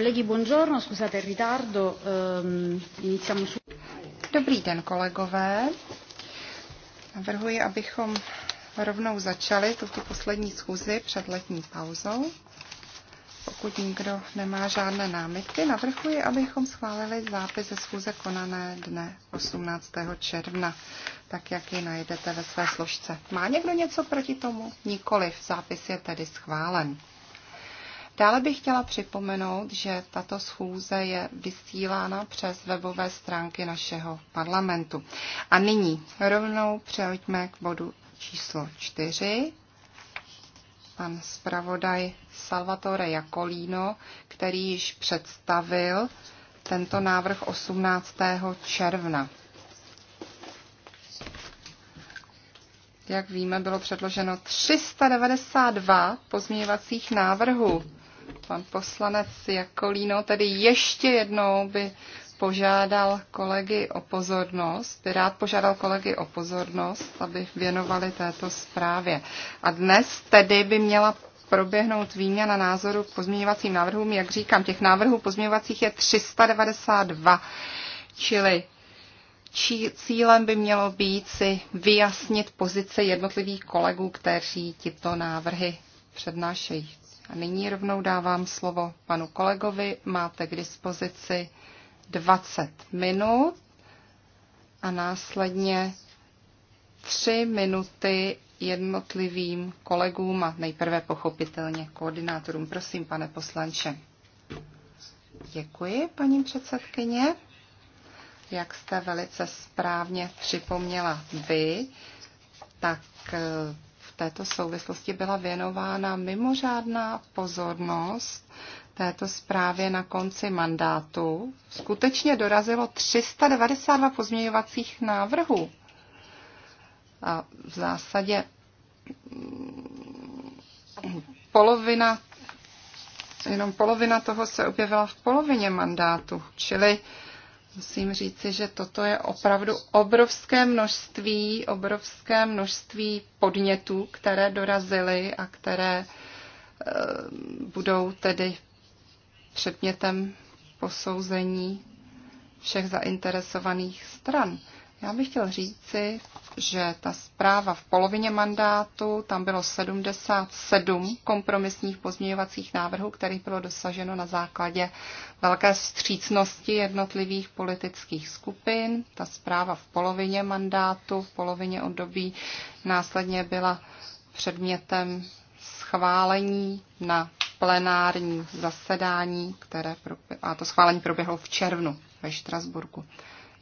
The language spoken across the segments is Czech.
buongiorno, scusate il ritardo, ehm, iniziamo su... Dobrý den, kolegové. Navrhuji, abychom rovnou začali tuto poslední schůzi před letní pauzou. Pokud nikdo nemá žádné námitky, navrhuji, abychom schválili zápis ze schůze konané dne 18. června, tak jak ji najdete ve své složce. Má někdo něco proti tomu? Nikoliv, zápis je tedy schválen. Dále bych chtěla připomenout, že tato schůze je vysílána přes webové stránky našeho parlamentu. A nyní rovnou přejďme k bodu číslo čtyři. Pan zpravodaj Salvatore Jakolíno, který již představil tento návrh 18. června. Jak víme, bylo předloženo 392 pozměňovacích návrhů pan poslanec Jakolíno tedy ještě jednou by požádal kolegy o pozornost, by rád požádal kolegy o pozornost, aby věnovali této zprávě. A dnes tedy by měla proběhnout výměna názoru k pozměňovacím návrhům. Jak říkám, těch návrhů pozměňovacích je 392, čili či cílem by mělo být si vyjasnit pozice jednotlivých kolegů, kteří tyto návrhy přednášejí. A nyní rovnou dávám slovo panu kolegovi. Máte k dispozici 20 minut a následně 3 minuty jednotlivým kolegům a nejprve pochopitelně koordinátorům. Prosím, pane poslanče. Děkuji, paní předsedkyně. Jak jste velice správně připomněla vy, tak eh, této souvislosti byla věnována mimořádná pozornost této zprávě na konci mandátu. Skutečně dorazilo 392 pozměňovacích návrhů. A v zásadě mm, polovina, jenom polovina toho se objevila v polovině mandátu, čili uh, Musím říci, že toto je opravdu obrovské množství, obrovské množství podnětů, které dorazily a které eh, budou tedy předmětem posouzení všech zainteresovaných stran. Já bych chtěl říci, že ta zpráva v polovině mandátu, tam bylo 77 kompromisních pozměňovacích návrhů, kterých bylo dosaženo na základě velké vstřícnosti jednotlivých politických skupin. Ta zpráva v polovině mandátu, v polovině období následně byla předmětem schválení na plenární zasedání, které, a to schválení proběhlo v červnu ve Štrasburku.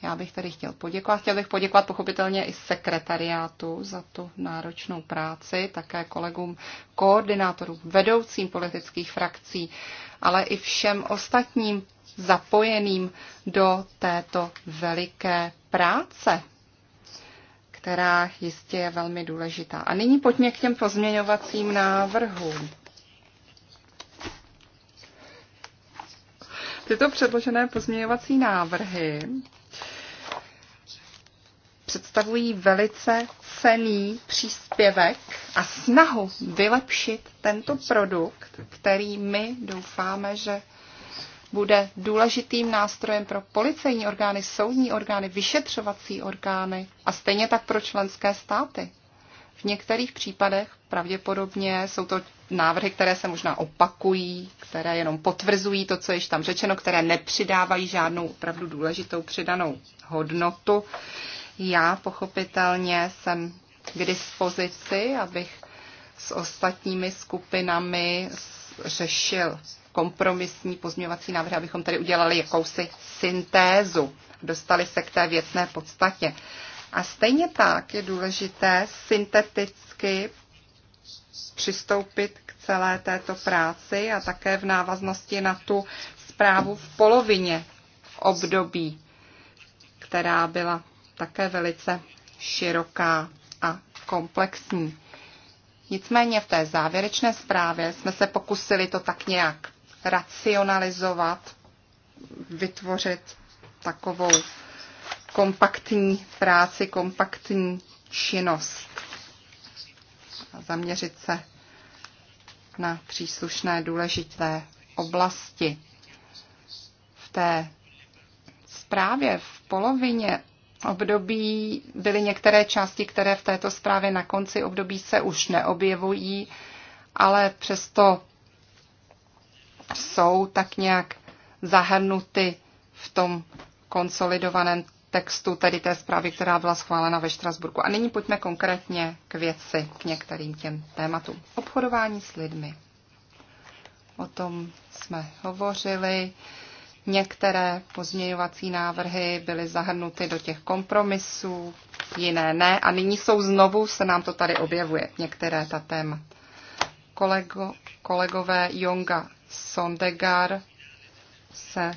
Já bych tady chtěl poděkovat. Chtěl bych poděkovat pochopitelně i sekretariátu za tu náročnou práci, také kolegům koordinátorům, vedoucím politických frakcí, ale i všem ostatním zapojeným do této veliké práce, která jistě je velmi důležitá. A nyní pojďme k těm pozměňovacím návrhům. Tyto předložené pozměňovací návrhy představují velice cený příspěvek a snahu vylepšit tento produkt, který my doufáme, že bude důležitým nástrojem pro policejní orgány, soudní orgány, vyšetřovací orgány a stejně tak pro členské státy. V některých případech pravděpodobně jsou to návrhy, které se možná opakují, které jenom potvrzují to, co je tam řečeno, které nepřidávají žádnou opravdu důležitou přidanou hodnotu. Já pochopitelně jsem k dispozici, abych s ostatními skupinami řešil kompromisní pozměňovací návrh, abychom tady udělali jakousi syntézu, dostali se k té věcné podstatě. A stejně tak je důležité synteticky přistoupit k celé této práci a také v návaznosti na tu zprávu v polovině období, která byla také velice široká a komplexní. Nicméně v té závěrečné zprávě jsme se pokusili to tak nějak racionalizovat, vytvořit takovou kompaktní práci, kompaktní činnost a zaměřit se na příslušné důležité oblasti. V té zprávě v polovině období byly některé části, které v této zprávě na konci období se už neobjevují, ale přesto jsou tak nějak zahrnuty v tom konsolidovaném textu, tedy té zprávy, která byla schválena ve Štrasburku. A nyní pojďme konkrétně k věci, k některým těm tématům. Obchodování s lidmi. O tom jsme hovořili. Některé pozměňovací návrhy byly zahrnuty do těch kompromisů, jiné ne. A nyní jsou znovu, se nám to tady objevuje, některé ta téma. Kolego, kolegové Jonga Sondegar se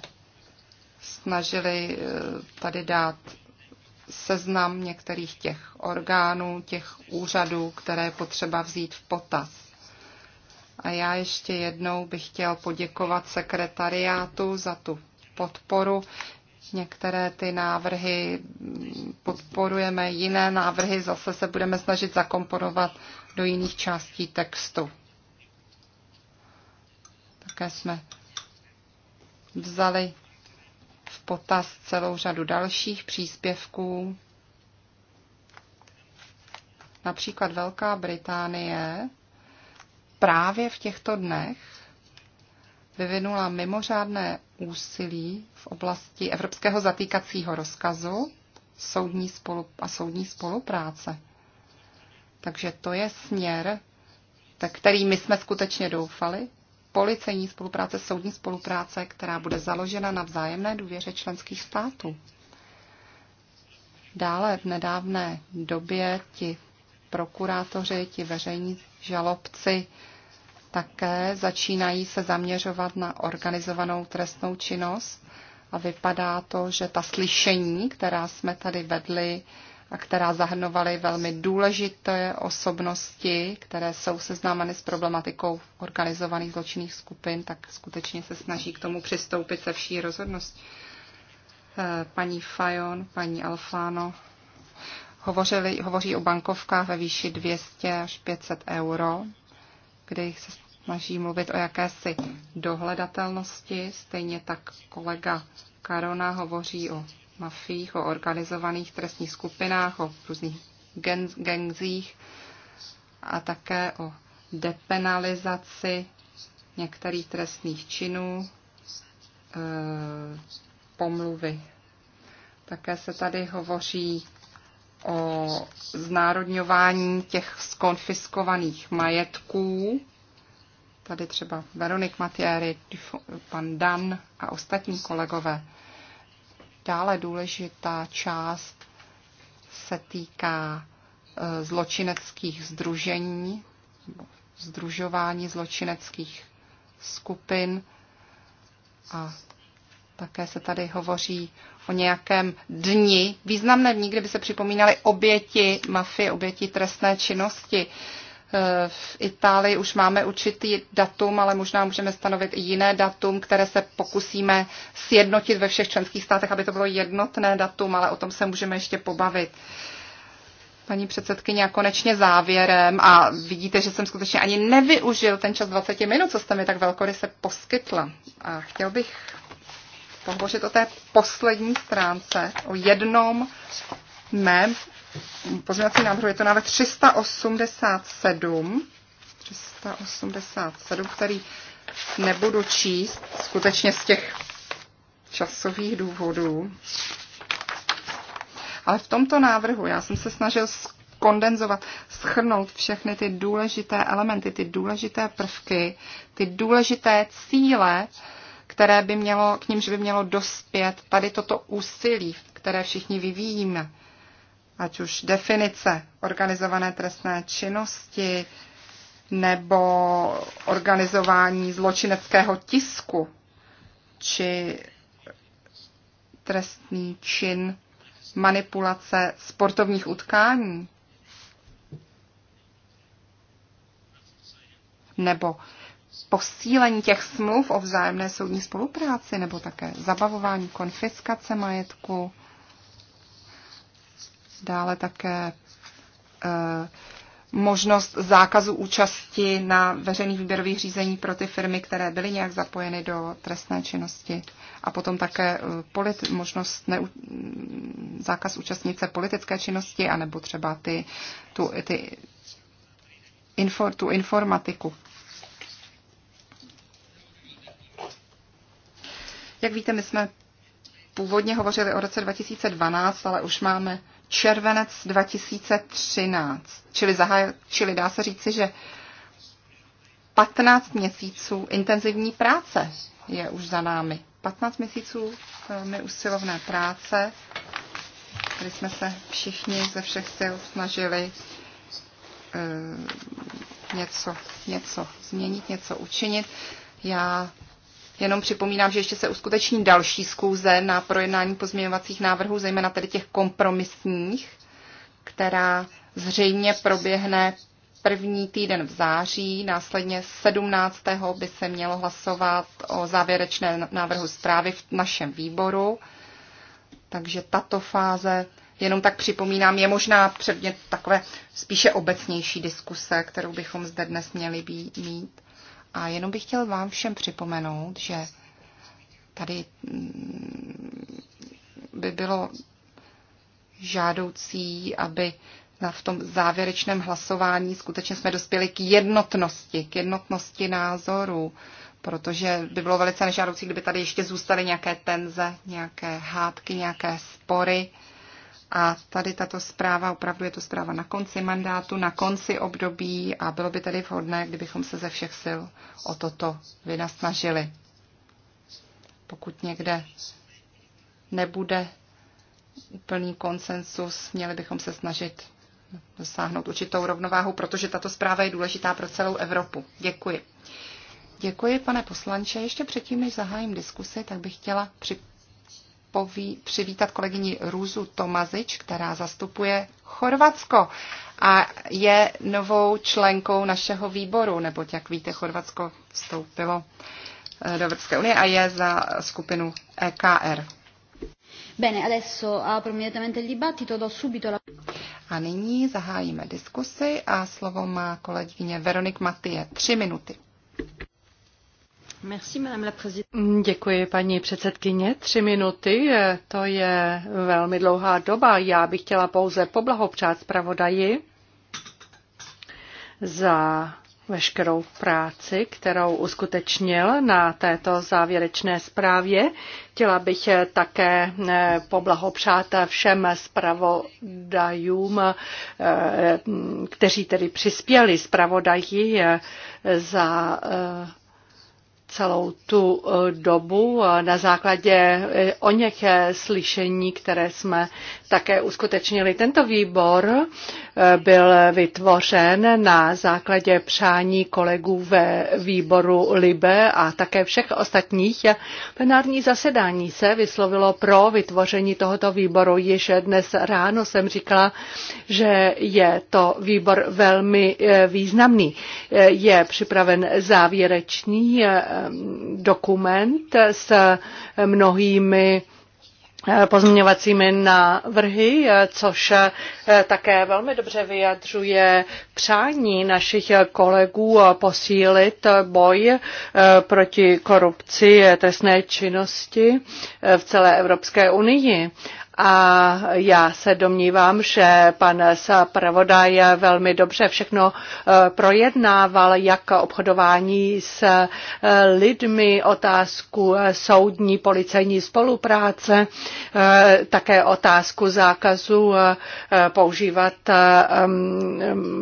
snažili eh, tady dát seznam některých těch orgánů, těch úřadů, které potřeba vzít v potaz. A já ještě jednou bych chtěl poděkovat sekretariátu za tu podporu. Některé ty návrhy podporujeme, jiné návrhy zase se budeme snažit zakomponovat do jiných částí textu. Také jsme vzali v potaz celou řadu dalších příspěvků. Například Velká Británie právě v těchto dnech vyvinula mimořádné úsilí v oblasti evropského zatýkacího rozkazu soudní spolu a soudní spolupráce. Takže to je směr, tak který my jsme skutečně doufali, policejní spolupráce, soudní spolupráce, která bude založena na vzájemné důvěře členských států. Dále v nedávné době ti prokurátoři, ti veřejní žalobci také začínají se zaměřovat na organizovanou trestnou činnost a vypadá to, že ta slyšení, která jsme tady vedli a která zahrnovaly velmi důležité osobnosti, které jsou seznámeny s problematikou organizovaných zločinných skupin, tak skutečně se snaží k tomu přistoupit se vší rozhodností eh, paní Fajon, paní Alfano hovořili, hovoří o bankovkách ve výši 200 až 500 euro, kde se snaží mluvit o jakési dohledatelnosti. Stejně tak kolega Karona hovoří o mafích, o organizovaných trestních skupinách, o různých genzích a také o depenalizaci některých trestných činů, e, pomluvy. Také se tady hovoří o znárodňování těch skonfiskovaných majetků. Tady třeba Veronik Matiéry, pan Dan a ostatní kolegové. Dále důležitá část se týká e, zločineckých združení, združování zločineckých skupin a také se tady hovoří o nějakém dni významné dní, kde by se připomínaly oběti mafie, oběti trestné činnosti. Eh, v Itálii už máme určitý datum, ale možná můžeme stanovit i jiné datum, které se pokusíme sjednotit ve všech členských státech, aby to bylo jednotné datum, ale o tom se můžeme ještě pobavit. Paní předsedkyně, a konečně závěrem, a vidíte, že jsem skutečně ani nevyužil ten čas 20 minut, co jste mi tak velkory se poskytla. A chtěl bych pohovořit o té poslední stránce, o jednom mém pozměňovacím návrhu. Je to návrh 387, 387, který nebudu číst skutečně z těch časových důvodů. Ale v tomto návrhu já jsem se snažil kondenzovat, schrnout všechny ty důležité elementy, ty důležité prvky, ty důležité cíle, které by mělo, k nímž by mělo dospět tady toto úsilí, které všichni vyvíjíme. Ať už definice organizované trestné činnosti nebo organizování zločineckého tisku či trestný čin manipulace sportovních utkání nebo posílení těch smluv o vzájemné soudní spolupráci nebo také zabavování konfiskace majetku, dále také e, možnost zákazu účasti na veřejných výběrových řízení pro ty firmy, které byly nějak zapojeny do trestné činnosti. A potom také eh, možnost zákaz účastnice politické činnosti, anebo třeba ty, tu, ty, info- tu informatiku. Jak víte, my jsme původně hovořili o roce 2012, ale už máme červenec 2013. Čili, zahaj, čili dá se říci, že 15 měsíců intenzivní práce je už za námi. 15 měsíců velmi eh, usilovné práce, kdy jsme se všichni ze všech sil snažili e, něco, něco změnit, něco učinit. Já Jenom připomínám, že ještě se uskuteční další zkouze na projednání pozměňovacích návrhů, zejména tedy těch kompromisních, která zřejmě proběhne první týden v září, následně 17. by se mělo hlasovat o závěrečné návrhu zprávy v našem výboru. Takže tato fáze, jenom tak připomínám, je možná předmět takové spíše obecnější diskuse, kterou bychom zde dnes měli být, mít. A jenom bych chtěl vám všem připomenout, že tady mm, by bylo žádoucí, aby na, v tom závěrečném hlasování skutečně jsme dospěli k jednotnosti, k jednotnosti názoru, protože by bylo velice nežádoucí, kdyby tady ještě zůstaly nějaké tenze, nějaké hádky, nějaké spory. A tady tato zpráva, opravdu je to zpráva na konci mandátu, na konci období a bylo by tedy vhodné, kdybychom se ze všech sil o toto vynasnažili. Pokud někde nebude úplný konsensus, měli bychom se snažit dosáhnout určitou rovnováhu, protože tato zpráva je důležitá pro celou Evropu. Děkuji. Děkuji, pane poslanče. Ještě předtím, než zahájím diskusi, tak bych chtěla připomenout, poví, přivítat kolegyni Růzu Tomazič, která zastupuje Chorvatsko a je novou členkou našeho výboru, neboť, jak víte, Chorvatsko vstoupilo eh, do Evropské unie a je za skupinu EKR. Bene, adesso apro immediatamente il dibattito, do subito la... A nyní zahájíme diskusi a slovo má kolegyně Veronik Matie. Tři minuty. Děkuji, paní předsedkyně. Tři minuty, eh, to je velmi dlouhá doba. Já bych chtěla pouze poblahopřát zpravodaji za veškerou práci, kterou uskutečnil na této závěrečné zprávě. Chtěla bych eh, také eh, poblahopřát všem zpravodajům, kteří tedy přispěli zpravodaji za celou tu eh, dobu na základě eh, o něch slyšení, které jsme také uskutečnili. Tento výbor eh, byl vytvořen na základě přání kolegů ve výboru LIBE a také všech ostatních. Plenární zasedání se vyslovilo pro vytvoření tohoto výboru. Již dnes ráno jsem říkala, že je to výbor velmi významný. Je připraven závěrečný Eh, dokument s mnohými eh, pozměňovacími návrhy, eh, což také velmi dobře vyjadřuje přání našich kolegů posílit boj proti korupci trestné činnosti v celé Evropské unii a já se domnívám, že pan zpravodaj velmi dobře všechno eh, projednával, jak obchodování s eh, lidmi, otázku eh, soudní policejní spolupráce, také otázku zákazu používat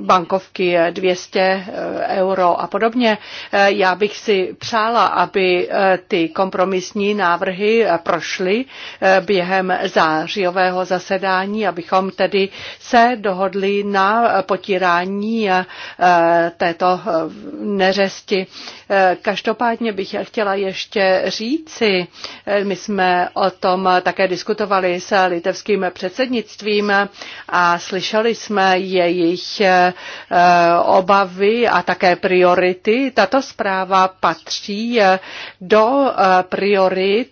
bankovky 200 euro a podobně. Já bych si přála, aby ty kompromisní návrhy prošly během září říjového zasedání, abychom tedy se dohodli na potírání eh, této eh, neřesti. Eh, každopádně bych chtěla ještě říci, eh, my jsme o tom také diskutovali s litevským předsednictvím a slyšeli jsme jejich eh, obavy a také priority. Tato zpráva patří do priorit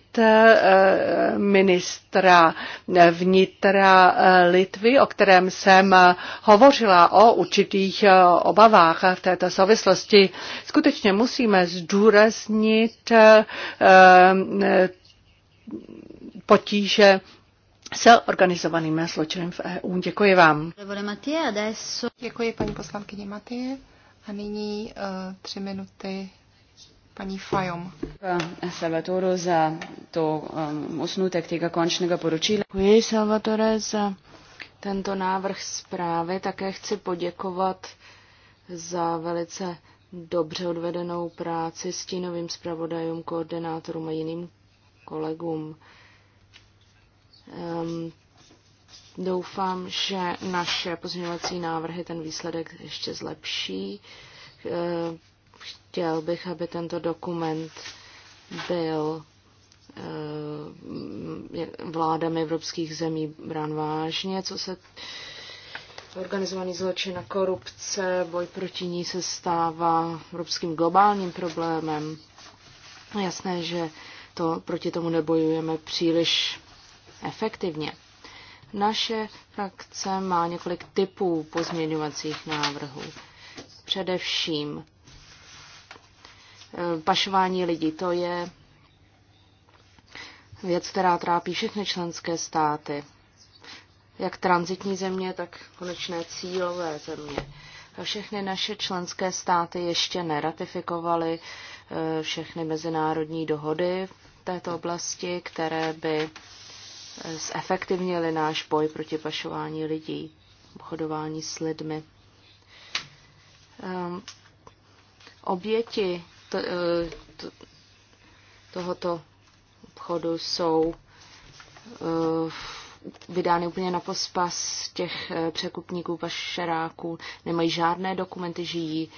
ministra vnitra Litvy, o kterém jsem hovořila o určitých obavách v této souvislosti. Skutečně musí musíme zdůraznit eh, eh, potíže se organizovaným zločinem v EU. Děkuji vám. Děkuji paní poslankyně Matie. A nyní eh, tři minuty paní Fajom. Salvatore za to osnutek ehm, tega končného poručí. Děkuji Salvatore za tento návrh zprávy. Také chci poděkovat za velice dobře odvedenou práci stínovým zpravodajům, koordinátorům a jiným kolegům. Um, doufám, že naše pozměňovací návrhy ten výsledek ještě zlepší. Ehm, chtěl bych, aby tento dokument byl ehm, vládami evropských zemí brán vážně, co se Organizovaný zločin a korupce, boj proti ní se stává evropským globálním problémem. Jasné, že to, proti tomu nebojujeme příliš efektivně. Naše frakce má několik typů pozměňovacích návrhů. Především e, pašování lidí, to je věc, která trápí všechny členské státy jak transitní země, tak konečné cílové země. Všechny naše členské státy ještě neratifikovaly eh, všechny mezinárodní dohody v této oblasti, které by eh, zefektivnily náš boj proti pašování lidí, obchodování s lidmi. Ehm, oběti eh, tohoto obchodu jsou vydány úplně na pospas těch eh, překupníků pašeráků, nemají žádné dokumenty, žijí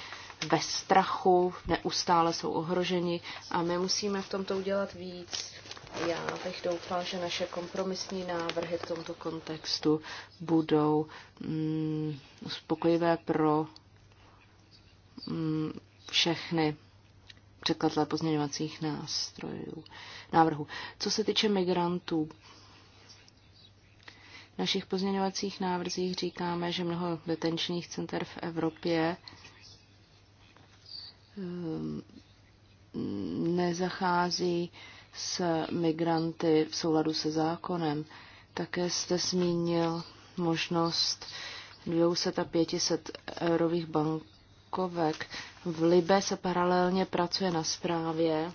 ve strachu, neustále jsou ohroženi a my musíme v tomto udělat víc. Já bych doufal, že naše kompromisní návrhy v tomto kontextu budou mm, uspokojivé pro mm, všechny překladle pozměňovacích nástrojů, návrhů. Co se týče migrantů, našich pozměňovacích návrzích říkáme, že mnoho detenčních center v Evropě ehm, nezachází s migranty v souladu se zákonem. Také jste zmínil možnost 200 a 500 eurových bankovek. V Libe se paralelně pracuje na zprávě,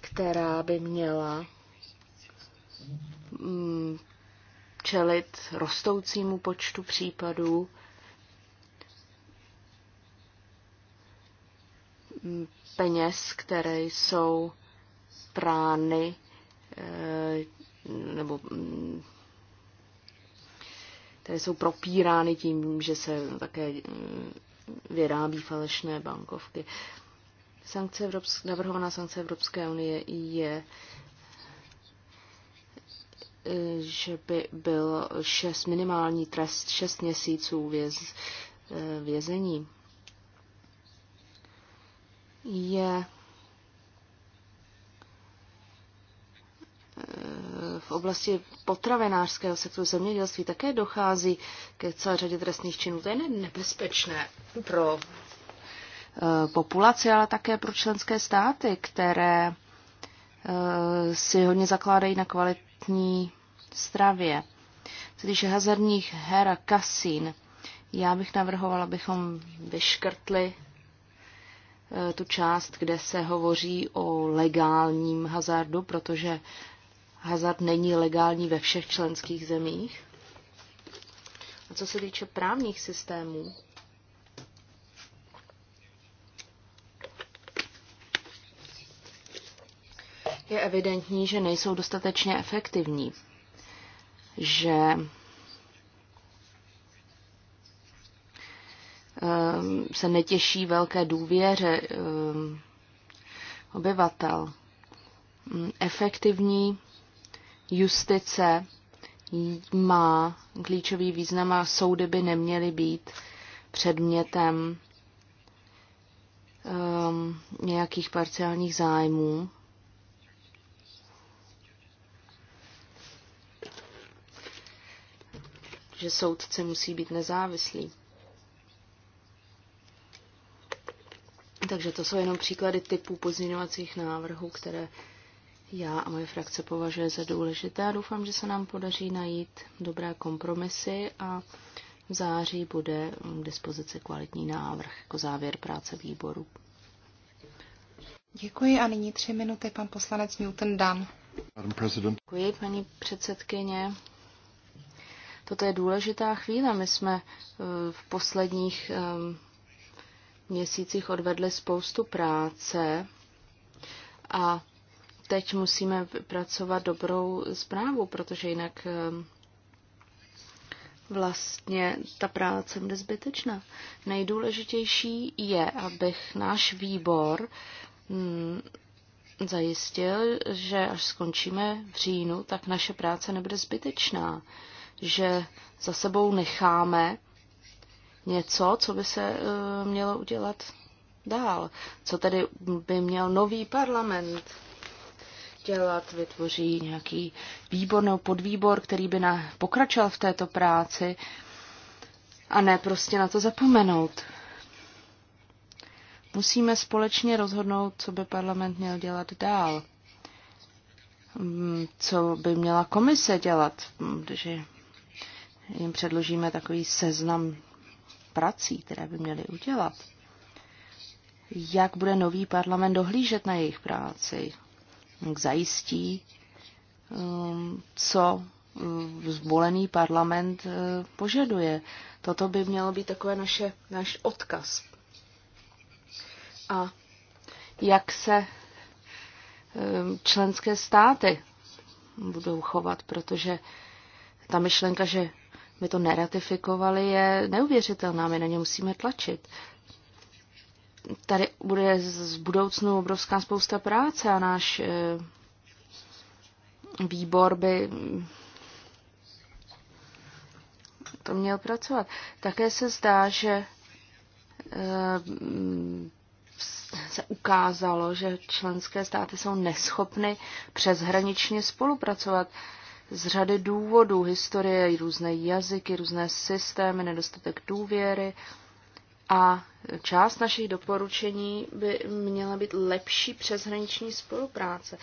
která by měla Mm, čelit rostoucímu počtu případů. Mm, peněz, které jsou prány eh, nebo mm, které jsou propírány tím, že se také eh, vyrábí falešné bankovky. Sankce Evropské, navrhovaná sankce Evropské unie je že by byl šest, minimální trest šest měsíců věz, eh, vězení. Je eh, v oblasti potravinářského sektoru zemědělství také dochází ke celé řadě trestných činů. To je nebezpečné pro eh, populaci, ale také pro členské státy, které si hodně zakládají na kvalitě kvalitní stravě. Co týče hazardních her a kasín, já bych navrhovala, abychom vyškrtli eh, tu část, kde se hovoří o legálním hazardu, protože hazard není legální ve všech členských zemích. A co se týče právních systémů, je evidentní, že nejsou dostatečně efektivní, že ehm, se netěší velké důvěře ehm, obyvatel. Mm, efektivní justice má klíčový význam a soudy by neměly být předmětem um, nějakých parciálních zájmů. že soudce musí být nezávislý. Takže to jsou jenom příklady typů pozměňovacích návrhů, které já a moje frakce považuje za důležité a doufám, že se nám podaří najít dobré kompromisy a v září bude k dispozici kvalitní návrh jako závěr práce výboru. Děkuji a nyní tři minuty pan poslanec Newton Dan. Děkuji, paní předsedkyně. Toto je důležitá chvíle. My jsme eh, v posledních ehm, měsících odvedli spoustu práce a teď musíme pracovat dobrou zprávu, protože jinak ehm, vlastně ta práce bude zbytečná. Nejdůležitější je, abych náš výbor hm, zajistil, že až skončíme v říjnu, tak naše práce nebude zbytečná že za sebou necháme něco, co by se eh, mělo udělat dál. Co tedy by měl nový parlament dělat, vytvoří nějaký výbor nebo podvýbor, který by na, pokračoval v této práci a ne prostě na to zapomenout. Musíme společně rozhodnout, co by parlament měl dělat dál. Hmm, co by měla komise dělat, protože jim předložíme takový seznam prací, které by měli udělat. Jak bude nový parlament dohlížet na jejich práci? Jak zajistí, um, co um, zvolený parlament uh, požaduje? Toto by mělo být takové naše, naš odkaz. A jak se um, členské státy budou chovat, protože ta myšlenka, že my to neratifikovali, je neuvěřitelná, my na ně musíme tlačit. Tady bude z budoucnu obrovská spousta práce a náš eh, výbor by mm, to měl pracovat. Také se zdá, že eh, se ukázalo, že členské státy jsou neschopny přeshraničně spolupracovat z řady důvodů, historie, různé jazyky, různé systémy, nedostatek důvěry. A část našich doporučení by měla být lepší přeshraniční spolupráce.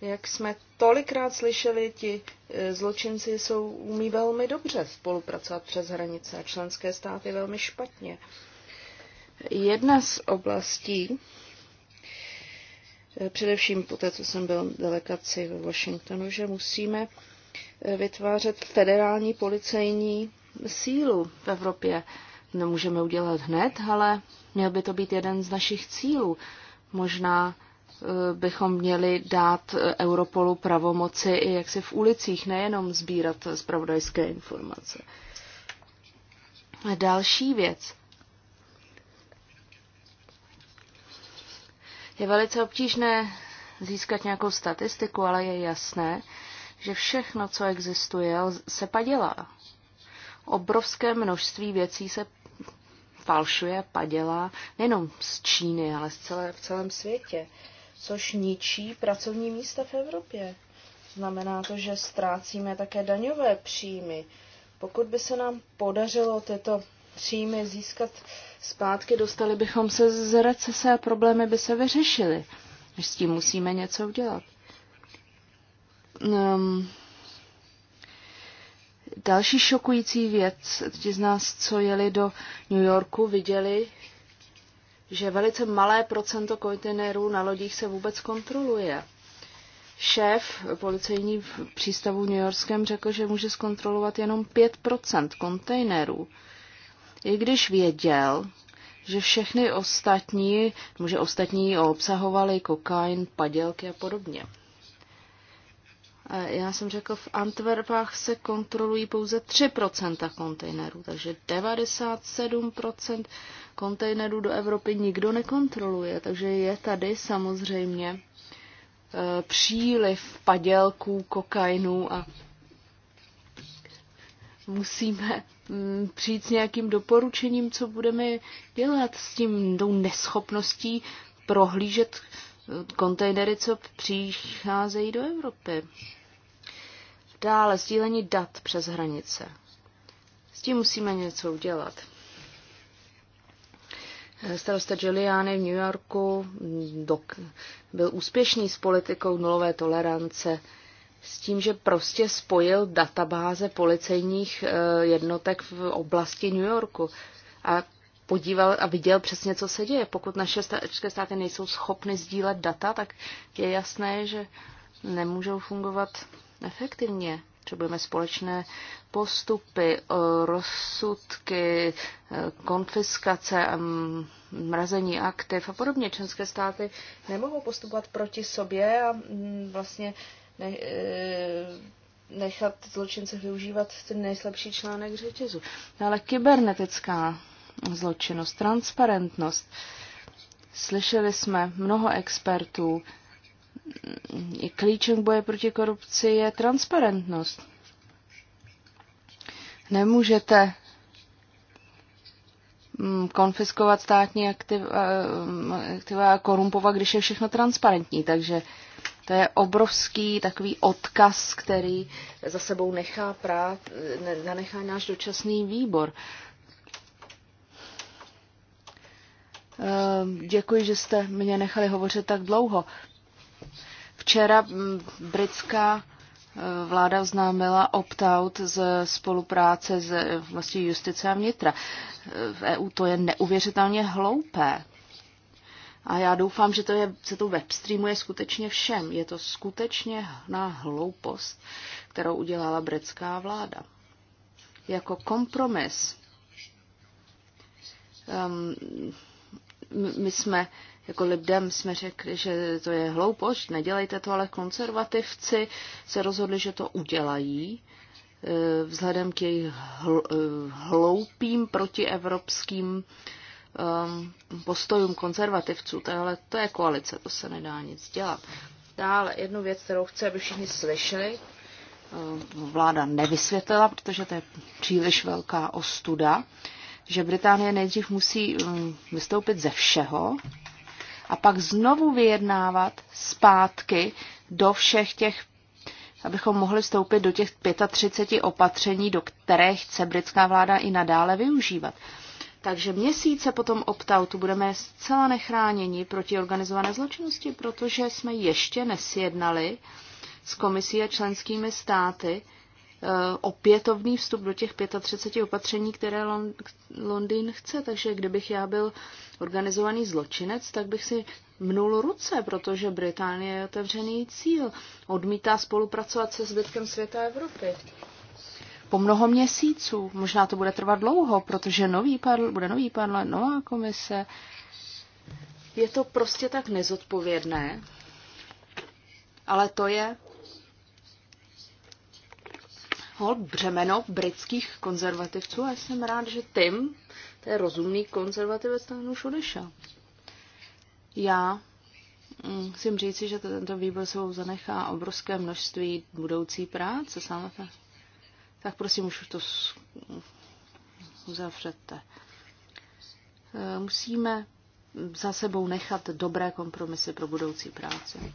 Jak jsme tolikrát slyšeli, ti e, zločinci jsou, umí velmi dobře spolupracovat přes hranice a členské státy velmi špatně. Jedna z oblastí, Eh, především po té, co jsem byl delegaci ve Washingtonu, že musíme eh, vytvářet federální policejní sílu v Evropě. Nemůžeme udělat hned, ale měl by to být jeden z našich cílů. Možná eh, bychom měli dát Europolu pravomoci i jak se v ulicích, nejenom sbírat zpravodajské informace. Další věc. Je velice obtížné získat nějakou statistiku, ale je jasné, že všechno, co existuje, se padělá. Obrovské množství věcí se falšuje, padělá, nejenom z Číny, ale z celé, v celém světě, což ničí pracovní místa v Evropě. Znamená to, že ztrácíme také daňové příjmy. Pokud by se nám podařilo tyto příjmy získat zpátky, dostali bychom se z recese a problémy by se vyřešily. Až s tím musíme něco udělat. Um, další šokující věc, ti z nás, co jeli do New Yorku, viděli, že velice malé procento kontejnerů na lodích se vůbec kontroluje. Šéf policejní přístavu v New Yorkském řekl, že může zkontrolovat jenom 5% kontejnerů i když věděl, že všechny ostatní, může ostatní obsahovali kokain, padělky a podobně. Já jsem řekl, v Antwerpách se kontrolují pouze 3% kontejnerů, takže 97% kontejnerů do Evropy nikdo nekontroluje, takže je tady samozřejmě e, příliv padělků, kokainů a musíme mm, přijít s nějakým doporučením, co budeme dělat s tím tou neschopností prohlížet eh, kontejnery, co přicházejí do Evropy. Dále sdílení dat přes hranice. S tím musíme něco udělat. Eh, starosta Giuliani v New Yorku mm, byl úspěšný s politikou nulové tolerance s tím, že prostě spojil databáze policejních eh, jednotek v oblasti New Yorku a podíval a viděl přesně, co se děje. Pokud naše české státy nejsou schopny sdílet data, tak je jasné, že nemůžou fungovat efektivně. Potřebujeme společné postupy, eh, rozsudky, eh, konfiskace, mrazení aktiv a podobně. české státy nemohou postupovat proti sobě a mm, vlastně E, nechat zločince využívat ten nejslabší článek řetězu. No ale kybernetická zločinnost, transparentnost. Slyšeli jsme mnoho expertů, mm, klíčem boje proti korupci je transparentnost. Nemůžete mm, konfiskovat státní aktiva, mm, aktiva a korumpovat, když je všechno transparentní. Takže to je obrovský takový odkaz, který za sebou nechá prát, nanechá náš dočasný výbor. Ehm, děkuji, že jste mě nechali hovořit tak dlouho. Včera hm, britská eh, vláda oznámila opt-out z spolupráce s eh, vlastní justice a vnitra. Eh, v EU to je neuvěřitelně hloupé. A já doufám, že to je, se to webstreamuje skutečně všem. Je to skutečně na hloupost, kterou udělala britská vláda. Jako kompromis. Um, my jsme jako lidem jsme řekli, že to je hloupost, nedělejte to, ale konzervativci se rozhodli, že to udělají eh, vzhledem k jejich eh, hloupým protievropským um, postojům konzervativců. Tohle, to je koalice, to se nedá nic dělat. Dále jednu věc, kterou chci, aby všichni slyšeli, um, vláda nevysvětlila, protože to je příliš velká ostuda, že Británie nejdřív musí um, vystoupit ze všeho a pak znovu vyjednávat zpátky do všech těch, abychom mohli vstoupit do těch 35 opatření, do které chce britská vláda i nadále využívat. Takže měsíce potom opt-outu budeme zcela nechráněni proti organizované zločinnosti, protože jsme ještě nesjednali s komisí a členskými státy eh, opětovný vstup do těch 35 opatření, které Londýn chce. Takže kdybych já byl organizovaný zločinec, tak bych si mnul ruce, protože Británie je otevřený cíl. Odmítá spolupracovat se zbytkem světa Evropy po mnoho měsíců. Možná to bude trvat dlouho, protože nový parl- bude nový parlament, nová komise. Je to prostě tak nezodpovědné, ale to je hol břemeno britských konzervativců a jsem rád, že Tim, to je rozumný konzervativec, tam už odešel. Já mm, musím říci, že tento výbor se zanechá obrovské množství budoucí práce. Samozřejmě tak prosím, už to uzavřete. E, musíme za sebou nechat dobré kompromisy pro budoucí práci.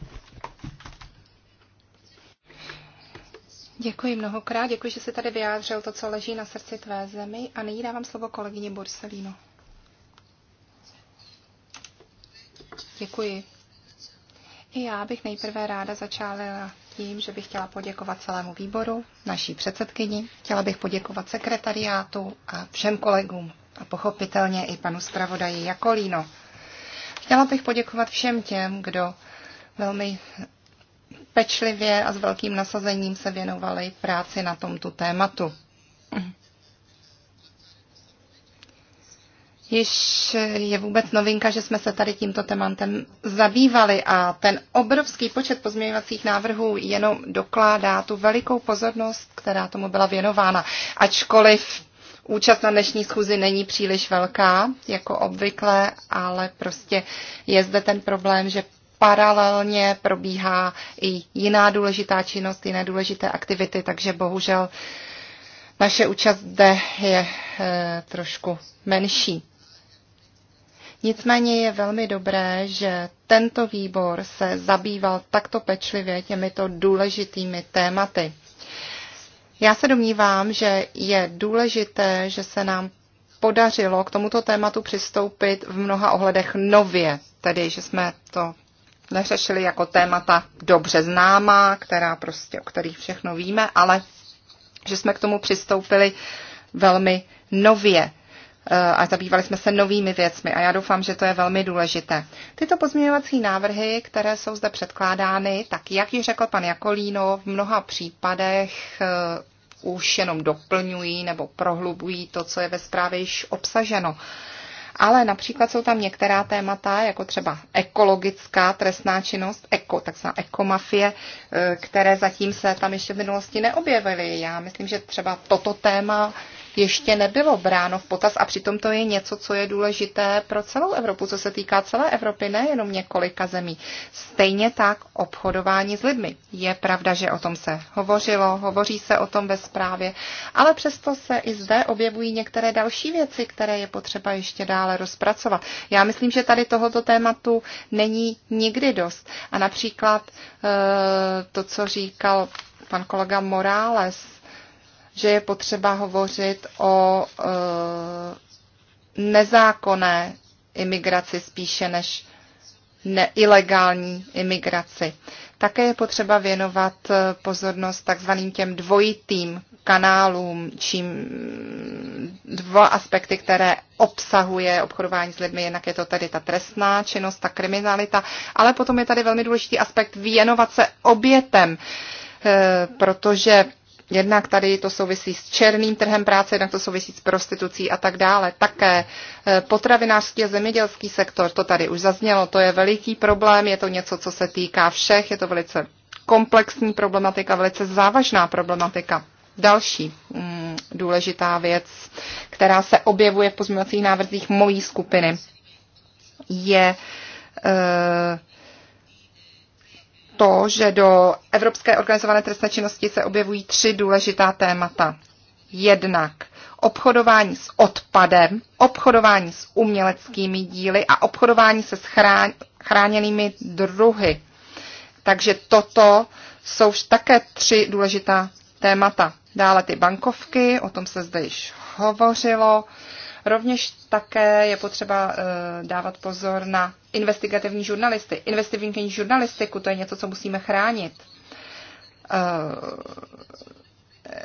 Děkuji mnohokrát, děkuji, že se tady vyjádřil to, co leží na srdci tvé zemi a nyní dávám slovo kolegyni Borsalino. Děkuji. I já bych nejprve ráda začala tím, že bych chtěla poděkovat celému výboru, naší předsedkyni, chtěla bych poděkovat sekretariátu a všem kolegům a pochopitelně i panu zpravodaji Jakolíno. Chtěla bych poděkovat všem těm, kdo velmi pečlivě a s velkým nasazením se věnovali práci na tomto tématu. Již je vůbec novinka, že jsme se tady tímto tématem zabývali a ten obrovský počet pozměňovacích návrhů jenom dokládá tu velikou pozornost, která tomu byla věnována. Ačkoliv účast na dnešní schůzi není příliš velká, jako obvykle, ale prostě je zde ten problém, že paralelně probíhá i jiná důležitá činnost, jiné důležité aktivity, takže bohužel naše účast zde je e, trošku menší. Nicméně je velmi dobré, že tento výbor se zabýval takto pečlivě těmito důležitými tématy. Já se domnívám, že je důležité, že se nám podařilo k tomuto tématu přistoupit v mnoha ohledech nově, tedy že jsme to neřešili jako témata dobře známá, která prostě, o kterých všechno víme, ale že jsme k tomu přistoupili velmi nově. Eh, a zabývali jsme se novými věcmi a já doufám, že to je velmi důležité. Tyto pozměňovací návrhy, které jsou zde předkládány, tak jak ji řekl pan Jakolíno, v mnoha případech eh, už jenom doplňují nebo prohlubují to, co je ve zprávě již obsaženo. Ale například jsou tam některá témata, jako třeba ekologická trestná činnost, eko, takzvaná ekomafie, eh, které zatím se tam ještě v minulosti neobjevily. Já myslím, že třeba toto téma ještě nebylo bráno v potaz a přitom to je něco, co je důležité pro celou Evropu, co se týká celé Evropy, nejenom několika zemí. Stejně tak obchodování s lidmi. Je pravda, že o tom se hovořilo, hovoří se o tom ve zprávě, ale přesto se i zde objevují některé další věci, které je potřeba ještě dále rozpracovat. Já myslím, že tady tohoto tématu není nikdy dost. A například eh, to, co říkal pan kolega Morales, že je potřeba hovořit o e, nezákonné imigraci spíše než neilegální imigraci. Také je potřeba věnovat e, pozornost takzvaným těm dvojitým kanálům, čím dva aspekty, které obsahuje obchodování s lidmi, jednak je to tady ta trestná činnost, ta kriminalita, ale potom je tady velmi důležitý aspekt věnovat se obětem, e, protože Jednak tady to souvisí s černým trhem práce, jednak to souvisí s prostitucí a tak dále. Také eh, potravinářský a zemědělský sektor, to tady už zaznělo, to je veliký problém, je to něco, co se týká všech, je to velice komplexní problematika, velice závažná problematika. Další mm, důležitá věc, která se objevuje v pozměňovacích návrzích mojí skupiny, je e, to, že do Evropské organizované trestné činnosti se objevují tři důležitá témata. Jednak obchodování s odpadem, obchodování s uměleckými díly a obchodování se schrán, chráněnými druhy. Takže toto jsou také tři důležitá témata. Dále ty bankovky, o tom se zde již hovořilo. Rovněž také je potřeba eh, dávat pozor na investigativní žurnalisty. Investigativní žurnalistiku, to je něco, co musíme chránit. Eh,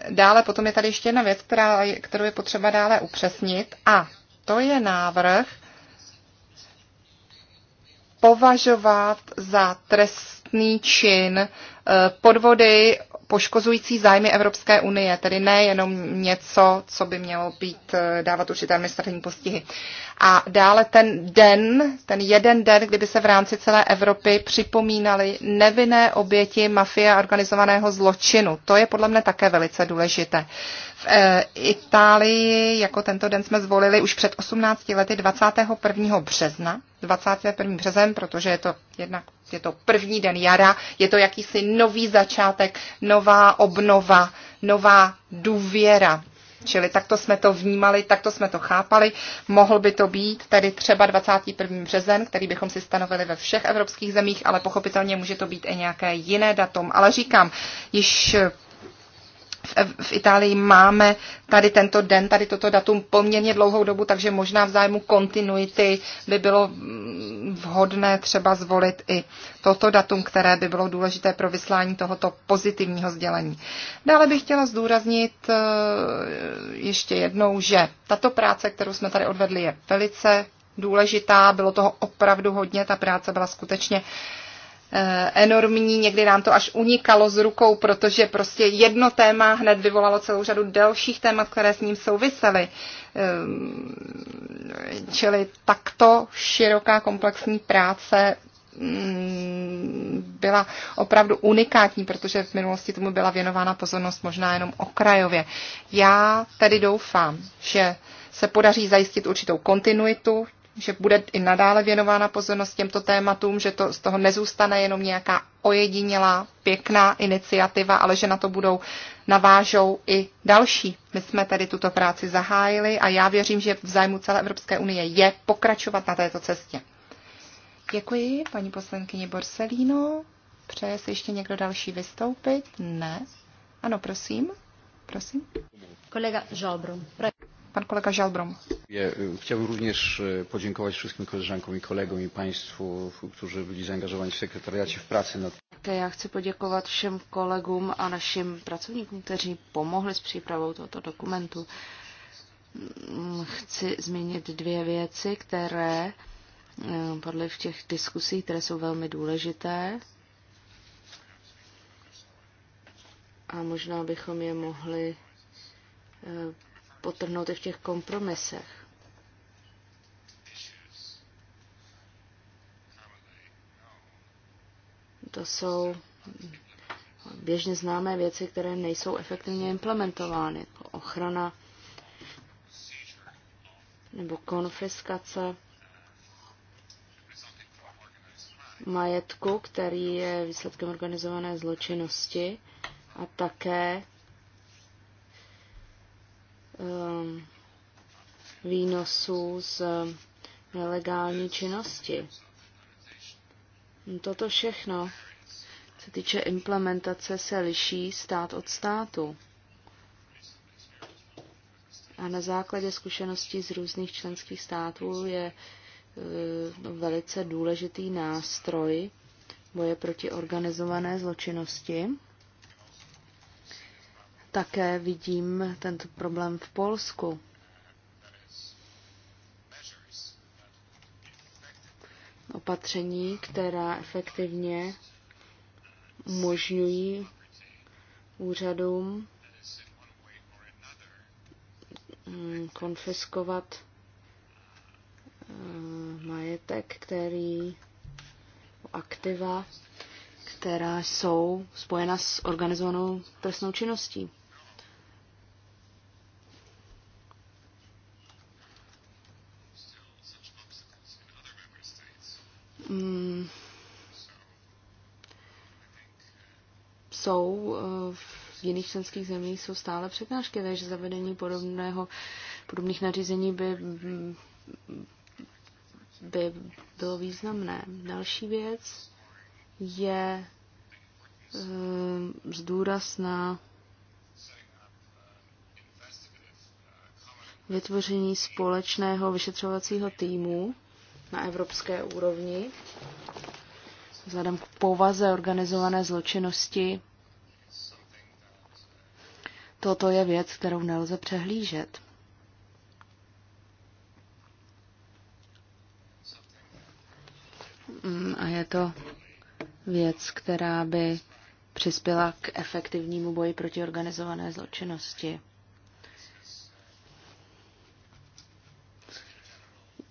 dále potom je tady ještě jedna věc, která, kterou je potřeba dále upřesnit a to je návrh považovat za trestný čin eh, podvody poškozující zájmy Evropské unie, tedy nejenom něco, co by mělo být eh, dávat určité administrativní postihy. A dále ten den, ten jeden den, kdyby se v rámci celé Evropy připomínaly nevinné oběti mafie a organizovaného zločinu. To je podle mne také velice důležité. V eh, Itálii jako tento den jsme zvolili už před 18 lety 21. března. 21. březen, protože je to jednak je to první den jara, je to jakýsi nový začátek, nová obnova, nová důvěra. Čili takto jsme to vnímali, takto jsme to chápali. Mohl by to být tedy třeba 21. březen, který bychom si stanovili ve všech evropských zemích, ale pochopitelně může to být i nějaké jiné datum. Ale říkám, již v Itálii máme tady tento den, tady toto datum poměrně dlouhou dobu, takže možná v zájmu kontinuity by bylo mm, vhodné třeba zvolit i toto datum, které by bylo důležité pro vyslání tohoto pozitivního sdělení. Dále bych chtěla zdůraznit eh, ještě jednou, že tato práce, kterou jsme tady odvedli, je velice důležitá, bylo toho opravdu hodně, ta práce byla skutečně uh, Eh, enormní, někdy nám to až unikalo z rukou, protože prostě jedno téma hned vyvolalo celou řadu dalších témat, které s ním souvisely. Ehm, čili takto široká komplexní práce mm, byla opravdu unikátní, protože v minulosti tomu byla věnována pozornost možná jenom okrajově. Já tedy doufám, že se podaří zajistit určitou kontinuitu že bude i nadále věnována pozornost těmto tématům, že to z toho nezůstane jenom nějaká ojedinělá, pěkná iniciativa, ale že na to budou navážou i další. My jsme tedy tuto práci zahájili a já věřím, že v zájmu celé Evropské unie je pokračovat na této cestě. Děkuji, paní poslankyni Borselino. Přeje se ještě někdo další vystoupit? Ne. Ano, prosím. Prosím. Kolega Žalbrum. Pan kolega Żalbrom. Ja, chciałbym również podziękować wszystkim koleżankom i kolegom i Państwu, którzy byli zaangażowani w sekretariacie w pracy nad... Také já chci poděkovat všem kolegům a našim pracovníkům, kteří pomohli s přípravou tohoto dokumentu. Mm, chci zmínit dvě věci, které e, podle v těch diskusí, které jsou velmi důležité. A možná bychom je mohli e, potrhnout i v těch kompromisech. To jsou běžně známé věci, které nejsou efektivně implementovány. Ochrana nebo konfiskace majetku, který je výsledkem organizované zločinnosti a také Ehm, výnosů z nelegální činnosti. Toto všechno, se týče implementace, se liší stát od státu. A na základě zkušeností z různých členských států je eh, no, velice důležitý nástroj boje proti organizované zločinnosti. Také vidím tento problém v Polsku. Opatření, která efektivně umožňují úřadům mm, konfiskovat eh, majetek, který aktiva, která jsou spojena s organizovanou trestnou činností. jsou eh, v jiných členských zemích jsou stále překážky, takže zavedení podobného, podobných nařízení by, by bylo významné. Další věc je eh, zdůraz na vytvoření společného vyšetřovacího týmu na evropské úrovni. Vzhledem k povaze organizované zločinnosti toto je věc, kterou nelze přehlížet. Mm, a je to věc, která by přispěla k efektivnímu boji proti organizované zločinnosti.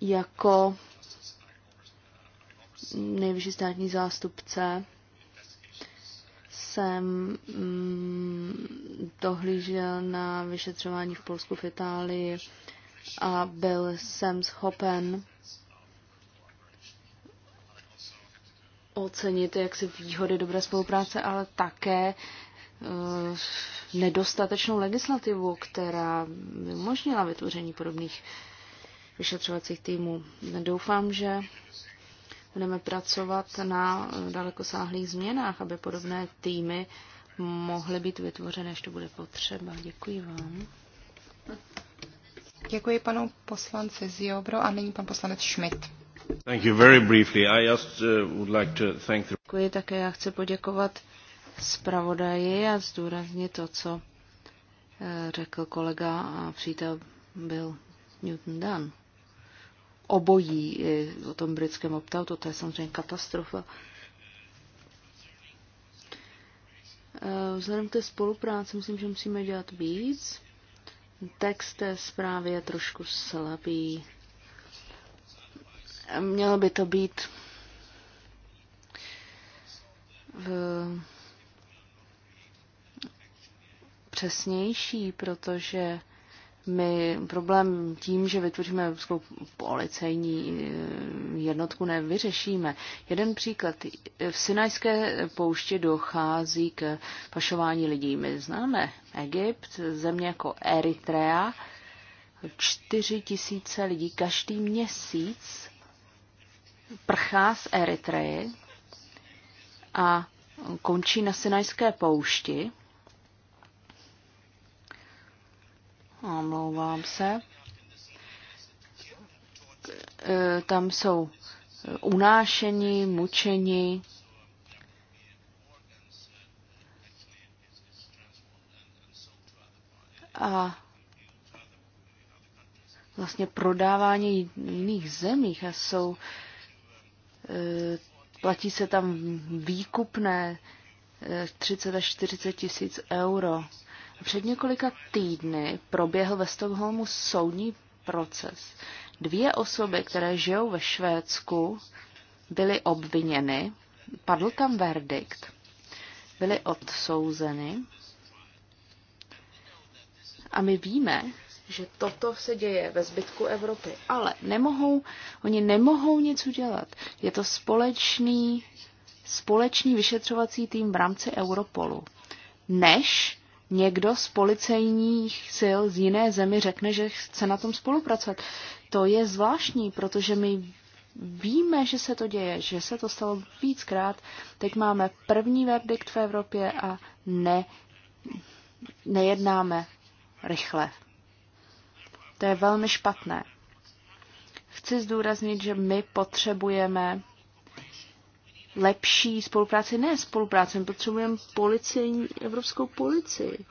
Jako nejvyšší státní zástupce jsem mm, dohlížel na vyšetřování v Polsku, v Itálii a byl jsem schopen ocenit jak výhody dobré spolupráce, ale také eh, nedostatečnou legislativu, která by umožnila vytvoření podobných vyšetřovacích týmů. Doufám, že budeme pracovat na eh, dalekosáhlých změnách, aby podobné týmy mohly být vytvořeny, až to bude potřeba. Děkuji vám. Děkuji panu poslanci Ziobro a nyní pan poslanec Schmidt. Thank you very briefly. I just eh, would like to thank the... Děkuji také. Já chci poděkovat zpravodaji a zdůraznit to, co eh, řekl kolega a přítel byl Newton Dunn obojí eh, o tom britském optautu, to je samozřejmě katastrofa. Eh, vzhledem k té spolupráci myslím, že musíme dělat víc. Text té zprávy je trošku slabý. Mělo by to být v přesnější, protože my problém tím, že vytvoříme evropskou policejní eh, jednotku, nevyřešíme. Jeden příklad. V Sinajské pouště dochází k pašování lidí. My známe Egypt, země jako Eritrea. Čtyři tisíce lidí každý měsíc prchá z Eritreji a končí na Sinajské poušti omlouvám se. E, tam jsou unášení, mučení, a vlastně prodávání jiných zemích a jsou, e, platí se tam výkupné 30 e, až 40 tisíc euro před několika týdny proběhl ve Stockholmu soudní proces. Dvě osoby, které žijou ve Švédsku, byly obviněny, padl tam verdikt, byly odsouzeny. A my víme, že toto se děje ve zbytku Evropy, ale nemohou, oni nemohou nic udělat. Je to společný, společný vyšetřovací tým v rámci Europolu. Než někdo z policejních sil z jiné zemi řekne, že chce na tom spolupracovat. To je zvláštní, protože my víme, že se to děje, že se to stalo víckrát. Teď máme první verdikt v Evropě a ne, nejednáme rychle. To je velmi špatné. Chci zdůraznit, že my potřebujeme lepší spolupráci. Ne spolupráci, my potřebujeme policii, evropskou policii.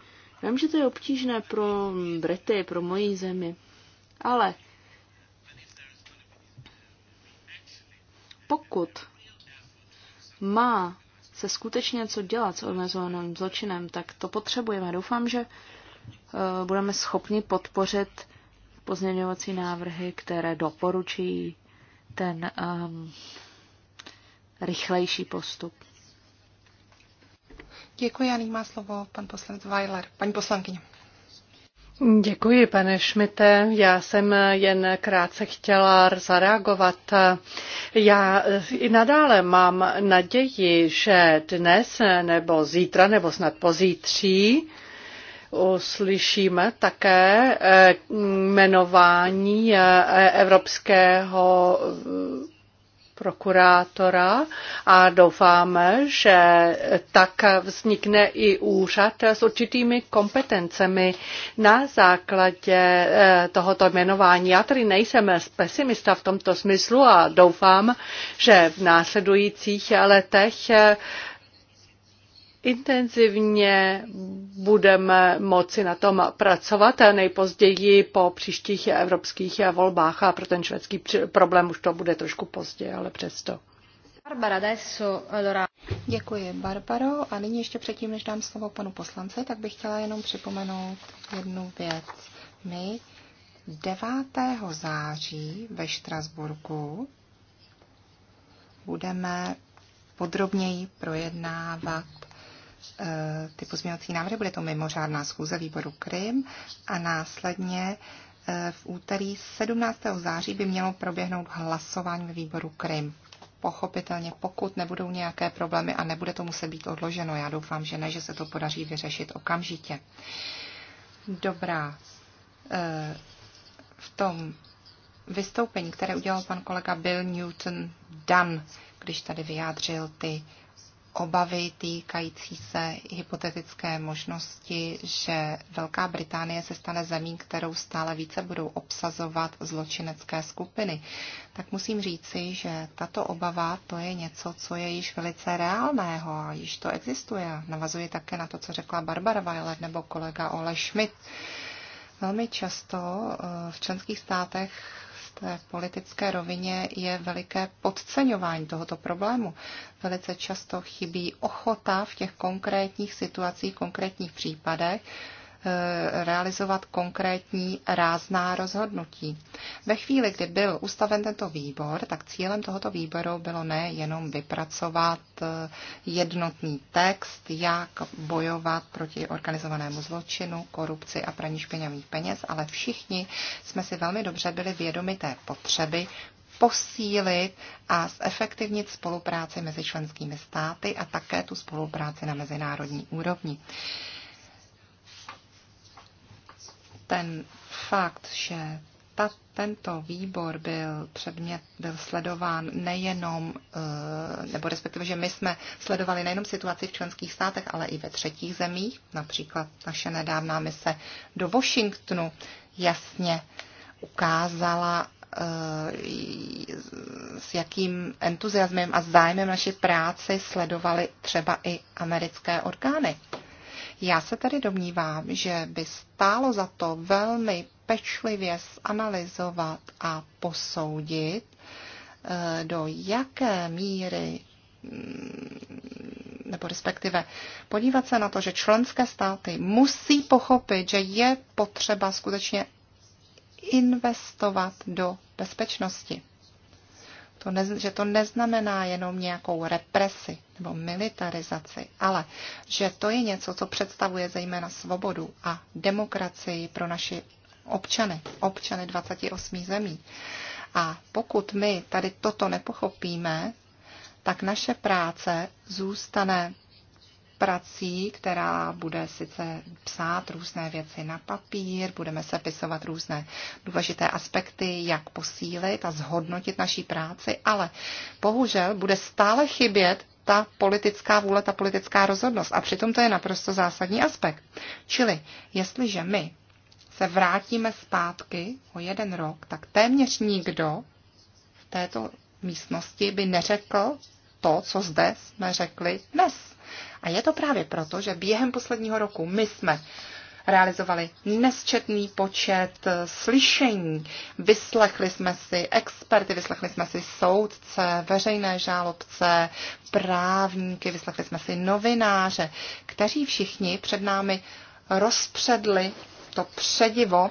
Vím, že to je obtížné pro Brity, pro moji zemi, ale pokud má se skutečně něco dělat s organizovaným zločinem, tak to potřebujeme. Doufám, že eh, budeme schopni podpořit pozměňovací návrhy, které doporučí ten um, rychlejší postup. Děkuji a má slovo pan poslanec Weiler. Paní poslankyně. Děkuji, pane Šmite. Já jsem jen krátce chtěla zareagovat. Já i nadále mám naději, že dnes nebo zítra nebo snad pozítří uslyšíme také eh, jmenování eh, Evropského prokurátora a doufáme, že tak vznikne i úřad s určitými kompetencemi na základě eh, tohoto jmenování. Já tedy nejsem pesimista v tomto smyslu a doufám, že v následujících letech eh, Intenzivně budeme moci na tom pracovat nejpozději po příštích evropských volbách a pro ten švédský problém už to bude trošku pozdě, ale přesto. Barbara, adesso, allora... Děkuji, Barbaro. A nyní ještě předtím, než dám slovo panu poslance, tak bych chtěla jenom připomenout jednu věc. My 9. září ve Štrasburku budeme podrobněji projednávat Eh, ty pozměňovací návrhy. Bude to mimořádná schůze výboru Krym a následně eh, v úterý 17. září by mělo proběhnout hlasování ve výboru Krym. Pochopitelně, pokud nebudou nějaké problémy a nebude to muset být odloženo, já doufám, že ne, že se to podaří vyřešit okamžitě. Dobrá. Eh, v tom vystoupení, které udělal pan kolega Bill Newton Dunn, když tady vyjádřil ty obavy týkající se hypotetické možnosti, že Velká Británie se stane zemí, kterou stále více budou obsazovat zločinecké skupiny, tak musím říci, že tato obava to je něco, co je již velice reálného a již to existuje. Navazuje také na to, co řekla Barbara Weiler nebo kolega Ole Schmidt. Velmi často eh, v členských státech té politické rovině je veliké podceňování tohoto problému. Velice často chybí ochota v těch konkrétních situacích, konkrétních případech Eh, realizovat konkrétní rázná rozhodnutí. Ve chvíli, kdy byl ustaven tento výbor, tak cílem tohoto výboru bylo nejenom vypracovat eh, jednotný text, jak bojovat proti organizovanému zločinu, korupci a praní špinavých peněz, ale všichni jsme si velmi dobře byli vědomi té potřeby posílit a zefektivnit spolupráci mezi členskými státy a také tu spolupráci na mezinárodní úrovni. Uh, ten fakt, že ta, tento výbor byl předmět, byl sledován nejenom, eh, nebo respektive, že my jsme sledovali nejenom situaci v členských státech, ale i ve třetích zemích, například naše nedávná mise do Washingtonu jasně ukázala, eh, s jakým entuziasmem a zájmem naši práci sledovali třeba i americké orgány. Já se tedy domnívám, že by stálo za to velmi pečlivě zanalizovat a posoudit, eh, do jaké míry mm, nebo respektive podívat se na to, že členské státy musí pochopit, že je potřeba skutečně investovat do bezpečnosti to ne, že to neznamená jenom nějakou represi nebo militarizaci, ale že to je něco, co představuje zejména svobodu a demokracii pro naši občany, občany 28 zemí. A pokud my tady toto nepochopíme, tak naše práce zůstane prací, která bude sice psát různé věci na papír, budeme se pisovat různé důležité aspekty, jak posílit a zhodnotit naší práci, ale bohužel bude stále chybět ta politická vůle, ta politická rozhodnost. A přitom to je naprosto zásadní aspekt. Čili, jestliže my se vrátíme zpátky o jeden rok, tak téměř nikdo v této místnosti by neřekl, to, co zde jsme řekli dnes. A je to právě proto, že během posledního roku my jsme realizovali nesčetný počet slyšení. Vyslechli jsme si experty, vyslechli jsme si soudce, veřejné žálobce, právníky, vyslechli jsme si novináře, kteří všichni před námi rozpředli to předivo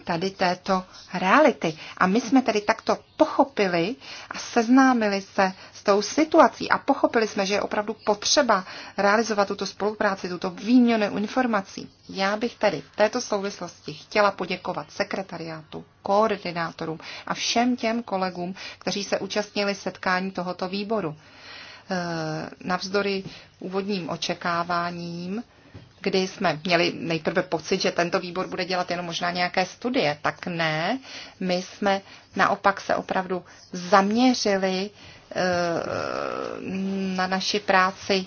tady této reality. A my jsme tedy takto pochopili a seznámili se s tou situací a pochopili jsme, že je opravdu potřeba realizovat tuto spolupráci, tuto výměnu informací. Já bych tedy v této souvislosti chtěla poděkovat sekretariátu, koordinátorům a všem těm kolegům, kteří se účastnili setkání tohoto výboru. E, navzdory úvodním očekáváním, kdy jsme měli nejprve pocit, že tento výbor bude dělat jenom možná nějaké studie, tak ne. My jsme naopak se opravdu zaměřili eh, na naši práci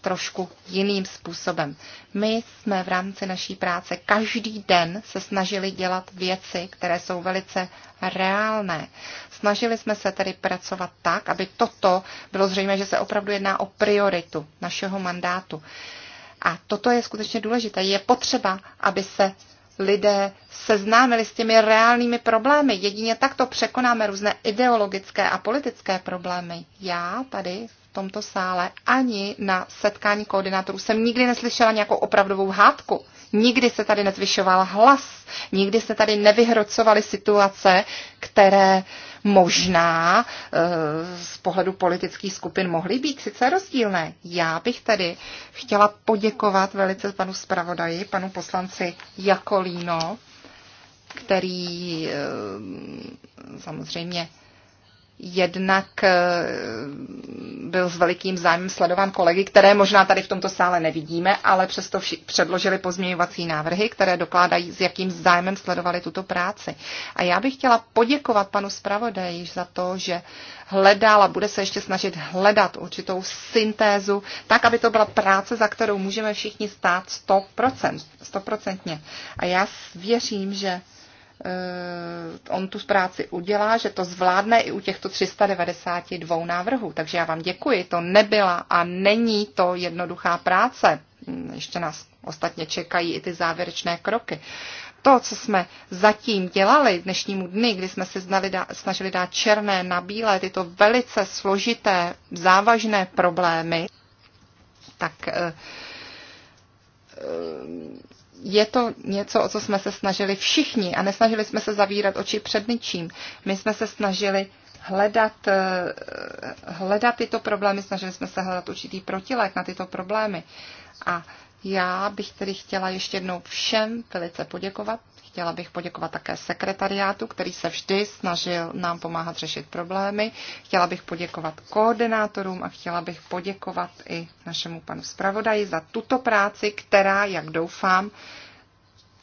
trošku jiným způsobem. My jsme v rámci naší práce každý den se snažili dělat věci, které jsou velice reálné. Snažili jsme se tedy pracovat tak, aby toto bylo zřejmé, že se opravdu jedná o prioritu našeho mandátu. Uh, a toto je skutečně důležité. Je potřeba, aby se lidé seznámili s těmi reálnými problémy. Jedině takto překonáme různé ideologické a politické problémy. Já tady v tomto sále ani na setkání koordinátorů jsem nikdy neslyšela nějakou opravdovou hádku. Nikdy se tady nezvyšoval hlas, nikdy se tady nevyhrocovaly situace, které možná eh, z pohledu politických skupin mohly být sice rozdílné. Já bych tady chtěla poděkovat velice panu zpravodaji, panu poslanci Jakolíno, který eh, samozřejmě jednak eh, byl s velikým zájmem sledován kolegy, které možná tady v tomto sále nevidíme, ale přesto vši- předložili pozměňovací návrhy, které dokládají, s jakým zájmem sledovali tuto práci. A já bych chtěla poděkovat panu zpravodaji za to, že hledal a bude se ještě snažit hledat určitou syntézu, tak, aby to byla práce, za kterou můžeme všichni stát 100%, 100%. A já věřím, že Eh, on tu práci udělá, že to zvládne i u těchto 392 návrhů. Takže já vám děkuji, to nebyla a není to jednoduchá práce. Hm, ještě nás ostatně čekají i ty závěrečné kroky. To, co jsme zatím dělali dnešnímu dny, kdy jsme se znali dá, snažili dát černé na bílé tyto velice složité, závažné problémy, tak eh, eh, je to něco, o co jsme se snažili všichni a nesnažili jsme se zavírat oči před ničím. My jsme se snažili hledat, eh, hledat tyto problémy, snažili jsme se hledat určitý protilek na tyto problémy. A já bych tedy chtěla ještě jednou všem velice poděkovat Chtěla bych poděkovat také sekretariátu, který se vždy snažil nám pomáhat řešit problémy. Chtěla bych poděkovat koordinátorům a chtěla bych poděkovat i našemu panu zpravodaji za tuto práci, která, jak doufám,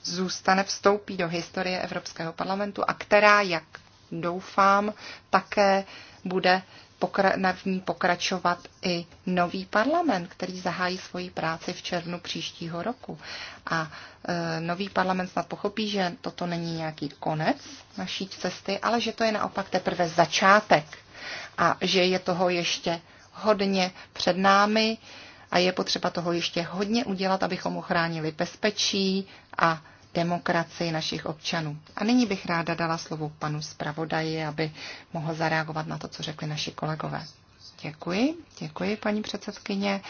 zůstane, vstoupí do historie Evropského parlamentu a která, jak doufám, také bude pokra- v ní pokračovat i nový parlament, který zahájí svoji práci v červnu příštího roku. A e, nový parlament snad pochopí, že toto není nějaký konec naší cesty, ale že to je naopak teprve začátek a že je toho ještě hodně před námi a je potřeba toho ještě hodně udělat, abychom ochránili bezpečí a demokracii našich občanů. A nyní bych ráda dala slovo panu zpravodaji, aby mohl zareagovat na to, co řekli naši kolegové. Děkuji, děkuji paní předsedkyně.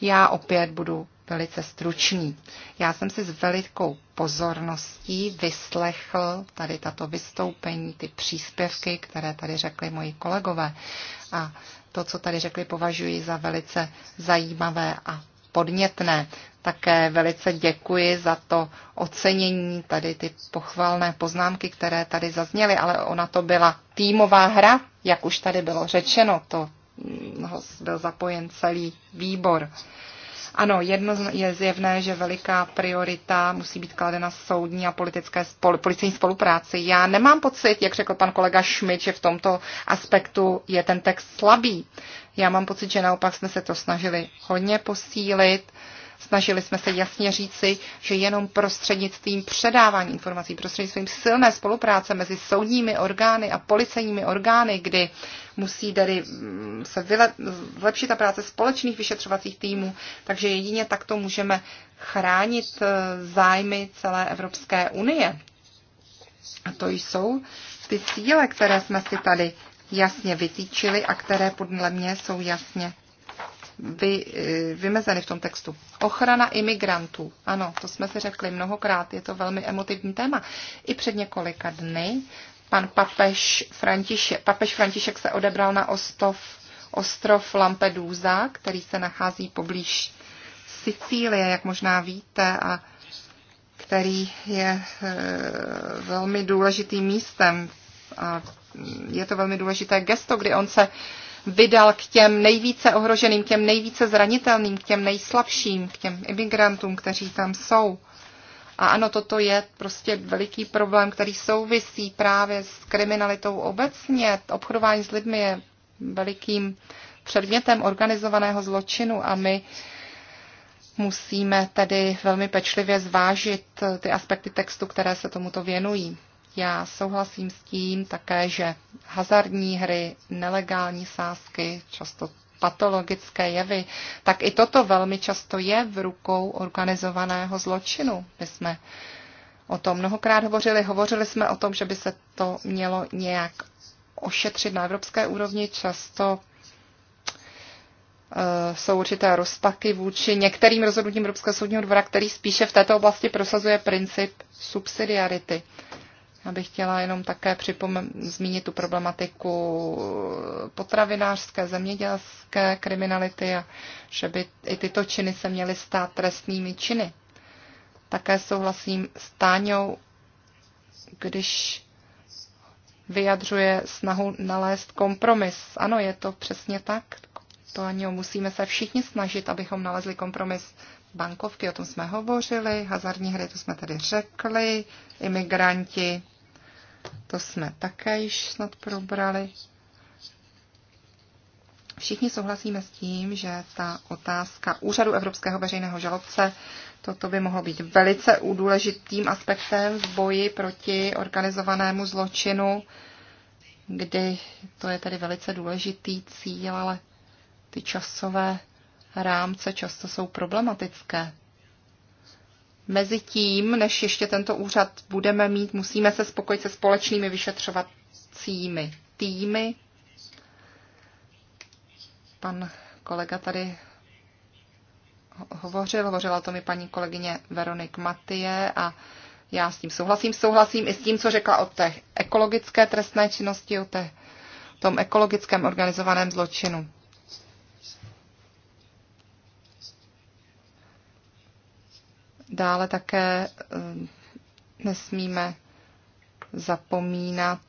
Já opět budu velice stručný. Já jsem si s velikou pozorností vyslechl tady tato vystoupení, ty příspěvky, které tady řekli moji kolegové. A to, co tady řekli, považuji za velice zajímavé a podnětné. Také velice děkuji za to ocenění, tady ty pochvalné poznámky, které tady zazněly, ale ona to byla týmová hra, jak už tady bylo řečeno, to mm, byl zapojen celý výbor. Ano, jedno je zjevné, že veliká priorita musí být kladena soudní a politické spol- policejní spolupráci. Já nemám pocit, jak řekl pan kolega Schmidt, že v tomto aspektu je ten text slabý. Já mám pocit, že naopak jsme se to snažili hodně posílit. Uh, Snažili jsme se jasně říci, že jenom prostřednictvím předávání informací, prostřednictvím silné spolupráce mezi soudními orgány a policejními orgány, kdy musí tedy mm, se zlepšit ta práce společných vyšetřovacích týmů, takže jedině takto můžeme chránit e, zájmy celé Evropské unie. A to jsou ty cíle, které jsme si tady jasně vytýčili a které podle mě jsou jasně vy, eh, vymezeny v tom textu. Ochrana imigrantů. Ano, to jsme si řekli mnohokrát, je to velmi emotivní téma. I před několika dny pan papež František, papež František se odebral na ostov, ostrov Lampedusa, který se nachází poblíž Sicílie, jak možná víte, a který je eh, velmi důležitým místem. A je to velmi důležité gesto, kdy on se vydal k těm nejvíce ohroženým, k těm nejvíce zranitelným, k těm nejslabším, k těm imigrantům, kteří tam jsou. A ano, toto je prostě veliký problém, který souvisí právě s kriminalitou obecně. Obchodování s lidmi je velikým předmětem organizovaného zločinu a my musíme tedy velmi pečlivě zvážit ty aspekty textu, které se tomuto věnují. Já souhlasím s tím také, že hazardní hry, nelegální sázky, často patologické jevy, tak i toto velmi často je v rukou organizovaného zločinu. My jsme o tom mnohokrát hovořili. Hovořili jsme o tom, že by se to mělo nějak ošetřit na evropské úrovni. Často eh, jsou určité rozpaky vůči některým rozhodnutím Evropského soudního dvora, který spíše v této oblasti prosazuje princip subsidiarity. Já bych chtěla jenom také zmínit tu problematiku potravinářské, zemědělské kriminality a že by i tyto činy se měly stát trestnými činy. Také souhlasím s Táňou, když vyjadřuje snahu nalézt kompromis. Ano, je to přesně tak. To ani musíme se všichni snažit, abychom nalezli kompromis. Bankovky, o tom jsme hovořili, hazardní hry, to jsme tady řekli, imigranti, to jsme také již snad probrali. Všichni souhlasíme s tím, že ta otázka úřadu Evropského veřejného žalobce, toto by mohlo být velice důležitým aspektem v boji proti organizovanému zločinu, kdy to je tedy velice důležitý cíl, ale ty časové rámce často jsou problematické mezi tím, než ještě tento úřad budeme mít, musíme se spokojit se společnými vyšetřovacími týmy. Pan kolega tady hovořil, hovořila to mi paní kolegyně Veronik Matie a já s tím souhlasím. Souhlasím i s tím, co řekla o té ekologické trestné činnosti, o té, tom ekologickém organizovaném zločinu. Dále také eh, nesmíme zapomínat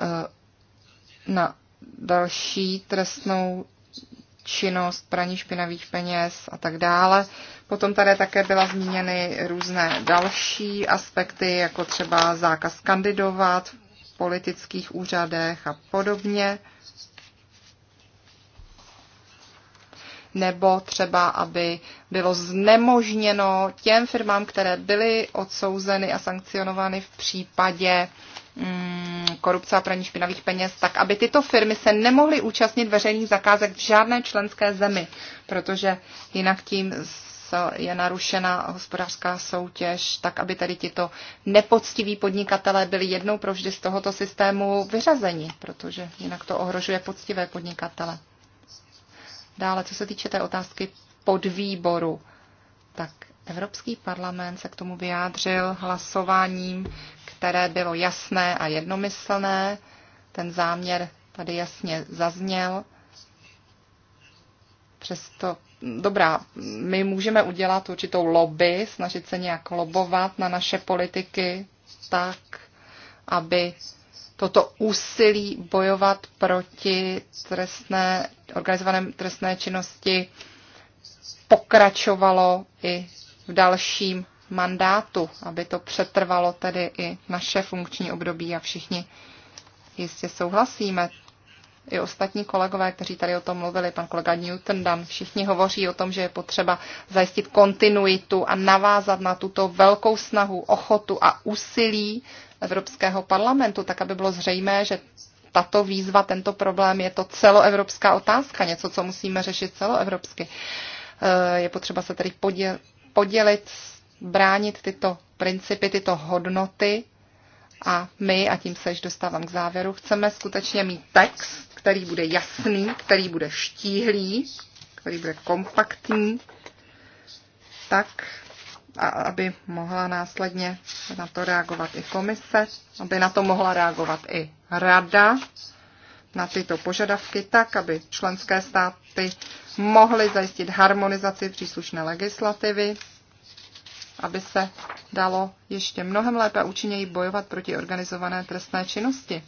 eh, na další trestnou činnost, praní špinavých peněz a tak dále. Potom tady také byla zmíněny různé další aspekty, jako třeba zákaz kandidovat v politických úřadech a podobně. nebo třeba, aby bylo znemožněno těm firmám, které byly odsouzeny a sankcionovány v případě mm, korupce a praní špinavých peněz, tak aby tyto firmy se nemohly účastnit veřejných zakázek v žádné členské zemi, protože jinak tím je narušena hospodářská soutěž, tak aby tedy tito nepoctiví podnikatelé byli jednou provždy z tohoto systému vyřazeni, protože jinak to ohrožuje poctivé podnikatele. Dále, co se týče té otázky podvýboru, tak Evropský parlament se k tomu vyjádřil hlasováním, které bylo jasné a jednomyslné. Ten záměr tady jasně zazněl. Přesto, dobrá, my můžeme udělat určitou lobby, snažit se nějak lobovat na naše politiky tak, aby toto úsilí bojovat proti trestné, organizované trestné činnosti pokračovalo i v dalším mandátu, aby to přetrvalo tedy i naše funkční období a všichni jistě souhlasíme. I ostatní kolegové, kteří tady o tom mluvili, pan kolega Newton Dan, všichni hovoří o tom, že je potřeba zajistit kontinuitu a navázat na tuto velkou snahu, ochotu a úsilí Evropského parlamentu, tak aby bylo zřejmé, že tato výzva, tento problém je to celoevropská otázka, něco, co musíme řešit celoevropsky. Eh, je potřeba se tedy podělit, bránit tyto principy, tyto hodnoty a my, a tím se již dostávám k závěru, chceme skutečně mít text, který bude jasný, který bude štíhlý, který bude kompaktní, tak, a aby mohla následně na to reagovat i komise, aby na to mohla reagovat i rada na tyto požadavky tak, aby členské státy mohly zajistit harmonizaci příslušné legislativy, aby se dalo ještě mnohem lépe a účinněji bojovat proti organizované trestné činnosti.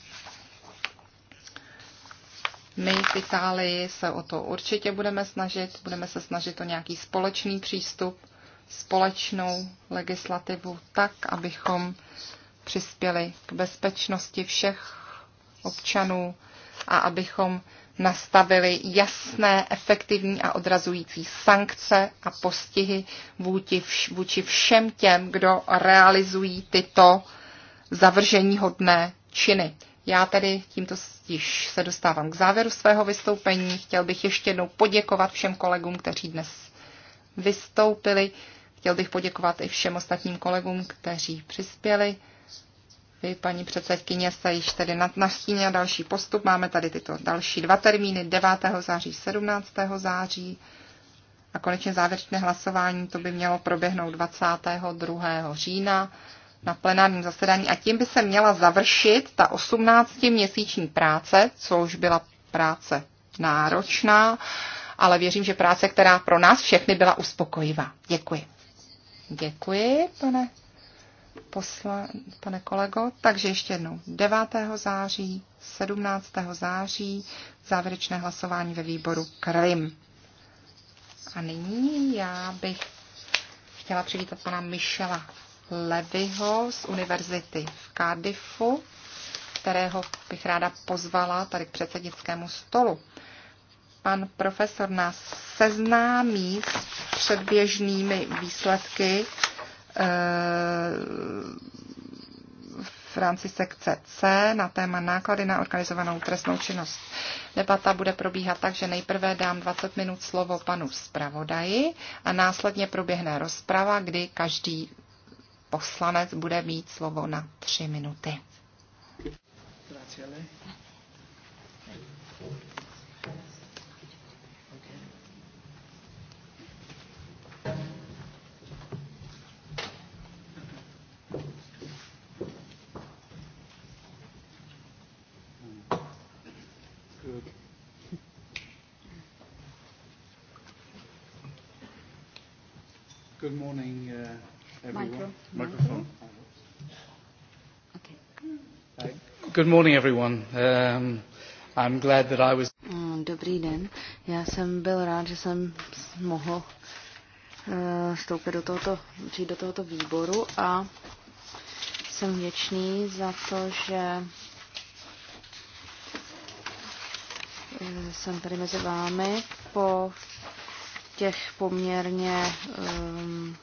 My v Itálii se o to určitě budeme snažit, budeme se snažit o nějaký společný přístup společnou legislativu tak, abychom přispěli k bezpečnosti všech občanů a abychom nastavili jasné, efektivní a odrazující sankce a postihy vůči všem těm, kdo realizují tyto zavrženíhodné činy. Já tedy tímto již se dostávám k závěru svého vystoupení. Chtěl bych ještě jednou poděkovat všem kolegům, kteří dnes vystoupili. Chtěl bych poděkovat i všem ostatním kolegům, kteří přispěli. Vy, paní předsedkyně, jste již tedy a další postup. Máme tady tyto další dva termíny, 9. září, 17. září. A konečně závěrečné hlasování to by mělo proběhnout 22. října na plenárním zasedání a tím by se měla završit ta 18-měsíční práce, což byla práce náročná, ale věřím, že práce, která pro nás všechny byla uspokojivá. Děkuji. Děkuji, pane, posla, pane kolego. Takže ještě jednou 9. září, 17. září, závěrečné hlasování ve výboru Krim. A nyní já bych chtěla přivítat pana Michela Levyho z univerzity v Cardiffu, kterého bych ráda pozvala tady k předsednickému stolu pan profesor nás seznámí s předběžnými výsledky eh, v rámci sekce C na téma náklady na organizovanou trestnou činnost. Debata bude probíhat tak, že nejprve dám 20 minut slovo panu zpravodaji a následně proběhne rozprava, kdy každý poslanec bude mít slovo na 3 minuty. Grazie Good morning, uh, everyone. Micro. Microphone. Okay. Uh, good morning, everyone. Um, I'm glad that I was... Uh, dobrý den. Já jsem byl rád, že jsem mohl uh, stoupit do tohoto, přijít do tohoto výboru a jsem vděčný za to, že uh, jsem tady mezi vámi po těch poměrně um,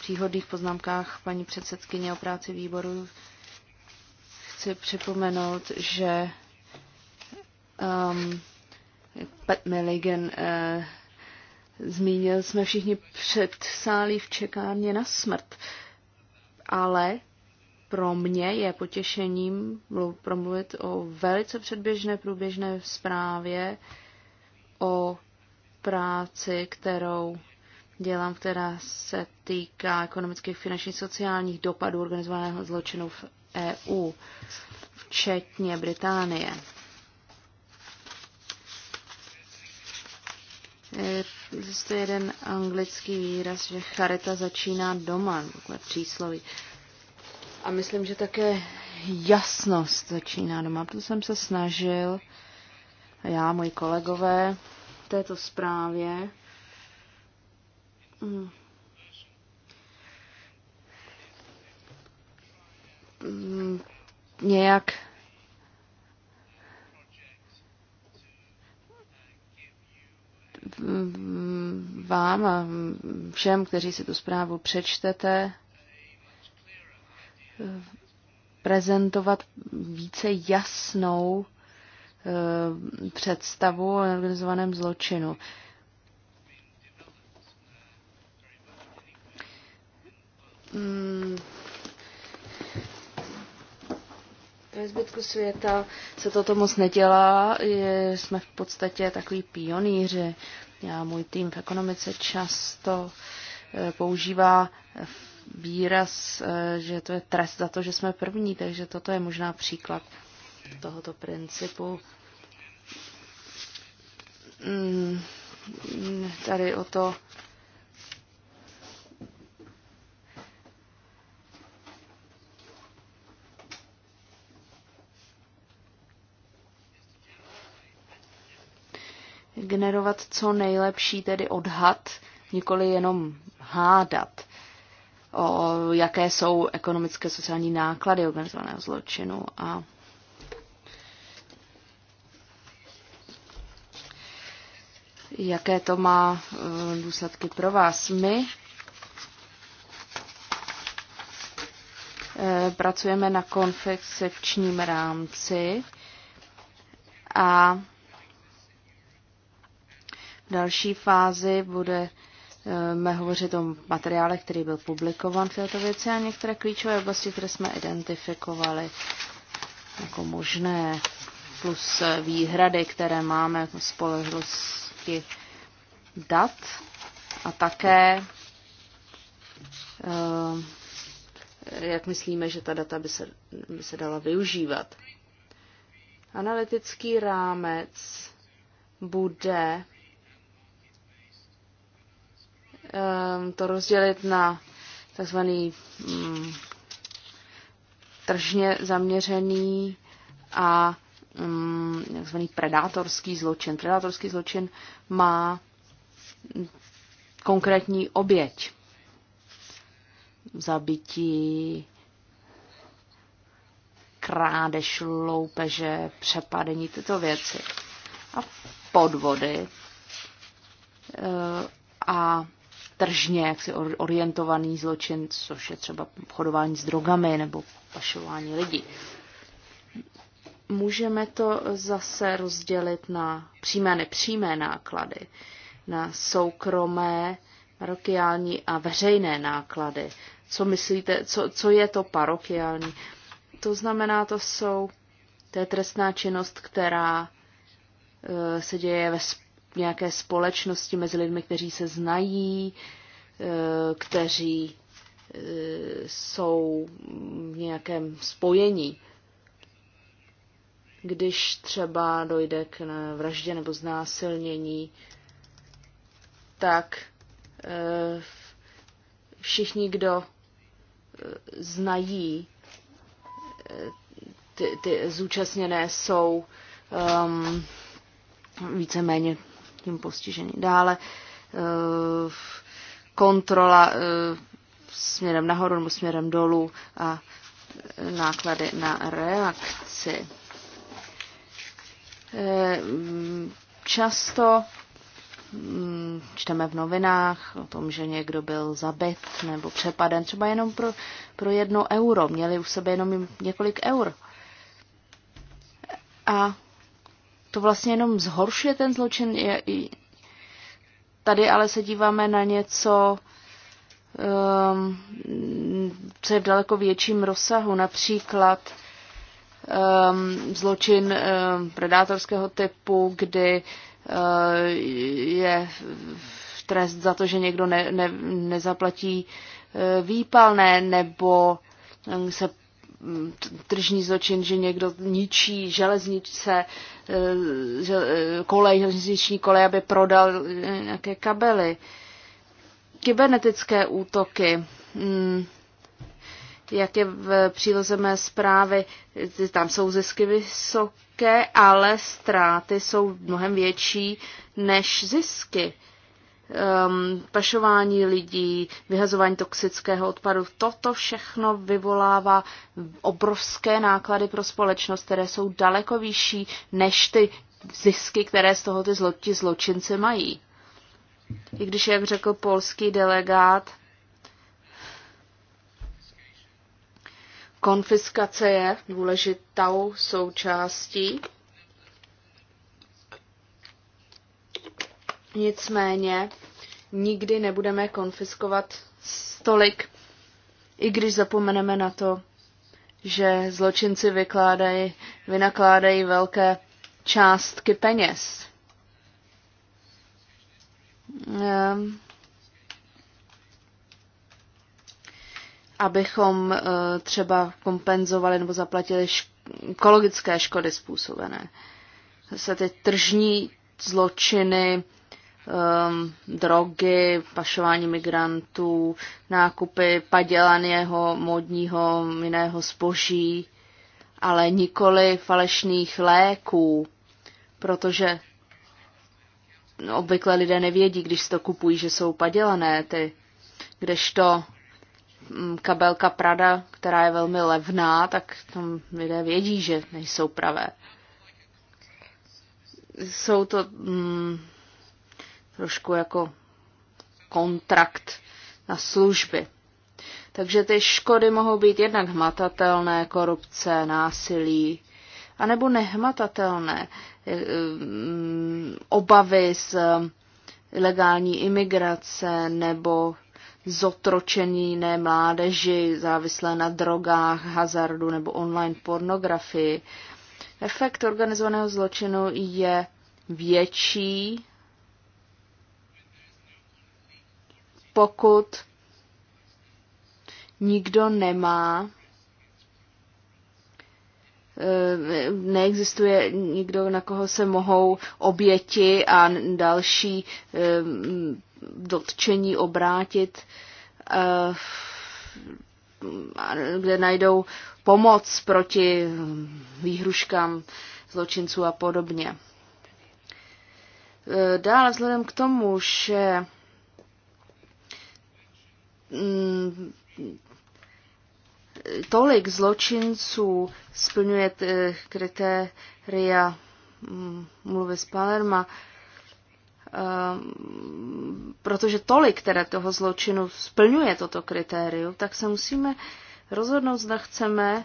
příhodných poznámkách paní předsedkyně o práci výboru chci připomenout, že um, Pat Milligan uh, zmínil, jsme všichni sálí v čekárně na smrt. Ale pro mě je potěšením promluvit o velice předběžné průběžné zprávě o práci, kterou dělám, která se týká ekonomických, finančních, sociálních dopadů organizovaného zločinu v EU, včetně Británie. Existuje jeden anglický výraz, že charita začíná doma, takové přísloví. A myslím, že také jasnost začíná doma. To jsem se snažil, já, moji kolegové, této zprávě. Hmm. nějak vám a všem, kteří si tu zprávu přečtete, prezentovat více jasnou Eh, představu o organizovaném zločinu. Hmm. Ve zbytku světa se toto moc nedělá, je, jsme v podstatě takový pionýři. Já, můj tým v ekonomice často e, používá výraz, e, že to je trest za to, že jsme první, takže toto je možná příklad tohoto principu. Mm, tady o to, generovat co nejlepší tedy odhad, nikoli jenom hádat, o jaké jsou ekonomické sociální náklady organizovaného zločinu a jaké to má eh, důsledky pro vás. My eh, pracujeme na konfekčním rámci a v další fázi budeme eh, hovořit o materiále, který byl publikován. v této věci a některé klíčové oblasti, které jsme identifikovali jako možné, plus výhrady, které máme jako spolehlivost otázky dat a také, eh, jak myslíme, že ta data by se, by se dala využívat. Analytický rámec bude eh, to rozdělit na takzvaný mm, tržně zaměřený a Mm, takzvaný predátorský zločin. Predátorský zločin má konkrétní oběť. Zabití, krádež, loupeže, přepadení, tyto věci. A podvody. E, a tržně jaksi orientovaný zločin, což je třeba obchodování s drogami nebo pašování lidí můžeme to zase rozdělit na přímé a nepřímé náklady, na soukromé, parokiální a veřejné náklady. Co myslíte, co, co je to parokiální? To znamená, to jsou, to trestná činnost, která eh, se děje ve nějaké společnosti mezi lidmi, kteří se znají, eh, kteří eh, jsou v nějakém spojení když třeba dojde k vraždě nebo znásilnění, tak eh, všichni, kdo eh, znají eh, ty, ty zúčastněné, jsou um, víceméně tím postižený. Dále kontrola směrem nahoru nebo směrem dolů a náklady na reakci. Eh, často mm, čteme v novinách o tom, že někdo byl zabit nebo přepaden třeba jenom pro, pro jedno euro. Měli u sebe jenom několik eur. A to vlastně jenom zhoršuje ten zločin. Tady ale se díváme na něco, ehm, co je v daleko větším rozsahu. Například um, zločin um, predátorského typu, kdy uh, je trest za to, že někdo ne, ne, nezaplatí uh, výpalné nebo um, se um, tržní zločin, že někdo ničí železnice, uh, uh, kolej, železniční kolej, aby prodal uh, nějaké kabely. Kybernetické útoky, hmm jak je v příloze mé zprávy, tam jsou zisky vysoké, ale ztráty jsou mnohem větší než zisky. Um, pašování lidí, vyhazování toxického odpadu, toto všechno vyvolává obrovské náklady pro společnost, které jsou daleko vyšší než ty zisky, které z toho ty zlo, zločinci mají. I když, jak řekl polský delegát, Konfiskace je důležitou součástí. Nicméně nikdy nebudeme konfiskovat stolik, i když zapomeneme na to, že zločinci vykládají, vynakládají velké částky peněz. Um, abychom eh, třeba kompenzovali nebo zaplatili ekologické škody způsobené. Se ty tržní zločiny, ehm, drogy, pašování migrantů, nákupy padělaného, modního, jiného zboží, ale nikoli falešných léků, protože obvykle lidé nevědí, když si to kupují, že jsou padělané ty, kdežto Mm, kabelka Prada, která je velmi levná, tak tam lidé vědí, že nejsou pravé. Jsou to mm, trošku jako kontrakt na služby. Takže ty škody mohou být jednak hmatatelné, korupce, násilí, anebo nehmatatelné, e, e, mm, obavy z e, ilegální imigrace nebo zotročení ne mládeži závislé na drogách, hazardu nebo online pornografii. Efekt organizovaného zločinu je větší, pokud nikdo nemá, eh, neexistuje nikdo, na koho se mohou oběti a další eh, dotčení obrátit, eh, kde najdou pomoc proti výhruškám zločinců a podobně. Eh, Dále vzhledem k tomu, že mm, tolik zločinců splňuje kritéria mm, mluvy z Palerma, Ehm, protože tolik teda toho zločinu splňuje toto kritérium, tak se musíme rozhodnout, zda chceme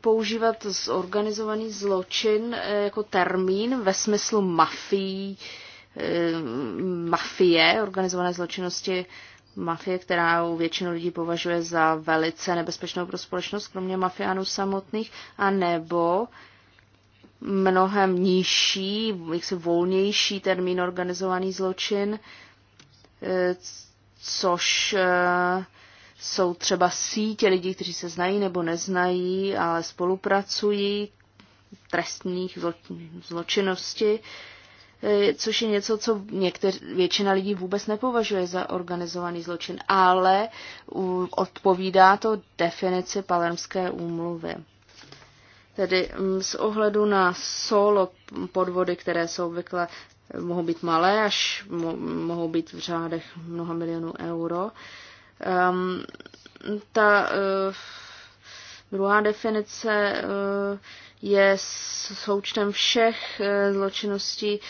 používat zorganizovaný zločin eh, jako termín ve smyslu mafii, ehm, mafie, organizované zločinnosti mafie, která většinu lidí považuje za velice nebezpečnou pro společnost, kromě mafiánů samotných, a nebo mnohem nižší, jaksi volnější termín organizovaný zločin, eh, což eh, jsou třeba sítě lidí, kteří se znají nebo neznají, ale spolupracují trestních zločinnosti, eh, což je něco, co někteř, většina lidí vůbec nepovažuje za organizovaný zločin, ale odpovídá to definici palermské úmluvy. Tedy mm, z ohledu na solo podvody, které jsou obvykle mohou být malé, až mohou být v řádech mnoha milionů euro. Um, ta uh, druhá definice uh, je součtem všech uh, zločinností,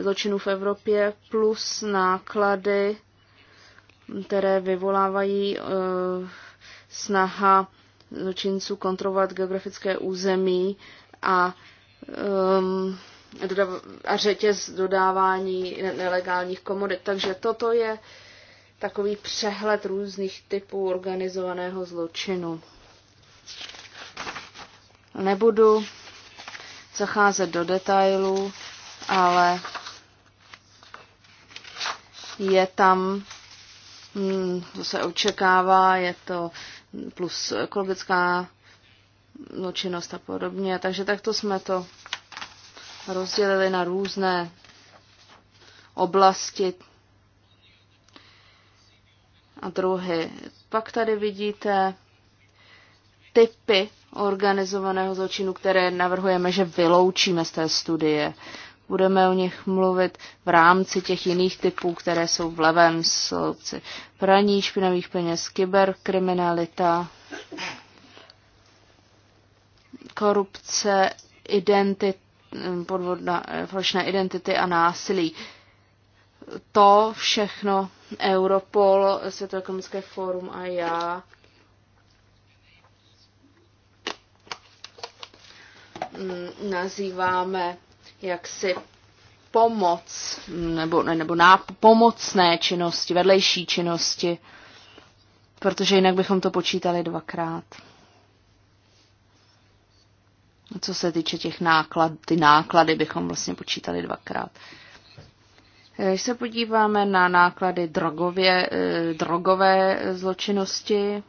zločinů v Evropě plus náklady, které vyvolávají uh, snaha zločinců kontrolovat geografické území a, um, a řetěz dodávání nelegálních komodit. Takže toto je takový přehled různých typů organizovaného zločinu. Nebudu zacházet do detailů, ale je tam, hmm, to se očekává, je to plus ekologická no, činnost a podobně. Takže takto jsme to rozdělili na různé oblasti a druhy. Pak tady vidíte typy organizovaného zločinu, které navrhujeme, že vyloučíme z té studie budeme o nich mluvit v rámci těch jiných typů, které jsou v levém sloupci. Praní špinavých peněz, kyberkriminalita, korupce, identit, podvodná, falešné identity a násilí. To všechno Europol, Světoekonomické fórum a já mm, nazýváme jaksi pomoc nebo, nebo na pomocné činnosti, vedlejší činnosti, protože jinak bychom to počítali dvakrát. Co se týče těch náklad, ty náklady bychom vlastně počítali dvakrát. Eh, když se podíváme na náklady drogově, eh, drogové zločinnosti,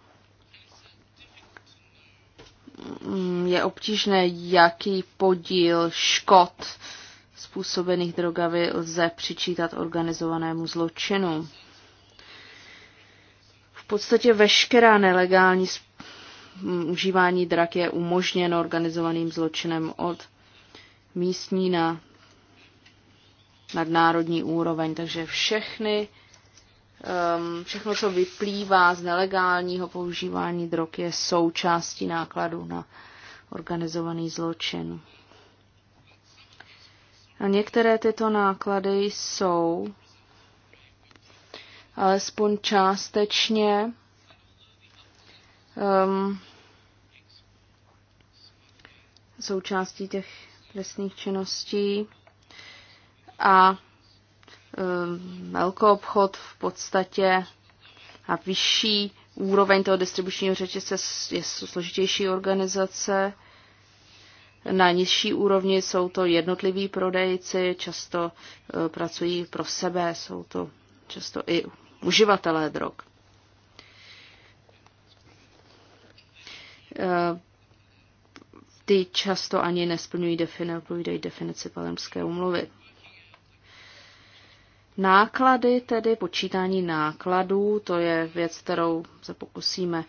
Mm, je obtížné, jaký podíl škod způsobených drogami lze přičítat organizovanému zločinu. V podstatě veškerá nelegální užívání drak je umožněno organizovaným zločinem od místní na nadnárodní úroveň, takže všechny um, všechno, co vyplývá z nelegálního používání drog, je součástí nákladu na organizovaný zločin. A některé tyto náklady jsou alespoň částečně um, součástí těch trestných činností a Eh, velkou obchod v podstatě a vyšší úroveň toho distribučního řetězce je složitější organizace. Na nižší úrovni jsou to jednotliví prodejci, často eh, pracují pro sebe, jsou to často i uživatelé drog. Eh, ty často ani nesplňují definici palemské umluvy. Náklady tedy, počítání nákladů, to je věc, kterou se pokusíme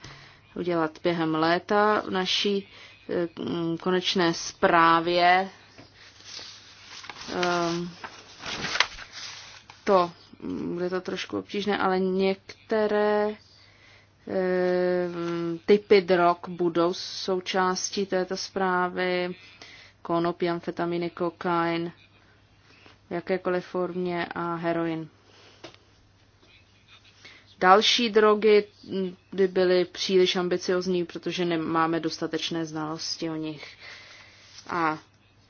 udělat během léta. V naší eh, konečné zprávě ehm, to bude to trošku obtížné, ale některé ehm, typy drog budou součástí této zprávy. Konopí, amfetaminy, kokain, jakékoliv formě a heroin. Další drogy by byly příliš ambiciozní, protože nemáme dostatečné znalosti o nich. A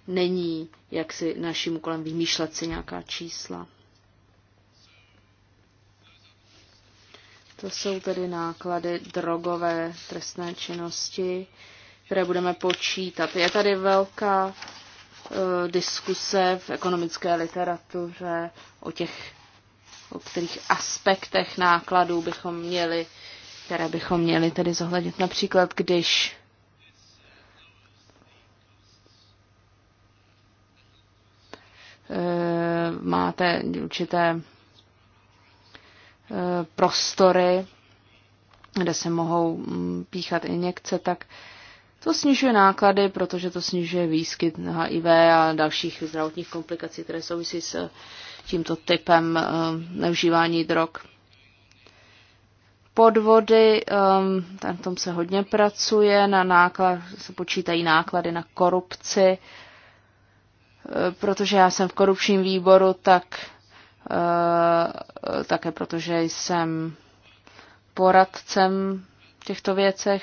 není jak si naším úkolem vymýšlet si nějaká čísla. To jsou tedy náklady drogové trestné činnosti, které budeme počítat. Je tady velká Eh, diskuse v ekonomické literatuře o těch, o kterých aspektech nákladů bychom měli, které bychom měli tedy zohlednit. Například, když eh, máte určité eh, prostory, kde se mohou mm, píchat injekce, tak to snižuje náklady, protože to snižuje výskyt HIV a dalších zdravotních komplikací, které souvisí s eh, tímto typem eh, neužívání drog. Podvody, tam eh, tom se hodně pracuje, na náklad, se počítají náklady na korupci, protože já jsem v korupčním výboru, tak také protože jsem poradcem v těchto věcech.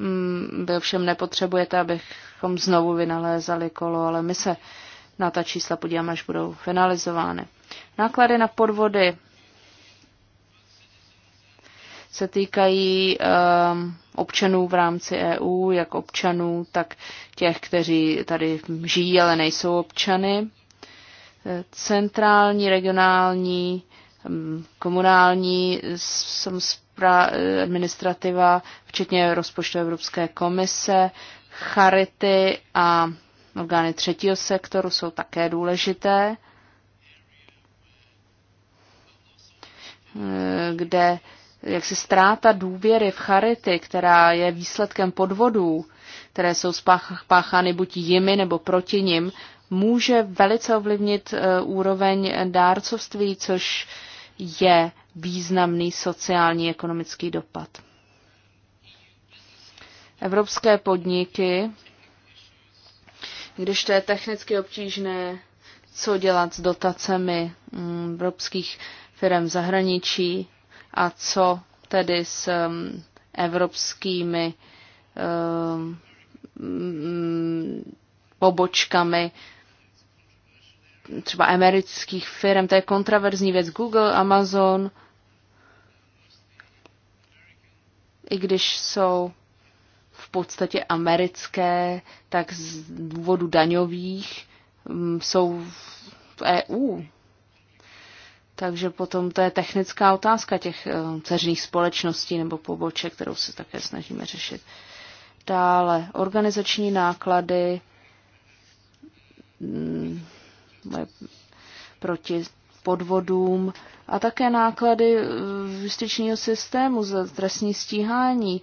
Mm, Vy ovšem nepotřebujete, abychom znovu vynalézali kolo, ale my se na ta čísla podíváme, až budou finalizovány. Náklady na podvody se týkají um, občanů v rámci EU, jak občanů, tak těch, kteří tady žijí, ale nejsou občany. Centrální, regionální komunální administrativa, včetně rozpočtu Evropské komise, charity a orgány třetího sektoru jsou také důležité, kde jak si ztráta důvěry v charity, která je výsledkem podvodů, které jsou spáchány buď jimi nebo proti nim, může velice ovlivnit eh, úroveň dárcovství, což je významný sociální ekonomický dopad. Evropské podniky, když to je technicky obtížné, co dělat s dotacemi mm, evropských firm v zahraničí a co tedy s mm, evropskými mm, pobočkami třeba amerických firm. To je kontraverzní věc Google, Amazon, i když jsou v podstatě americké, tak z důvodu daňových mm, jsou v EU. Takže potom to je technická otázka těch eh, ceřných společností nebo poboček, kterou se také snažíme řešit. Dále organizační náklady mm, proti podvodům a také náklady eh, justičního systému za trestní stíhání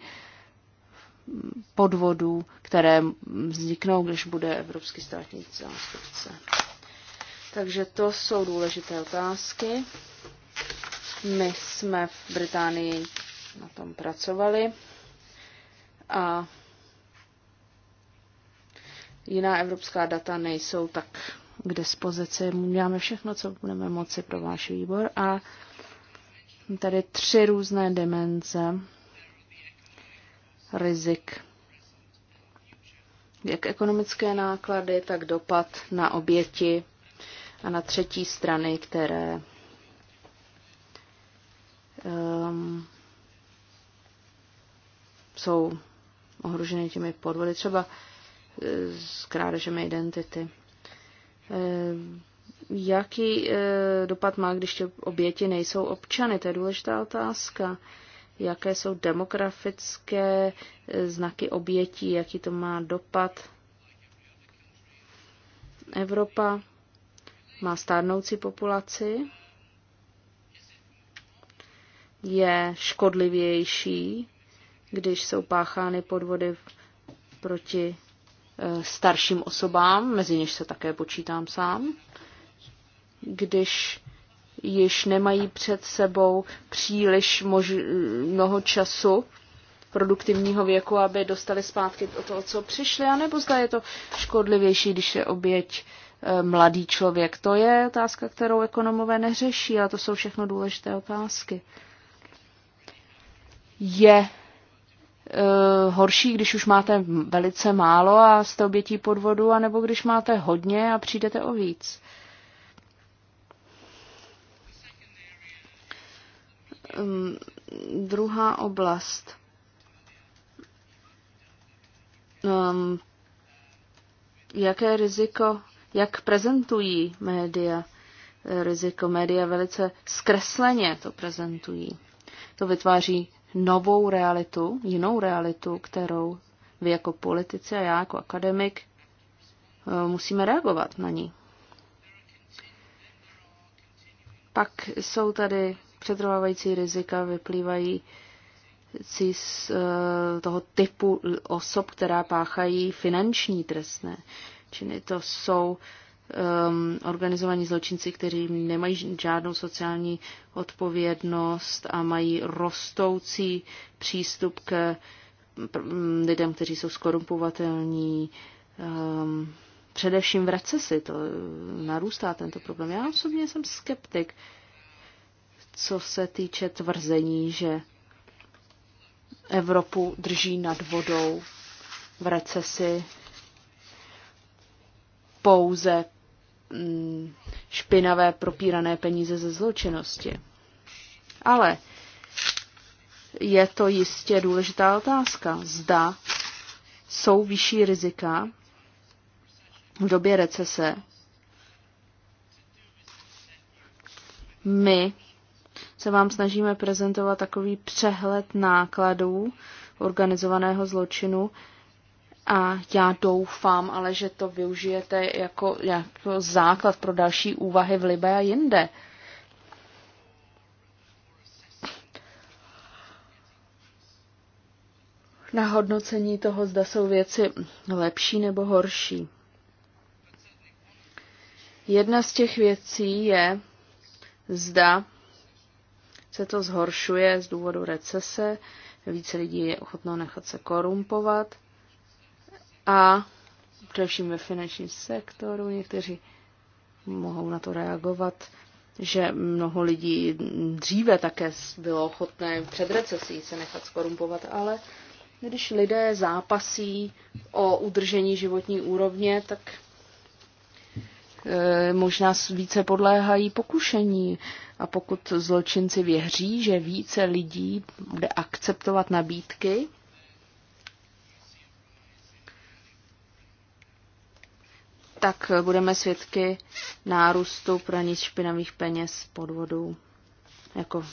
podvodů, které vzniknou, když bude evropský státní zástupce. Takže to jsou důležité otázky. My jsme v Británii na tom pracovali a jiná evropská data nejsou tak k dispozici. Děláme všechno, co budeme moci pro váš výbor. A tady tři různé dimenze rizik. Jak ekonomické náklady, tak dopad na oběti a na třetí strany, které um, jsou ohroženy těmi podvody, třeba eh, s krádežemi identity. Eh, jaký eh, dopad má, když ty oběti nejsou občany? To je důležitá otázka. Jaké jsou demografické eh, znaky obětí? Jaký to má dopad? Evropa má stárnoucí populaci, je škodlivější, když jsou páchány podvody proti Eh, starším osobám, mezi něž se také počítám sám, když již nemají před sebou příliš mož- mnoho času produktivního věku, aby dostali zpátky o to, co přišli, anebo zda je to škodlivější, když je oběť eh, mladý člověk. To je otázka, kterou ekonomové neřeší, ale to jsou všechno důležité otázky. Je Eh, horší, když už máte velice málo a jste obětí podvodu, anebo když máte hodně a přijdete o víc. Um, druhá oblast. Um, jaké riziko, jak prezentují média eh, riziko? Média velice zkresleně to prezentují. To vytváří novou realitu, jinou realitu, kterou vy jako politici a já jako akademik eh, musíme reagovat na ní. Pak jsou tady přetrvávající rizika, vyplývají z eh, toho typu osob, která páchají finanční trestné činy. To jsou um, organizovaní zločinci, kteří nemají žádnou sociální odpovědnost a mají rostoucí přístup k mm, lidem, kteří jsou skorumpovatelní. Um, především v recesi to narůstá tento problém. Já osobně jsem skeptik, co se týče tvrzení, že Evropu drží nad vodou v recesi pouze Mm, špinavé propírané peníze ze zločinnosti. Ale je to jistě důležitá otázka. Zda jsou vyšší rizika v době recese. My se vám snažíme prezentovat takový přehled nákladů organizovaného zločinu a já doufám ale, že to využijete jako, jako základ pro další úvahy v Libe a jinde. Na hodnocení toho, zda jsou věci lepší nebo horší. Jedna z těch věcí je, zda se to zhoršuje z důvodu recese, více lidí je ochotno nechat se korumpovat – a především ve finančním sektoru někteří mohou na to reagovat, že mnoho lidí dříve také bylo ochotné před recesí se nechat skorumpovat, ale když lidé zápasí o udržení životní úrovně, tak e, možná více podléhají pokušení. A pokud zločinci věří, že více lidí bude akceptovat nabídky, tak budeme svědky nárůstu praní špinavých peněz podvodů jako um,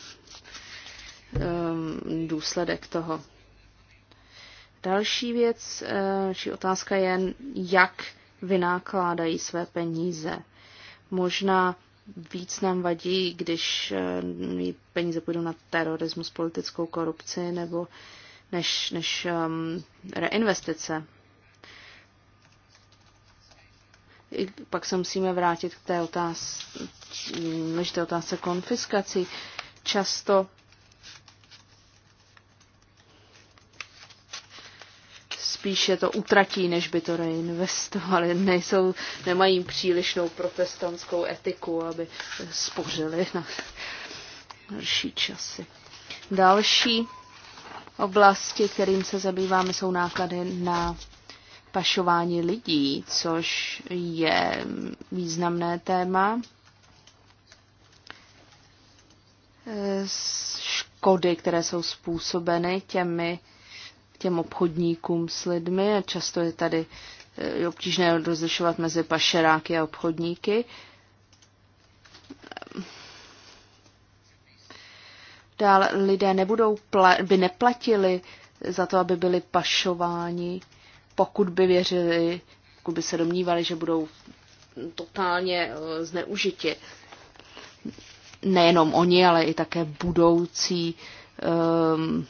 důsledek toho. Další věc, či eh, otázka je, jak vynákládají své peníze. Možná víc nám vadí, když eh, peníze půjdou na terorismus, politickou korupci nebo než, než um, reinvestice Pak se musíme vrátit k té otázce, té otázce konfiskací. Často spíše to utratí, než by to reinvestovali. Nejsou, nemají přílišnou protestantskou etiku, aby spořili na další časy. Další oblasti, kterým se zabýváme, jsou náklady na pašování lidí, což je významné téma. Škody, které jsou způsobeny těmi, těm obchodníkům s lidmi, a často je tady eh, obtížné rozlišovat mezi pašeráky a obchodníky. Dále lidé nebudou, by neplatili za to, aby byli pašováni pokud by věřili, pokud by se domnívali, že budou totálně eh, zneužiti. Nejenom oni, ale i také budoucí um,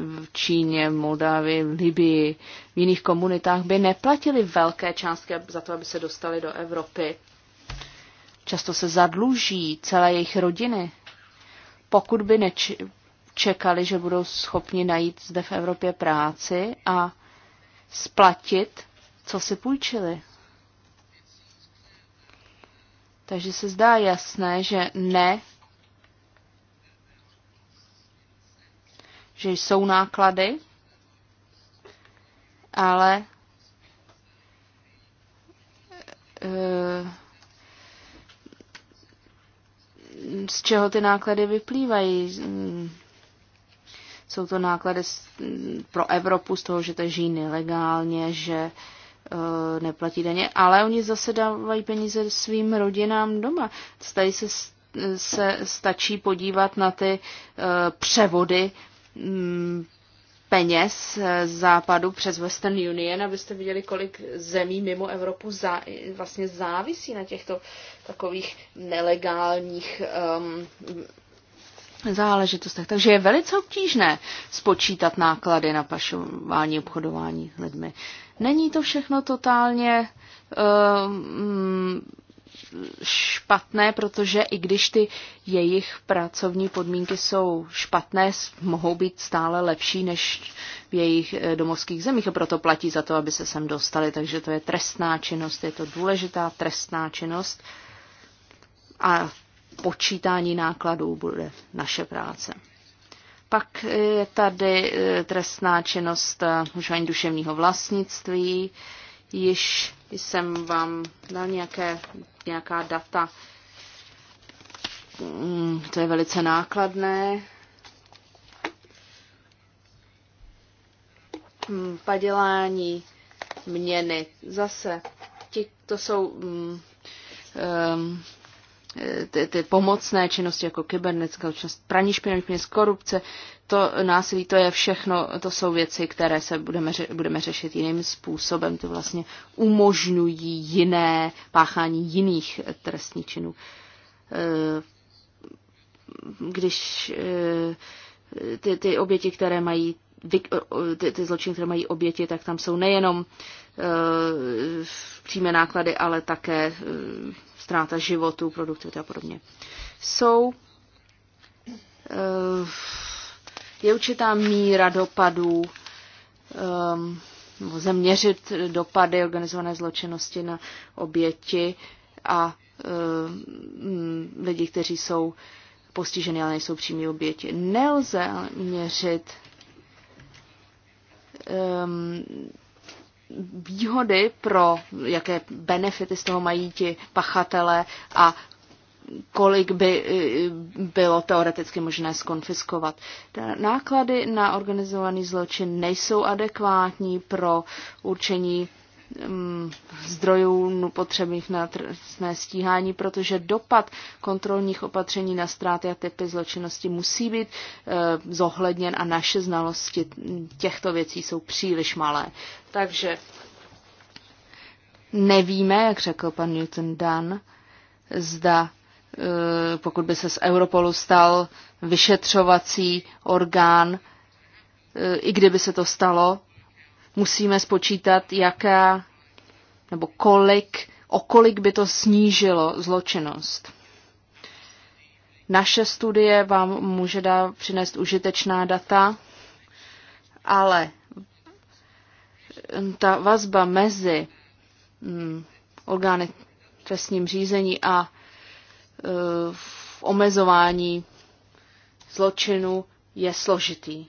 v Číně, v Moldávii, v Libii, v jiných komunitách by neplatili velké částky za to, aby se dostali do Evropy. Často se zadluží celé jejich rodiny, pokud by neč- čekali, že budou schopni najít zde v Evropě práci a splatit, co si půjčili. Takže se zdá jasné, že ne, že jsou náklady, ale eh, z čeho ty náklady vyplývají? Jsou to náklady pro Evropu z toho, že to žijí nelegálně, že eh, neplatí daně, ale oni zase dávají peníze svým rodinám doma. Tady se, se stačí podívat na ty eh, převody mm, peněz z západu přes Western Union, abyste viděli, kolik zemí mimo Evropu zá, vlastně závisí na těchto takových nelegálních um, záležitostech. Takže je velice obtížné spočítat náklady na pašování, obchodování s lidmi. Není to všechno totálně eh, mm, špatné, protože i když ty jejich pracovní podmínky jsou špatné, mohou být stále lepší než v jejich eh, domovských zemích a proto platí za to, aby se sem dostali. Takže to je trestná činnost, je to důležitá trestná činnost a počítání nákladů bude naše práce. Pak je tady eh, trestná činnost eh, užívání duševního vlastnictví. Již jsem vám dal nějaké, nějaká data. Mm, to je velice nákladné. Mm, padělání měny. Zase, ti, to jsou um, ty, ty pomocné činnosti jako kybernetická činnost, praní špinavých peněz, korupce, to násilí, to je všechno, to jsou věci, které se budeme, budeme řešit jiným způsobem, to vlastně umožňují jiné páchání jiných trestních činů. Eh, když eh, ty, ty oběti, které mají ty, ty zločiny, které mají oběti, tak tam jsou nejenom e, přímé náklady, ale také e, ztráta životu, produktivity a podobně. Jsou e, je určitá míra dopadů, ehm, nebo zaměřit dopady organizované zločinnosti na oběti a ehm, lidi, kteří jsou postiženy, ale nejsou přímý oběti. Nelze měřit um, výhody pro, jaké benefity z toho mají ti pachatele a kolik by eh, bylo teoreticky možné skonfiskovat. Náklady na organizovaný zločin nejsou adekvátní pro určení Mm, zdrojů potřebných na trestné stíhání, protože dopad kontrolních opatření na ztráty a typy zločinnosti musí být eh, zohledněn a naše znalosti těchto věcí jsou příliš malé. Takže nevíme, jak řekl pan Newton Dan, zda eh, pokud by se z Europolu stal vyšetřovací orgán, eh, i kdyby se to stalo, musíme spočítat, jaká nebo kolik, o kolik by to snížilo zločinnost. Naše studie vám může dá přinést užitečná data, ale ta vazba mezi mm, orgány trestním řízení a e, v omezování zločinu je složitý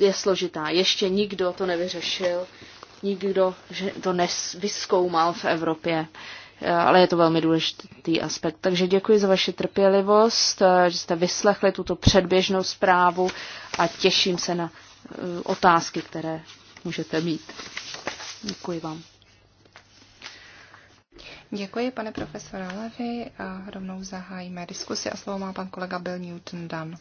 je složitá. Ještě nikdo to nevyřešil, nikdo to nevyskoumal v Evropě, eh, ale je to velmi důležitý aspekt. Takže děkuji za vaši trpělivost, eh, že jste vyslechli tuto předběžnou zprávu a těším se na eh, otázky, které můžete mít. Děkuji vám. Děkuji, pane profesore Levy, a rovnou zahájíme diskusi a slovo má pan kolega Bill Newton Dunn.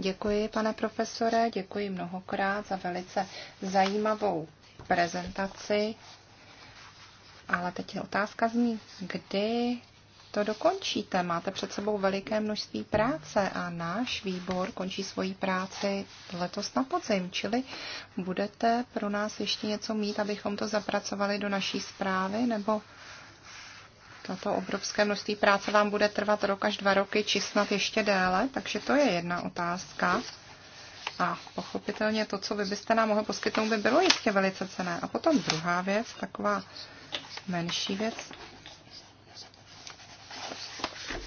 Děkuji, pane profesore, děkuji mnohokrát za velice zajímavou prezentaci. Ale teď je otázka zní, kdy to dokončíte? Máte před sebou veliké množství práce a náš výbor končí svoji práci letos na podzim, čili budete pro nás ještě něco mít, abychom to zapracovali do naší zprávy, nebo tato obrovské množství práce vám bude trvat rok až dva roky, či snad ještě déle, takže to je jedna otázka. A pochopitelně to, co vy byste nám mohl poskytnout, by bylo jistě velice cené. A potom druhá věc, taková menší věc.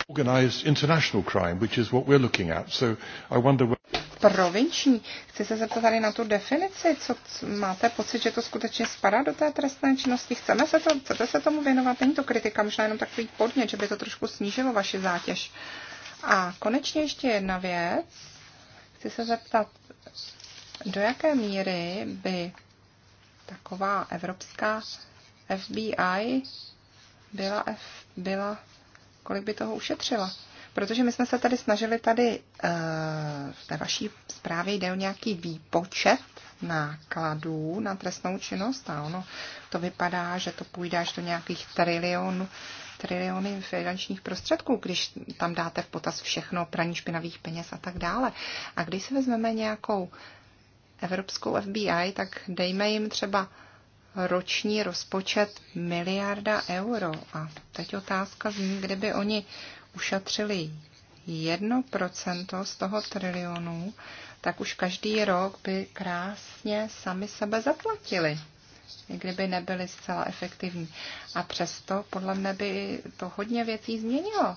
Organized international crime, which is what we're looking at. So I wonder provinční. Chci se zeptat tady na tu definici, co máte pocit, že to skutečně spadá do té trestné činnosti? Chceme se to, chcete se tomu věnovat? Není to kritika, možná jenom takový podnět, že by to trošku snížilo vaši zátěž. A konečně ještě jedna věc. Chci se zeptat, do jaké míry by taková evropská FBI byla, F, byla kolik by toho ušetřila? Protože my jsme se tady snažili tady, eh, v té vaší zprávě jde o nějaký výpočet nákladů na trestnou činnost a ono to vypadá, že to půjde až do nějakých trilionů triliony finančních prostředků, když tam dáte v potaz všechno, praní špinavých peněz a tak dále. A když si vezmeme nějakou evropskou FBI, tak dejme jim třeba roční rozpočet miliarda euro. A teď otázka zní, kdyby oni ušetřili jedno procento z toho trilionu, tak už každý rok by krásně sami sebe zaplatili, i kdyby nebyli zcela efektivní. A přesto podle mne by to hodně věcí změnilo.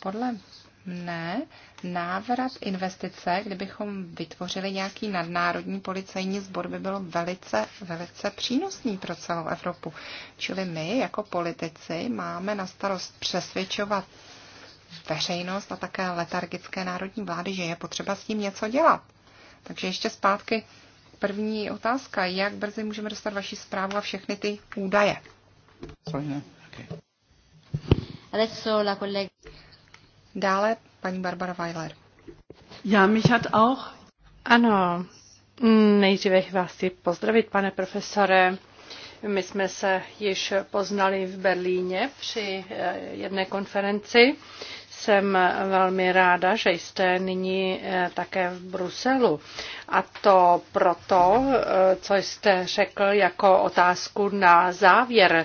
Podle mne návrat investice, kdybychom vytvořili nějaký nadnárodní policejní sbor, by bylo velice, velice přínosný pro celou Evropu. Čili my jako politici máme na starost přesvědčovat veřejnost a také letargické národní vlády, že je potřeba s tím něco dělat. Takže ještě zpátky první otázka. Jak brzy můžeme dostat vaši zprávu a všechny ty údaje? Sorry, no. okay. Adesso la collega. Dále paní Barbara Weiler. Já mich hat auch. Ano, nejdříve vás chci pozdravit, pane profesore. My jsme se již poznali v Berlíně při eh, jedné konferenci. Jsem velmi ráda, že jste nyní eh, také v Bruselu. A to proto, eh, co jste řekl jako otázku na závěr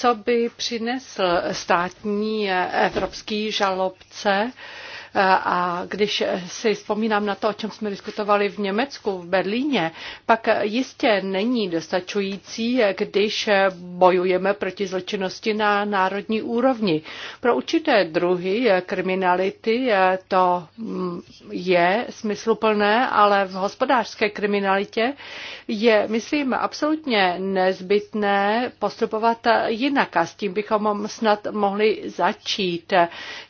co by přinesl státní eh, evropský žalobce a když si vzpomínám na to, o čem jsme diskutovali v Německu, v Berlíně, pak jistě není dostačující, když bojujeme proti zločinnosti na národní úrovni. Pro určité druhy kriminality to je smysluplné, ale v hospodářské kriminalitě je, myslím, absolutně nezbytné postupovat jinak a s tím bychom snad mohli začít.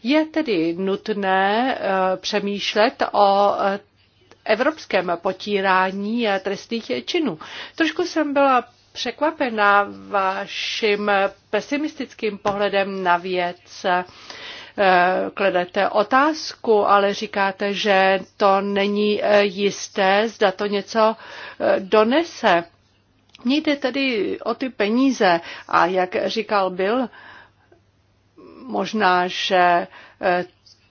Je tedy nutné Eh, přemýšlet o eh, evropském potírání eh, trestných činů. Trošku jsem byla překvapena vaším pesimistickým pohledem na věc Kledete otázku, ale říkáte, že to není jisté, zda to něco donese. Mějte tedy o ty peníze a jak říkal byl, možná, že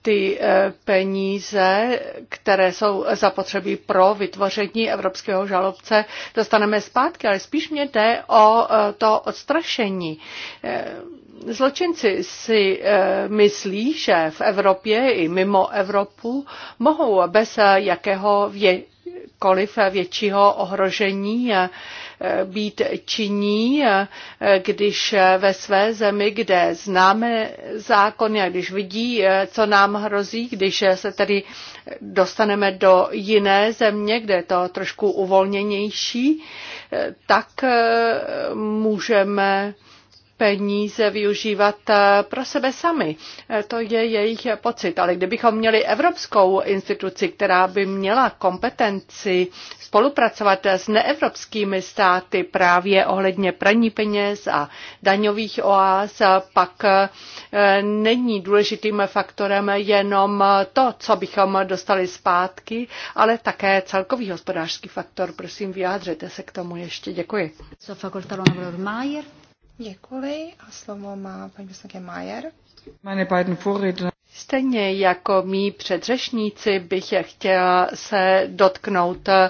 ty eh, peníze, které jsou zapotřebí pro vytvoření evropského žalobce, dostaneme zpátky, ale spíš mě jde o eh, to odstrašení. Eh, zločinci si myslí, že v Evropě i mimo Evropu mohou bez jakého vě jakéhokoliv většího ohrožení eh, být činní, eh, když eh, ve své zemi, kde známe zákony a když vidí, co nám hrozí, když se tedy dostaneme do jiné země, kde je to trošku uvolněnější, tak můžeme peníze využívat eh, pro sebe sami. Eh, to je jejich pocit. Ale kdybychom měli evropskou instituci, která by měla kompetenci spolupracovat s neevropskými státy právě ohledně praní peněz a daňových oáz, pak eh, není důležitým faktorem jenom to, co bychom dostali zpátky, ale také celkový hospodářský faktor. Prosím, vyjádřete se k tomu ještě. Děkuji. Děkuji a slovo má paní poslankyně Majer. Meine beiden Vorredner Stejně jako mý předřešníci bych chtěla se dotknout eh,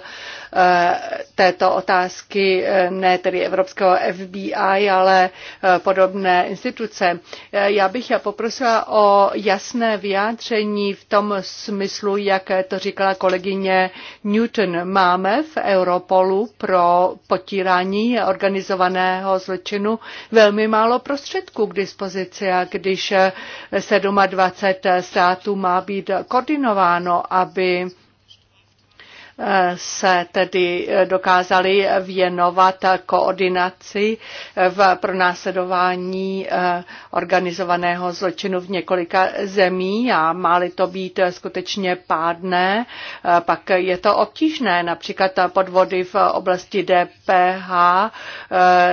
této otázky eh, ne tedy Evropského FBI, ale eh, podobné instituce. Já bych já poprosila o jasné vyjádření v tom smyslu, jak to říkala kolegyně Newton. Máme v Europolu pro potírání organizovaného zločinu velmi málo prostředků k dispozici a když 27 20 států má být koordinováno, aby eh, se tedy eh, dokázali věnovat koordinaci eh, v pronásledování organizovaného zločinu v několika zemí a máli to být skutečně pádné, pak je to obtížné. Například podvody v oblasti DPH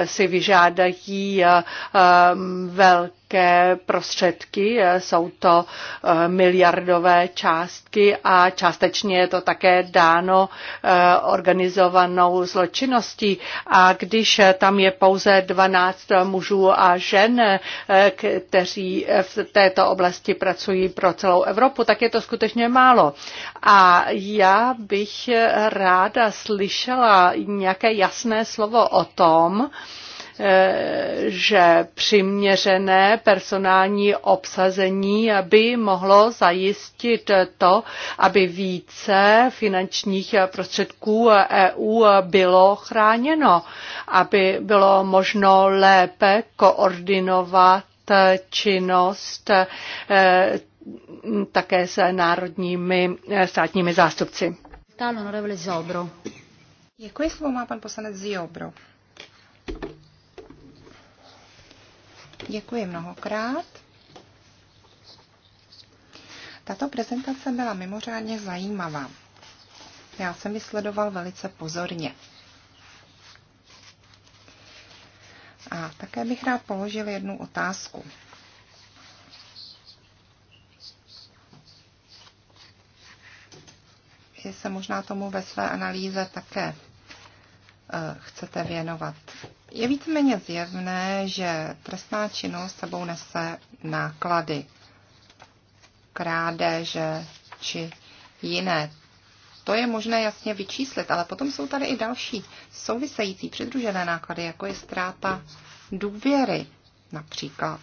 si vyžádají velké velké prostředky, eh, jsou to eh, miliardové částky a částečně je to také dáno eh, organizovanou zločinností. A když tam je pouze 12 mužů a žen, kteří v této oblasti pracují pro celou Evropu, tak je to skutečně málo. A já bych ráda slyšela nějaké jasné slovo o tom, Eh, že přiměřené personální obsazení by mohlo zajistit to, aby více finančních prostředků EU bylo chráněno, aby bylo možno lépe koordinovat činnost eh, také se národními eh, státními zástupci. Děkuji, slovo má pan poslanec Ziobro. Děkuji mnohokrát. Tato prezentace byla mimořádně zajímavá. Já jsem ji sledoval velice pozorně. A také bych rád položil jednu otázku. Vy se možná tomu ve své analýze také eh, chcete věnovat. Je víceméně zjevné, že trestná činnost sebou nese náklady, krádeže či jiné. To je možné jasně vyčíslit, ale potom jsou tady i další související přidružené náklady, jako je ztráta důvěry například.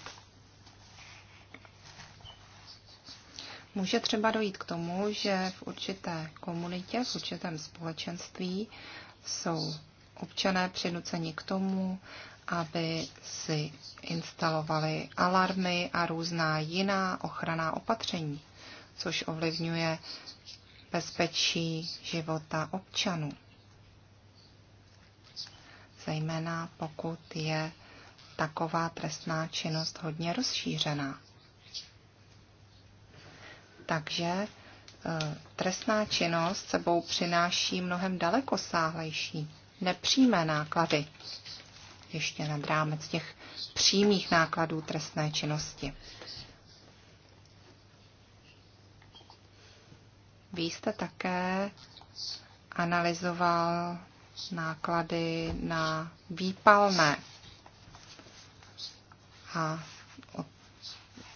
Může třeba dojít k tomu, že v určité komunitě, v určitém společenství jsou občané přinuceni k tomu, aby si instalovali alarmy a různá jiná ochranná opatření, což ovlivňuje bezpečí života občanů. Zejména pokud je taková trestná činnost hodně rozšířená. Takže e, trestná činnost sebou přináší mnohem dalekosáhlejší nepřímé náklady, ještě nad rámec těch přímých nákladů trestné činnosti. Vy jste také analyzoval náklady na výpalné a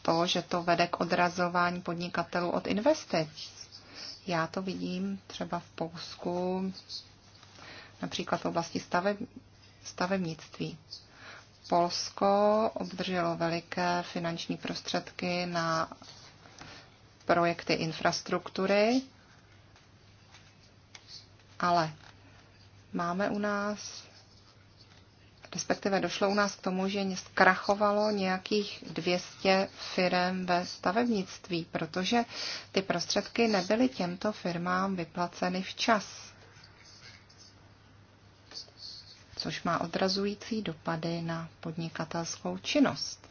to, že to vede k odrazování podnikatelů od investic. Já to vidím třeba v Polsku, například v oblasti staveb, stavebnictví. Polsko obdrželo veliké finanční prostředky na projekty infrastruktury, ale máme u nás, respektive došlo u nás k tomu, že zkrachovalo nějakých 200 firm ve stavebnictví, protože ty prostředky nebyly těmto firmám vyplaceny včas. což má odrazující dopady na podnikatelskou činnost.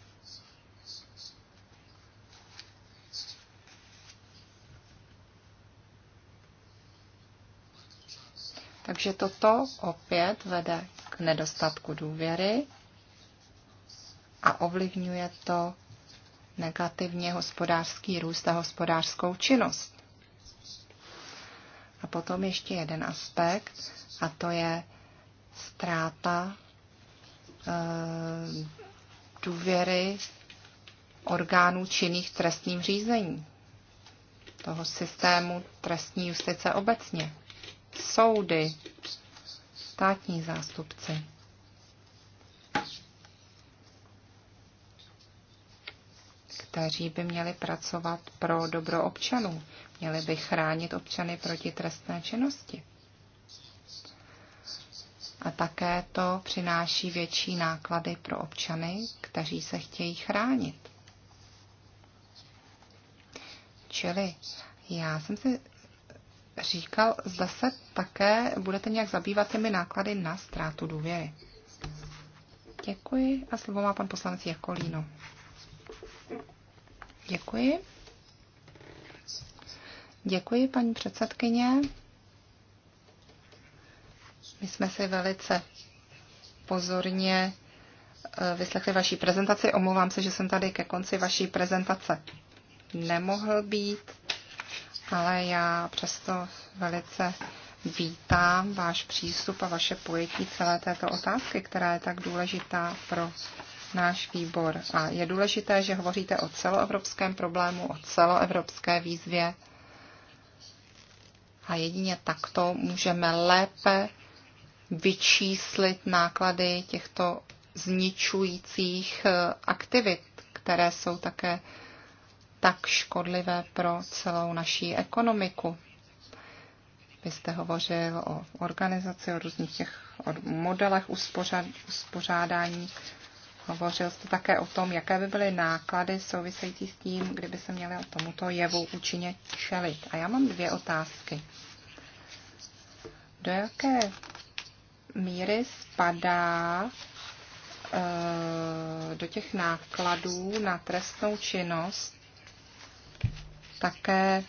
Takže toto opět vede k nedostatku důvěry a ovlivňuje to negativně hospodářský růst a hospodářskou činnost. A potom ještě jeden aspekt, a to je ztráta eh, důvěry orgánů činných trestním řízení, toho systému trestní justice obecně, soudy, státní zástupci. kteří by měli pracovat pro dobro občanů, měli by chránit občany proti trestné činnosti. A také to přináší větší náklady pro občany, kteří se chtějí chránit. Čili já jsem si říkal, zda se také budete nějak zabývat těmi náklady na ztrátu důvěry. Děkuji a slovo má pan poslanec Jakolíno. Děkuji. Děkuji, paní předsedkyně. My jsme si velice pozorně eh, vyslechli vaší prezentaci. Omlouvám se, že jsem tady ke konci vaší prezentace nemohl být, ale já přesto velice vítám váš přístup a vaše pojetí celé této otázky, která je tak důležitá pro náš výbor. A je důležité, že hovoříte o celoevropském problému, o celoevropské výzvě. A jedině takto můžeme lépe vyčíslit náklady těchto zničujících eh, aktivit, které jsou také tak škodlivé pro celou naší ekonomiku. Vy jste hovořil o organizaci, o různých těch o modelech uspořádání. Hovořil jste také o tom, jaké by byly náklady související s tím, kdyby se měly o tomuto jevu účinně čelit. A já mám dvě otázky. Do jaké míry spadá eh, do těch nákladů na trestnou činnost také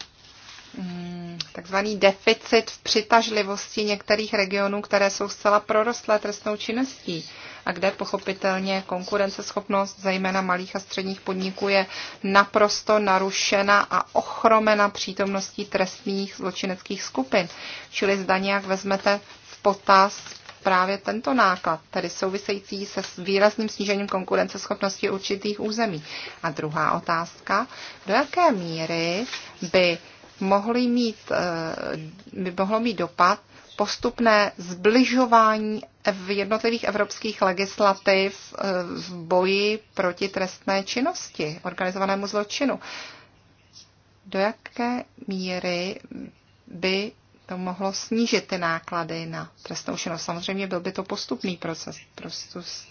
mm, takzvaný deficit v přitažlivosti některých regionů, které jsou zcela prorostlé trestnou činností a kde pochopitelně konkurenceschopnost zejména malých a středních podniků je naprosto narušena a ochromena přítomností trestných zločineckých skupin. Čili zda nějak vezmete v potaz právě tento náklad, tedy související se s výrazným snížením konkurenceschopnosti určitých území. A druhá otázka, do jaké míry by, mohly mít, eh, by mohlo mít dopad postupné zbližování v jednotlivých evropských legislativ eh, v boji proti trestné činnosti, organizovanému zločinu. Do jaké míry by to mohlo snížit ty náklady na trestnou činnost. Samozřejmě byl by to postupný proces, prostus,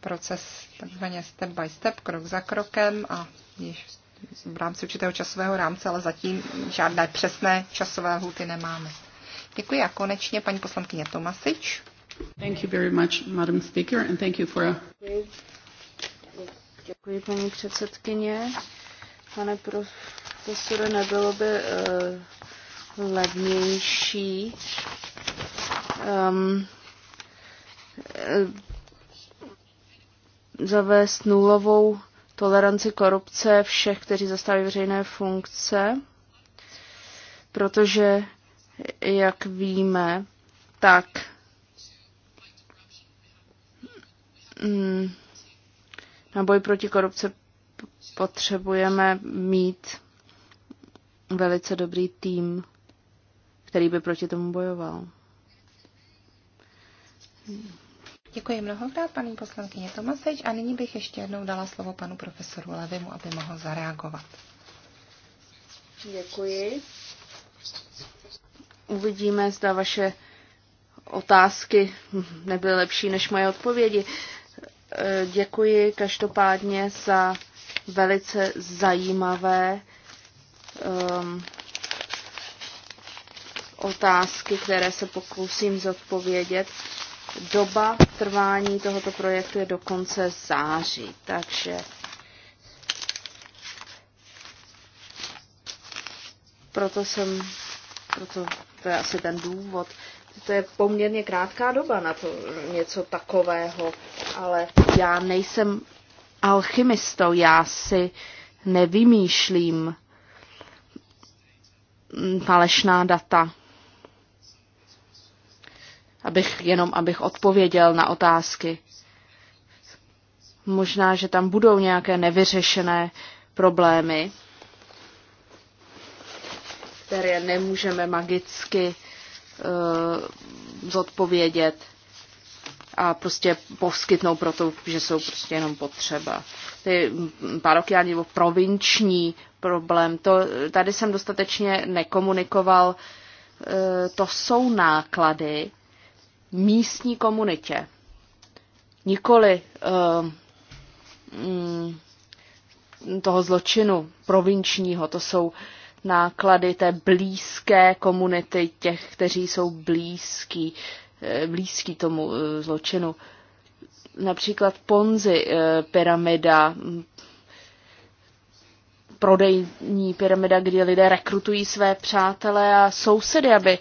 proces takzvaně step by step, krok za krokem a již v rámci určitého časového rámce, ale zatím žádné přesné časové lhuty nemáme. Děkuji a konečně paní poslankyně Tomasič. Thank you very much, Madam Speaker, and thank you for a... Děkuji, paní předsedkyně. Pane profesore, nebylo by uh, levnější. Um, eh, zavést nulovou toleranci korupce všech, kteří zastávají veřejné funkce, protože, jak víme, tak mm, na boj proti korupce potřebujeme mít velice dobrý tým který by proti tomu bojoval. Děkuji mnohokrát paní poslankyně Tomaseč a nyní bych ještě jednou dala slovo panu profesoru Levimu, aby mohl zareagovat. Děkuji. Uvidíme, zda vaše otázky nebyly lepší než moje odpovědi. Eh, děkuji každopádně za velice zajímavé um, otázky, které se pokusím zodpovědět. Doba trvání tohoto projektu je do konce září, takže proto jsem, proto to je asi ten důvod. To je poměrně krátká doba na to něco takového, ale já nejsem alchymistou, já si nevymýšlím falešná data abych jenom abych odpověděl na otázky. Možná, že tam budou nějaké nevyřešené problémy, které nemůžeme magicky uh, zodpovědět a prostě poskytnout proto, že jsou prostě jenom potřeba. Ty parokiální nebo provinční problém, to, tady jsem dostatečně nekomunikoval, eh, to jsou náklady, místní komunitě. Nikoli eh, mm, toho zločinu provinčního, to jsou náklady té blízké komunity, těch, kteří jsou blízký, eh, blízký tomu eh, zločinu. Například Ponzi pyramida, mm, prodejní pyramida, kdy lidé rekrutují své přátelé a sousedy, aby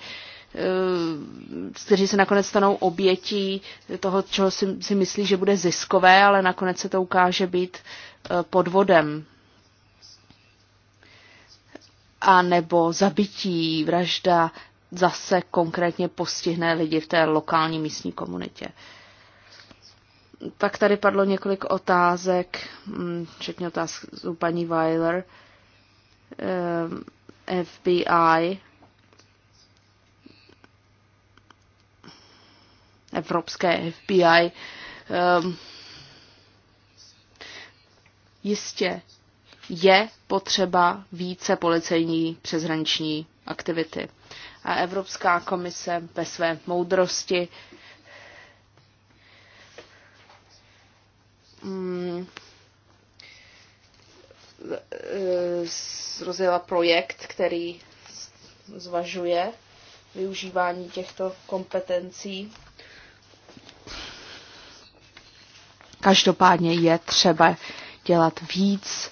Eh, kteří se nakonec stanou obětí toho, čeho si, si myslí, že bude ziskové, ale nakonec se to ukáže být eh, podvodem. A nebo zabití, vražda zase konkrétně postihne lidi v té lokální místní komunitě. Tak tady padlo několik otázek, mm, včetně otázek paní Weiler, eh, FBI, evropské FBI. Um, ehm, jistě je potřeba více policejní přeshraniční aktivity. A Evropská komise ve své moudrosti rozjela mm, eh, eh, projekt, který zvažuje využívání těchto kompetencí Každopádně je třeba dělat víc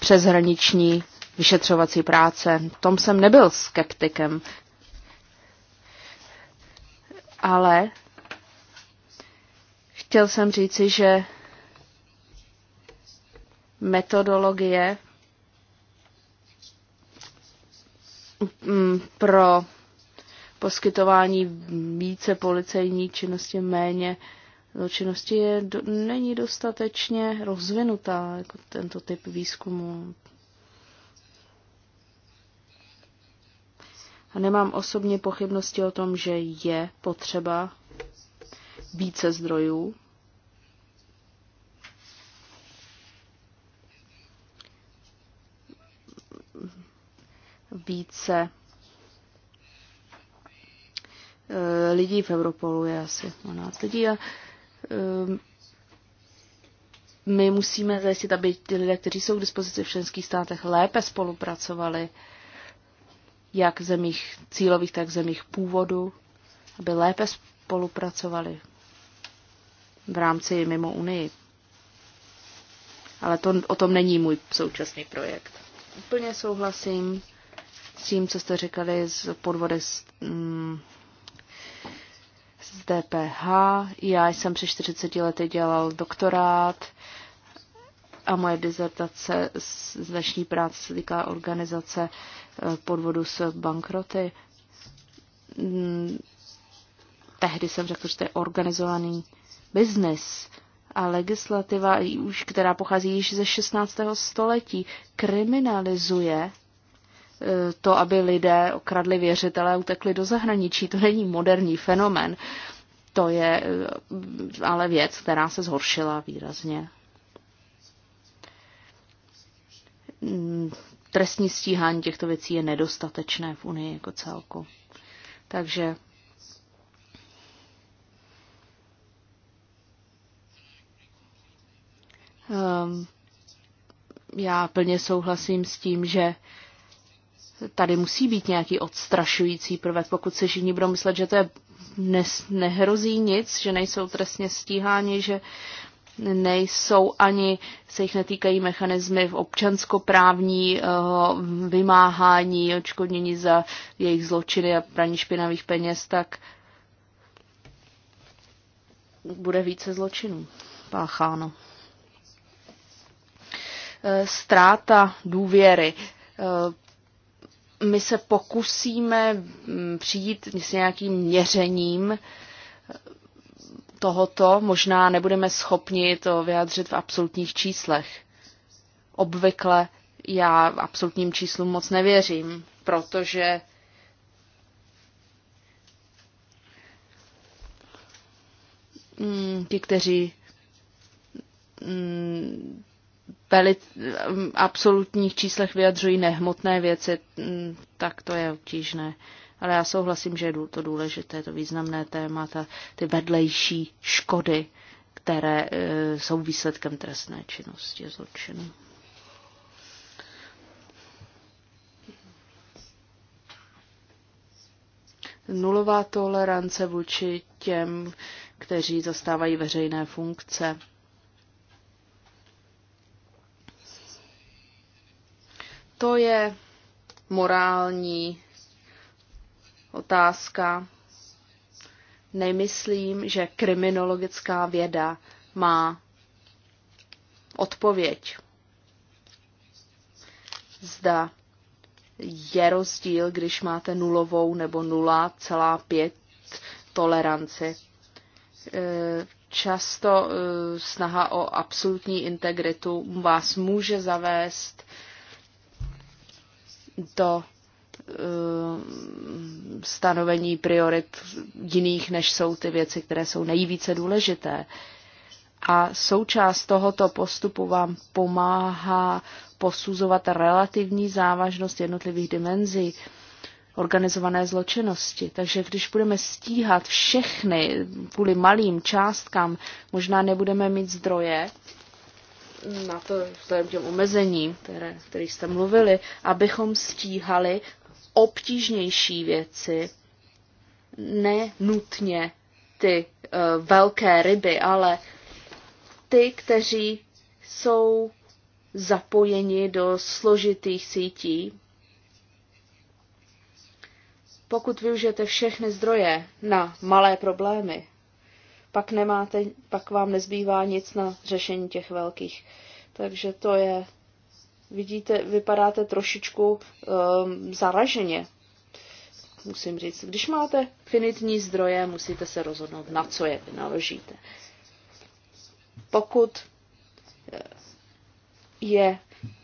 přeshraniční vyšetřovací práce. V tom jsem nebyl skeptikem. Ale chtěl jsem říci, že metodologie mm, pro poskytování více policejní činnosti méně uh, činnosti je, do, není dostatečně rozvinutá, jako tento typ výzkumu. A nemám osobně pochybnosti o tom, že je potřeba více zdrojů. Více eh, lidí v Europolu je asi 12 lidí a Ehm, my musíme zajistit, aby ti lidé, kteří jsou k dispozici v členských státech, lépe spolupracovali, jak v zemích cílových, tak v zemích původu, aby lépe spolupracovali v rámci mimo Unii. Ale to, o tom není můj současný projekt. Úplně souhlasím s tím, co jste říkali z podvody s mm, z DPH. Já jsem při 40 lety dělal doktorát a moje dizertace z dnešní práce se týká organizace eh, podvodu s bankroty. Mm, tehdy jsem řekl, že to je organizovaný biznis a legislativa, která pochází již ze 16. století, kriminalizuje E, to, aby lidé okradli věřitele a utekli do zahraničí. To není moderní fenomen. To je e, ale věc, která se zhoršila výrazně. Mm, trestní stíhání těchto věcí je nedostatečné v Unii jako celku. Takže ehm, já plně souhlasím s tím, že tady musí být nějaký odstrašující prvek, pokud se všichni budou myslet, že to je ne, nehrozí nic, že nejsou trestně stíháni, že nejsou ani, se jich netýkají mechanismy v občanskoprávní eh, vymáhání, odškodnění za jejich zločiny a praní špinavých peněz, tak bude více zločinů pácháno. Stráta eh, důvěry eh, my se pokusíme mm, přijít s nějakým měřením tohoto. Možná nebudeme schopni to vyjádřit v absolutních číslech. Obvykle já v absolutním číslům moc nevěřím, protože mm, ti, kteří mm, velic, mm, absolutních číslech vyjadřují nehmotné věci, mm, tak to je obtížné. Ale já souhlasím, že je to důležité, to významné téma, ta, ty vedlejší škody, které e, jsou výsledkem trestné činnosti zločinu. Nulová tolerance vůči těm, kteří zastávají veřejné funkce To je morální otázka. Nemyslím, že kriminologická věda má odpověď. Zda je rozdíl, když máte nulovou nebo 0,5 toleranci. Eh, často eh, snaha o absolutní integritu vás může zavést do eh, stanovení priorit jiných, než jsou ty věci, které jsou nejvíce důležité. A součást tohoto postupu vám pomáhá posuzovat relativní závažnost jednotlivých dimenzí organizované zločinnosti. Takže když budeme stíhat všechny kvůli malým částkám, možná nebudeme mít zdroje, na to vzhledem těm omezením, které, které jste mluvili, abychom stíhali obtížnější věci, ne nutně ty uh, velké ryby, ale ty, kteří jsou zapojeni do složitých sítí. Pokud využijete všechny zdroje na malé problémy, pak, nemáte, pak vám nezbývá nic na řešení těch velkých. Takže to je, vidíte, vypadáte trošičku um, zaraženě, musím říct. Když máte finitní zdroje, musíte se rozhodnout, na co je vynaložíte. Pokud eh, je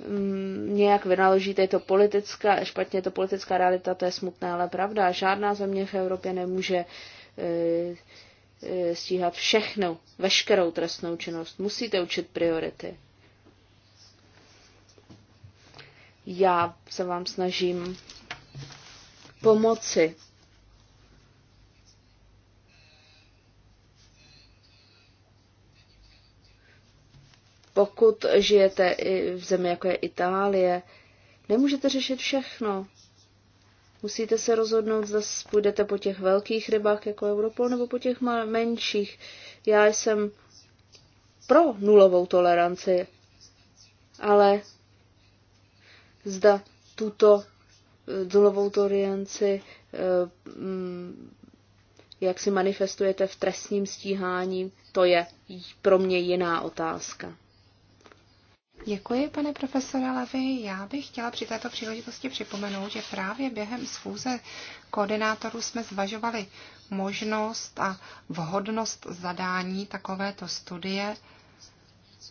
um, nějak vynaložíte, je to politická, špatně je to politická realita, to je smutné, ale pravda. Žádná země v Evropě nemůže uh, Eh, stíhat všechno, veškerou trestnou činnost. Musíte učit priority. Já se vám snažím pomoci. Pokud žijete i v zemi, jako je Itálie, nemůžete řešit všechno. Musíte se rozhodnout, zda půjdete po těch velkých rybách jako Europol nebo po těch menších. Já jsem pro nulovou toleranci, ale zda tuto eh, nulovou toleranci eh, mm, jak si manifestujete v trestním stíhání, to je pro mě jiná otázka. Děkuji, pane profesore Levy. Já bych chtěla při této příležitosti připomenout, že právě během schůze koordinátorů jsme zvažovali možnost a vhodnost zadání takovéto studie,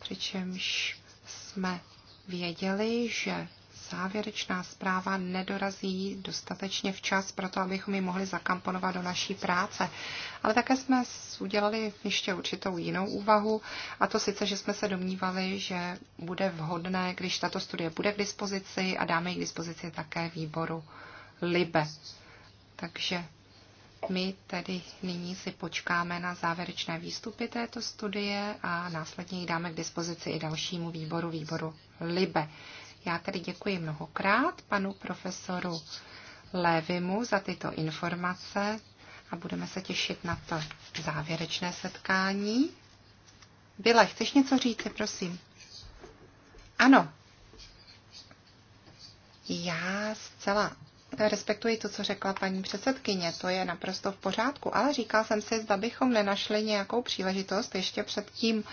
přičemž jsme věděli, že závěrečná zpráva nedorazí dostatečně včas pro to, abychom ji mohli zakamponovat do naší práce. Ale také jsme udělali ještě určitou jinou úvahu, a to sice, že jsme se domnívali, že bude vhodné, když tato studie bude k dispozici a dáme ji k dispozici také výboru LIBE. Takže my tedy nyní si počkáme na závěrečné výstupy této studie a následně ji dáme k dispozici i dalšímu výboru, výboru LIBE. Já tedy děkuji mnohokrát panu profesoru Lévimu za tyto informace a budeme se těšit na to závěrečné setkání. Bile, chceš něco říct, prosím? Ano. Já zcela respektuji to, co řekla paní předsedkyně, to je naprosto v pořádku, ale říkal jsem si, zda bychom nenašli nějakou příležitost ještě před tím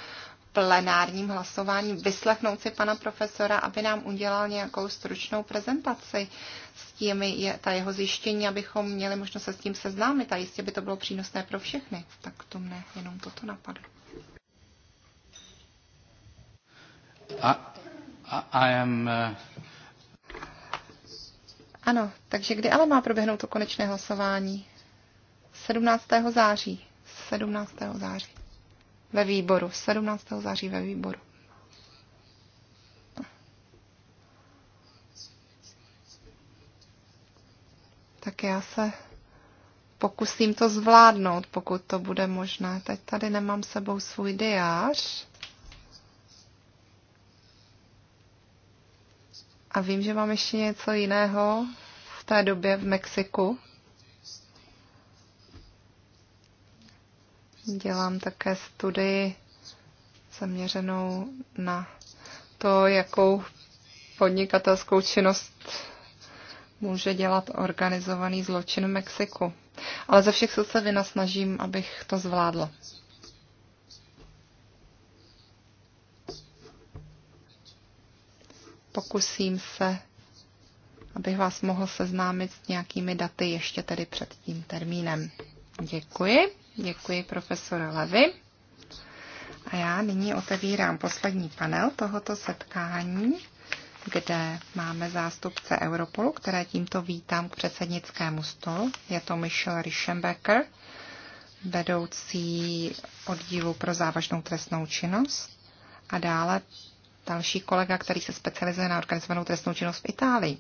plenárním hlasování vyslechnout si pana profesora, aby nám udělal nějakou stručnou prezentaci s těmi, je, ta jeho zjištění, abychom měli možnost se s tím seznámit a jistě by to bylo přínosné pro všechny. Tak to mne jenom toto napadlo. a, I am, uh... Eh, ano, takže kdy ale má proběhnout to konečné hlasování? 17. září. 17. září ve výboru, 17. září ve výboru. Tak já se pokusím to zvládnout, pokud to bude možné. Teď tady nemám sebou svůj diář. A vím, že mám ještě něco jiného v té době v Mexiku. Dělám také studii zaměřenou na to, jakou podnikatelskou činnost může dělat organizovaný zločin v Mexiku. Ale ze všech sil se vynasnažím, abych to zvládla. Pokusím se, abych vás mohl seznámit s nějakými daty ještě tedy před tím termínem. Děkuji. Děkuji profesora Levy. A já nyní otevírám poslední panel tohoto setkání, kde máme zástupce Europolu, které tímto vítám k předsednickému stolu. Je to Michel Rischenbecker, vedoucí oddílu pro závažnou trestnou činnost a dále další kolega, který se specializuje na organizovanou trestnou činnost v Itálii.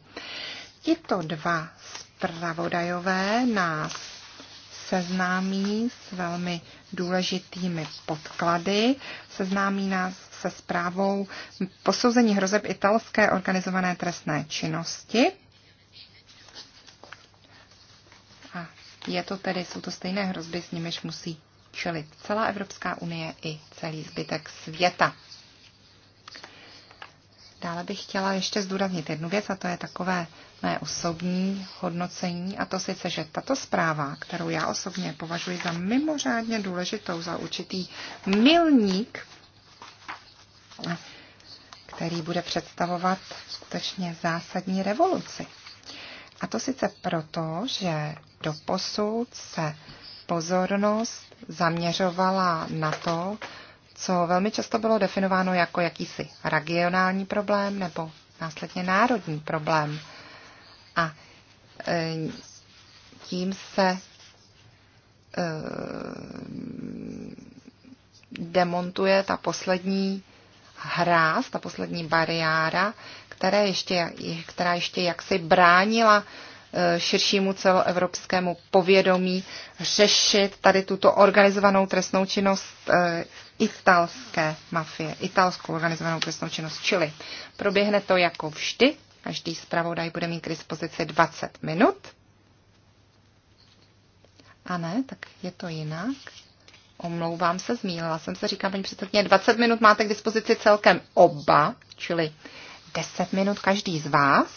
Tito dva zpravodajové nás seznámí s velmi důležitými podklady, seznámí nás se zprávou posouzení hrozeb italské organizované trestné činnosti. A je to tedy, jsou to stejné hrozby, s nimiž musí čelit celá Evropská unie i celý zbytek světa. Dále bych chtěla ještě zdůraznit jednu věc, a to je takové mé osobní hodnocení, a to sice, že tato zpráva, kterou já osobně považuji za mimořádně důležitou, za určitý milník, který bude představovat skutečně zásadní revoluci. A to sice proto, že do posud se pozornost zaměřovala na to, co velmi často bylo definováno jako jakýsi regionální problém nebo následně národní problém. A e, tím se e, demontuje ta poslední hráz, ta poslední bariéra, která ještě, která ještě jaksi bránila e, širšímu celoevropskému povědomí řešit tady tuto organizovanou trestnou činnost e, italské mafie, italskou organizovanou trestnou činnost. Čili proběhne to jako vždy. Každý zpravodaj bude mít k dispozici 20 minut. A ne, tak je to jinak. Omlouvám se, zmílila jsem se, říkám paní předsedkyně, 20 minut máte k dispozici celkem oba, čili 10 minut každý z vás.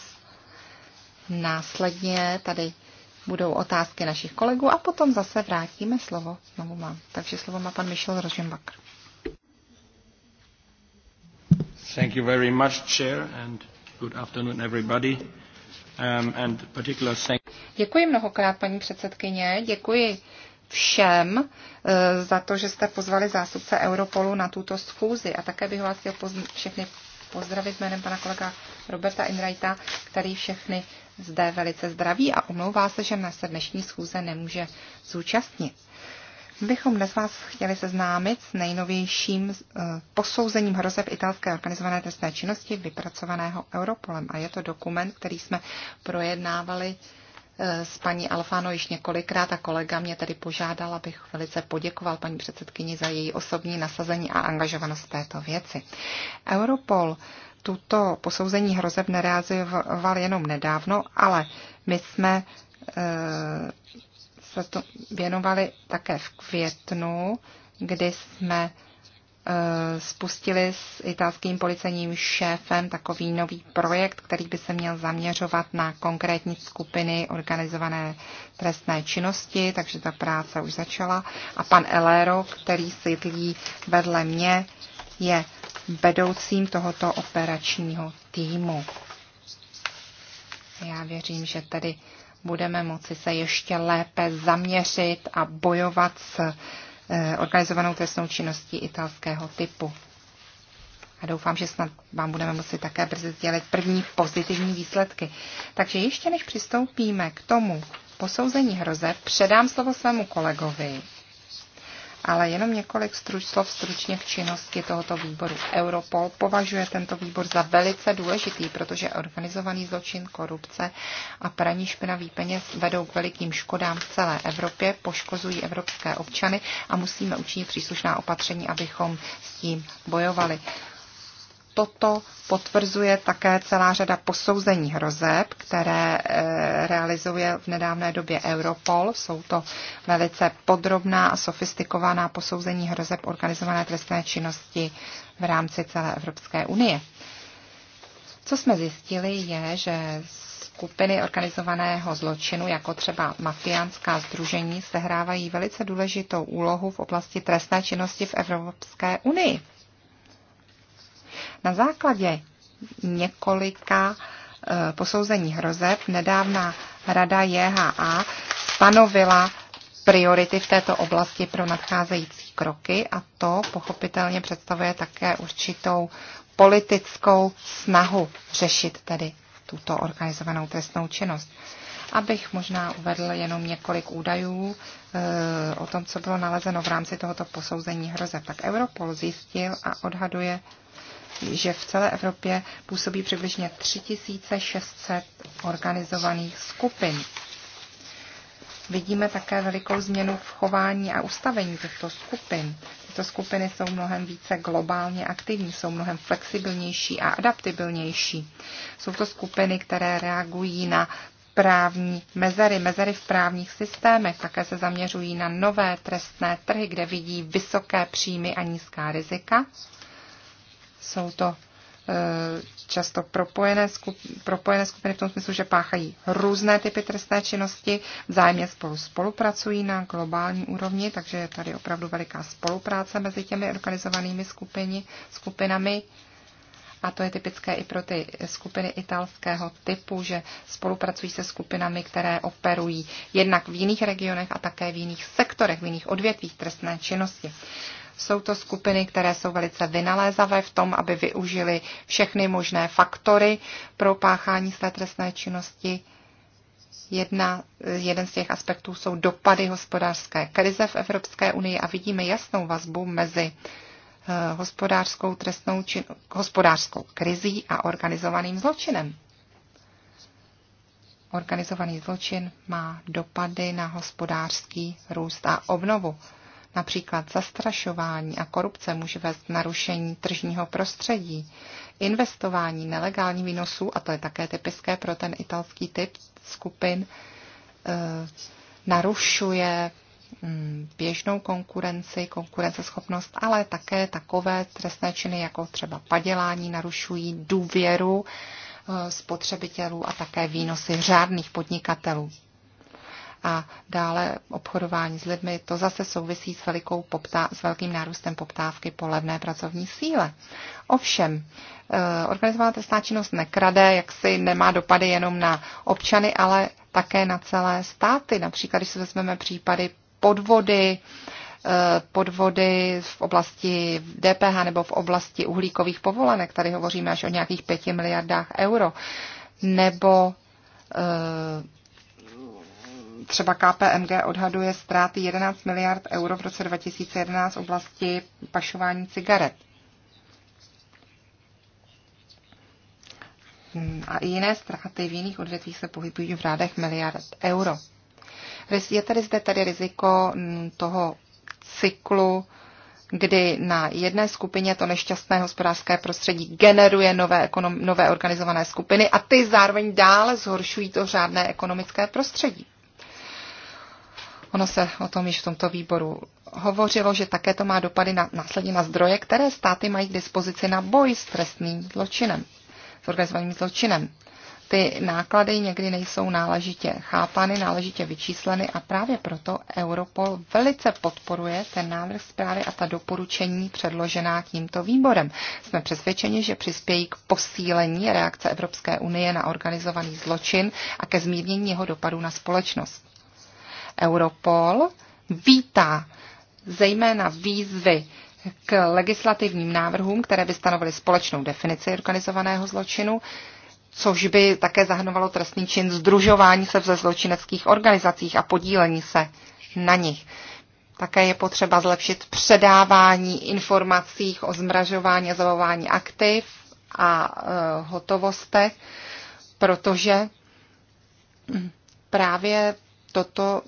Následně tady budou otázky našich kolegů a potom zase vrátíme slovo znovu mám. Takže slovo má pan Michel Roženbakr. Thank you very much, Chair, and good afternoon, everybody. Um, and particular thank Děkuji mnohokrát, paní předsedkyně. Děkuji všem uh, za to, že jste pozvali zástupce Europolu na tuto schůzi. A také bych vás chtěl poz... všechny pozdravit jménem pana kolega Roberta Inrajta, který všechny zde velice zdraví a omlouvá se, že na se dnešní schůze nemůže zúčastnit bychom dnes vás chtěli seznámit s nejnovějším eh, posouzením hrozeb italské organizované trestné činnosti vypracovaného Europolem. A je to dokument, který jsme projednávali eh, s paní Alfano již několikrát a kolega mě tady požádal, abych velice poděkoval paní předsedkyni za její osobní nasazení a angažovanost v této věci. Europol tuto posouzení hrozeb nerealizoval jenom nedávno, ale my jsme eh, se to věnovali také v květnu, kdy jsme e, spustili s italským policejním šéfem takový nový projekt, který by se měl zaměřovat na konkrétní skupiny organizované trestné činnosti, takže ta práce už začala. A pan Elero, který sídlí vedle mě, je vedoucím tohoto operačního týmu. Já věřím, že tedy budeme moci se ještě lépe zaměřit a bojovat s eh, organizovanou trestnou činností italského typu. A doufám, že snad vám budeme moci také brzy sdělit první pozitivní výsledky. Takže ještě než přistoupíme k tomu posouzení hroze, předám slovo svému kolegovi, ale jenom několik struč, slov stručně k činnosti tohoto výboru. Europol považuje tento výbor za velice důležitý, protože organizovaný zločin, korupce a praní špinavý peněz vedou k velikým škodám v celé Evropě, poškozují evropské občany a musíme učinit příslušná opatření, abychom s tím bojovali toto potvrzuje také celá řada posouzení hrozeb, které eh, realizuje v nedávné době Europol. Jsou to velice podrobná a sofistikovaná posouzení hrozeb organizované trestné činnosti v rámci celé Evropské unie. Co jsme zjistili, je, že skupiny organizovaného zločinu, jako třeba mafiánská združení, sehrávají velice důležitou úlohu v oblasti trestné činnosti v Evropské unii. Na základě několika e, posouzení hrozeb nedávná rada JHA stanovila priority v této oblasti pro nadcházející kroky a to pochopitelně představuje také určitou politickou snahu řešit tedy tuto organizovanou trestnou činnost. Abych možná uvedl jenom několik údajů e, o tom, co bylo nalezeno v rámci tohoto posouzení hrozeb, tak Europol zjistil a odhaduje že v celé Evropě působí přibližně 3600 organizovaných skupin. Vidíme také velikou změnu v chování a ustavení těchto skupin. Tyto skupiny jsou mnohem více globálně aktivní, jsou mnohem flexibilnější a adaptibilnější. Jsou to skupiny, které reagují na právní mezery, mezery v právních systémech, také se zaměřují na nové trestné trhy, kde vidí vysoké příjmy a nízká rizika jsou to eh, často propojené, skup, propojené skupiny v tom smyslu, že páchají různé typy trestné činnosti, vzájemně spolu spolupracují na globální úrovni, takže je tady opravdu veliká spolupráce mezi těmi organizovanými skupiny, skupinami. A to je typické i pro ty skupiny italského typu, že spolupracují se skupinami, které operují jednak v jiných regionech a také v jiných sektorech, v jiných odvětvích trestné činnosti. Jsou to skupiny, které jsou velice vynalézavé v tom, aby využili všechny možné faktory pro páchání své trestné činnosti. Jedna, jeden z těch aspektů jsou dopady hospodářské krize v Evropské unii a vidíme jasnou vazbu mezi eh, hospodářskou, trestnou čin, hospodářskou krizí a organizovaným zločinem. Organizovaný zločin má dopady na hospodářský růst a obnovu. Například zastrašování a korupce může vést k narušení tržního prostředí. Investování nelegální výnosů, a to je také typické pro ten italský typ skupin, e, narušuje mm, běžnou konkurenci, konkurenceschopnost, ale také takové trestné činy, jako třeba padělání, narušují důvěru e, spotřebitelů a také výnosy řádných podnikatelů a dále obchodování s lidmi, to zase souvisí s, velikou poptá- s velkým nárůstem poptávky po levné pracovní síle. Ovšem, eh, organizovaná trestná činnost nekrade, jak si nemá dopady jenom na občany, ale také na celé státy. Například, když se vezmeme případy podvody, eh, podvody v oblasti DPH nebo v oblasti uhlíkových povolenek, tady hovoříme až o nějakých pěti miliardách euro, nebo eh, třeba KPMG odhaduje ztráty 11 miliard euro v roce 2011 v oblasti pašování cigaret. A i jiné ztráty v jiných odvětvích se pohybují v rádech miliard euro. Je tady zde tady riziko mm, toho cyklu, kdy na jedné skupině to nešťastné hospodářské prostředí generuje nové, ekonom, nové organizované skupiny a ty zároveň dále zhoršují to řádné ekonomické prostředí. Ono se o tom již v tomto výboru hovořilo, že také to má dopady na, následně na zdroje, které státy mají k dispozici na boj s trestným zločinem, s organizovaným zločinem. Ty náklady někdy nejsou náležitě chápány, náležitě vyčísleny a právě proto Europol velice podporuje ten návrh zprávy a ta doporučení předložená tímto výborem. Jsme přesvědčeni, že přispějí k posílení reakce Evropské unie na organizovaný zločin a ke zmírnění jeho dopadu na společnost. Europol vítá zejména výzvy k legislativním návrhům, které by stanovily společnou definici organizovaného zločinu, což by také zahrnovalo trestný čin združování se ze zločineckých organizacích a podílení se na nich. Také je potřeba zlepšit předávání informací o zmražování a zabavování aktiv a e, hotovostech, protože právě toto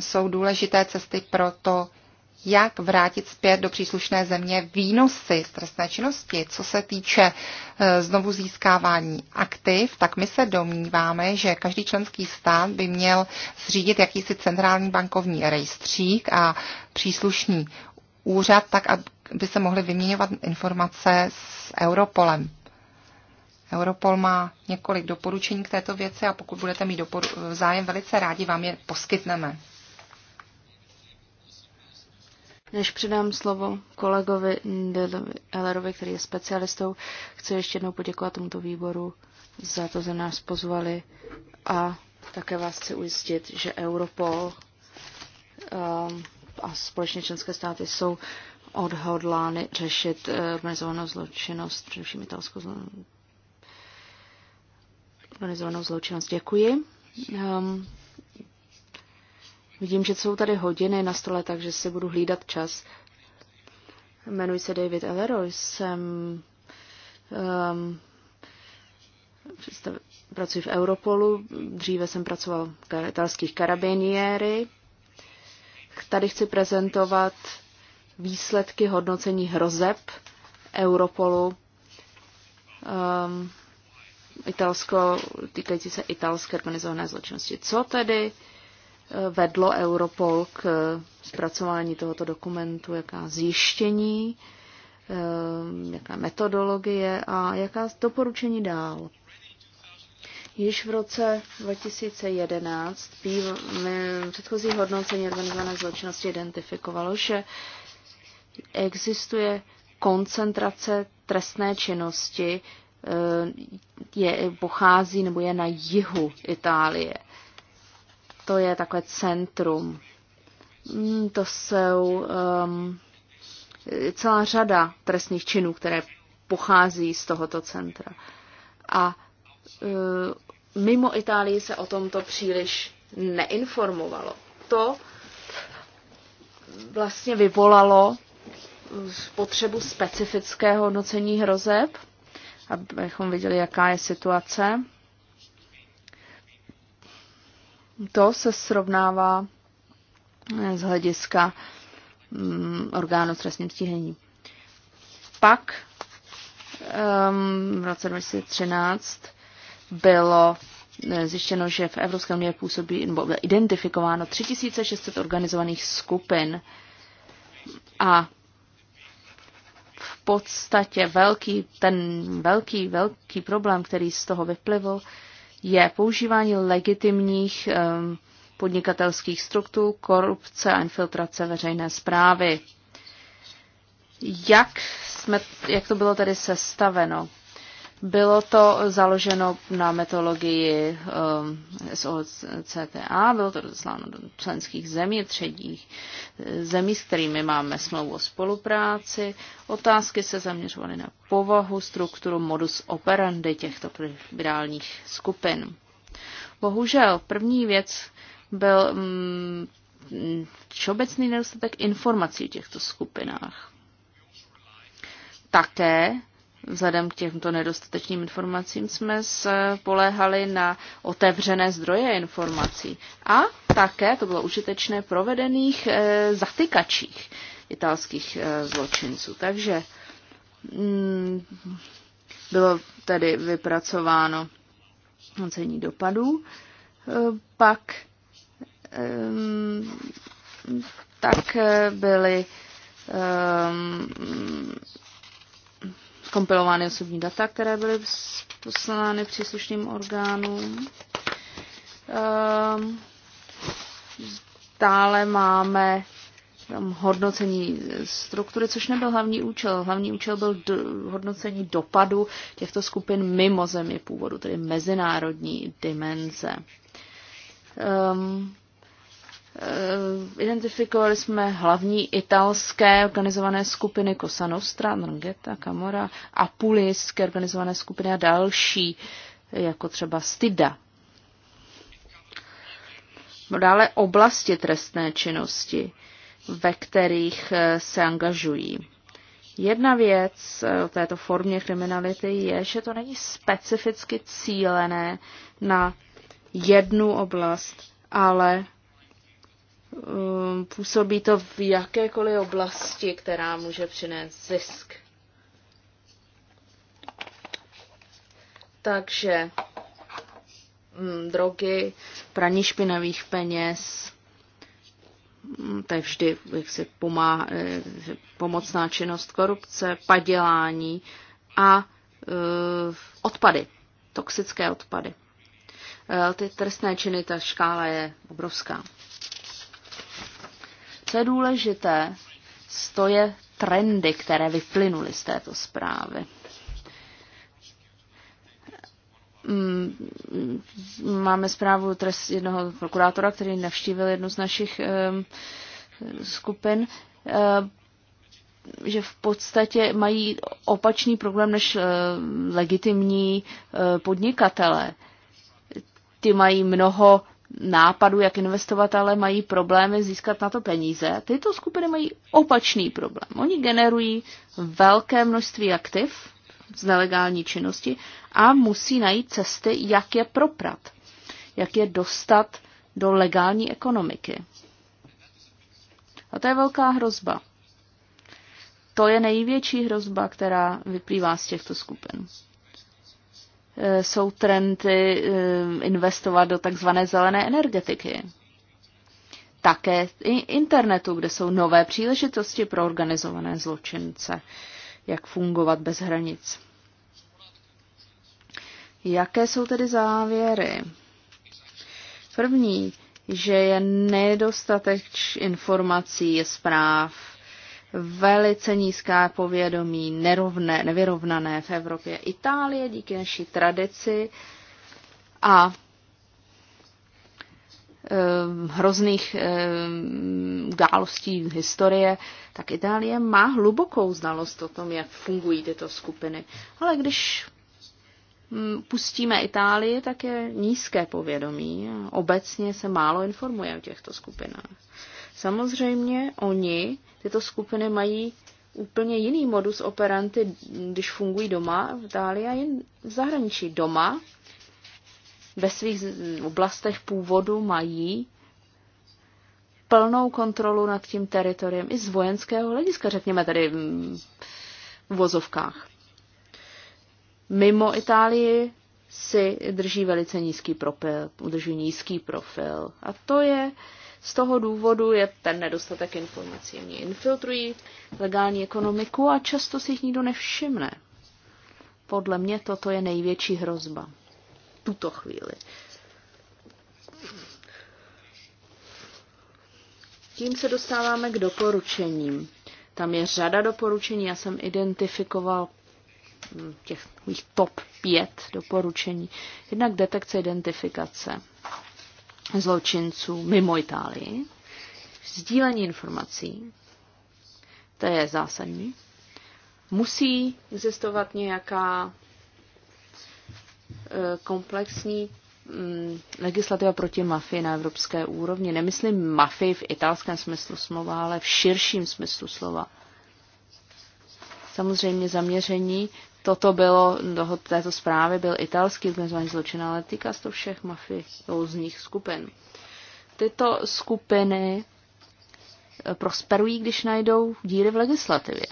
jsou důležité cesty pro to, jak vrátit zpět do příslušné země výnosy z trestné činnosti. Co se týče e, znovu získávání aktiv, tak my se domníváme, že každý členský stát by měl zřídit jakýsi centrální bankovní rejstřík a příslušný úřad, tak aby se mohly vyměňovat informace s Europolem. Europol má několik doporučení k této věci a pokud budete mít doporu- zájem, velice rádi vám je poskytneme. Než předám slovo kolegovi Ellerovi, který je specialistou, chci ještě jednou poděkovat tomuto výboru za to, že nás pozvali a také vás chci ujistit, že Europol ehm, a společně členské státy jsou odhodlány řešit eh, organizovanou zločinnost, především italskou organizovanou zločinnost. Děkuji. Um, vidím, že jsou tady hodiny na stole, takže si budu hlídat čas. Jmenuji se David Elleroy, jsem um, pracuji v Europolu, dříve jsem pracoval v italských karabiniéry. Tady chci prezentovat výsledky hodnocení hrozeb Europolu um, Italsko, týkající se italské organizované zločinnosti. Co tedy eh, vedlo Europol k eh, zpracování tohoto dokumentu, jaká zjištění, eh, jaká metodologie a jaká doporučení dál. Již v roce 2011 předchozí hodnocení organizované zločinnosti identifikovalo, že existuje koncentrace trestné činnosti Eh, je, pochází nebo je na jihu Itálie. To je takové centrum. Mm, to jsou um, celá řada trestných činů, které pochází z tohoto centra. A uh, mimo Itálii se o tomto příliš neinformovalo. To vlastně vyvolalo potřebu specifického hodnocení hrozeb abychom viděli, jaká je situace. To se srovnává eh, z hlediska mm, orgánu trestním stíhení. Pak um, v roce 2013 bylo eh, zjištěno, že v Evropské unii působí nebo bylo identifikováno 3600 organizovaných skupin a podstatě velký, ten velký, velký problém, který z toho vyplivl, je používání legitimních um, podnikatelských struktur, korupce a infiltrace veřejné zprávy. Jak, jsme, jak to bylo tedy sestaveno? Bylo to založeno na metodologii um, SOCTA, bylo to rozesláno do členských zemí, třetích eh, zemí, s kterými máme smlouvu o spolupráci. Otázky se zaměřovaly na povahu, strukturu, modus operandi těchto virálních skupin. Bohužel, první věc byl mm, všeobecný nedostatek informací o těchto skupinách. Také Vzhledem k těmto nedostatečným informacím jsme spoléhali na otevřené zdroje informací a také to bylo užitečné provedených e, zatykačích italských e, zločinců. Takže mm, bylo tedy vypracováno ocení dopadů. E, pak e, tak byly e, kompilovány osobní data, které byly poslány příslušným orgánům. Ehm, dále máme ehm, hodnocení struktury, což nebyl hlavní účel. Hlavní účel byl do, hodnocení dopadu těchto skupin mimo země původu, tedy mezinárodní dimenze. Um, Eh, identifikovali jsme hlavní italské organizované skupiny Cosa Nostra, Ndrangheta, Camora, apulijské organizované skupiny a další, jako třeba Stida. Dále oblasti trestné činnosti, ve kterých eh, se angažují. Jedna věc eh, o této formě kriminality je, že to není specificky cílené na jednu oblast, ale Um, působí to v jakékoliv oblasti, která může přinést zisk. Takže mm, drogy, praní špinavých peněz, mm, to je vždy jak se pomá, eh, pomocná činnost korupce, padělání a eh, odpady, toxické odpady. Eh, ty trestné činy, ta škála je obrovská. Co je důležité, stoje trendy, které vyplynuly z této zprávy. Mm, máme zprávu trest jednoho prokurátora, který navštívil jednu z našich skupin, že v podstatě mají opačný problém než legitimní podnikatele. Ty mají mnoho Nápadu, jak investovat, ale mají problémy získat na to peníze. Tyto skupiny mají opačný problém. Oni generují velké množství aktiv z nelegální činnosti a musí najít cesty, jak je proprat, jak je dostat do legální ekonomiky. A to je velká hrozba. To je největší hrozba, která vyplývá z těchto skupin. Eh, jsou trendy eh, investovat do takzvané zelené energetiky. Také i internetu, kde jsou nové příležitosti pro organizované zločince, jak fungovat bez hranic. Jaké jsou tedy závěry? První, že je nedostatek informací, zpráv velice nízká povědomí, nerovné, nevyrovnané v Evropě. Itálie díky naší tradici a eh, hrozných eh, událostí historie, tak Itálie má hlubokou znalost o tom, jak fungují tyto skupiny. Ale když hm, pustíme Itálii, tak je nízké povědomí. Obecně se málo informuje o těchto skupinách. Samozřejmě oni, tyto skupiny mají úplně jiný modus operandi, když fungují doma v Itálii a jen v zahraničí. Doma ve svých oblastech původu mají plnou kontrolu nad tím teritoriem i z vojenského hlediska, řekněme tady v vozovkách. Mimo Itálii si drží velice nízký profil, udrží nízký profil. A to je z toho důvodu je ten nedostatek informací. Oni infiltrují legální ekonomiku a často si jich nikdo nevšimne. Podle mě toto je největší hrozba. Tuto chvíli. Tím se dostáváme k doporučením. Tam je řada doporučení, já jsem identifikoval hm, těch mých top pět doporučení. Jednak detekce identifikace zločinců mimo Itálii. Sdílení informací, to je zásadní. Musí existovat nějaká eh, komplexní mm, legislativa proti mafii na evropské úrovni. Nemyslím mafii v italském smyslu slova, ale v širším smyslu slova. Samozřejmě zaměření toto bylo, do této zprávy byl italský organizovaný zločin, ale týká se to všech mafiózních skupin. Tyto skupiny eh, prosperují, když najdou díry v legislativě.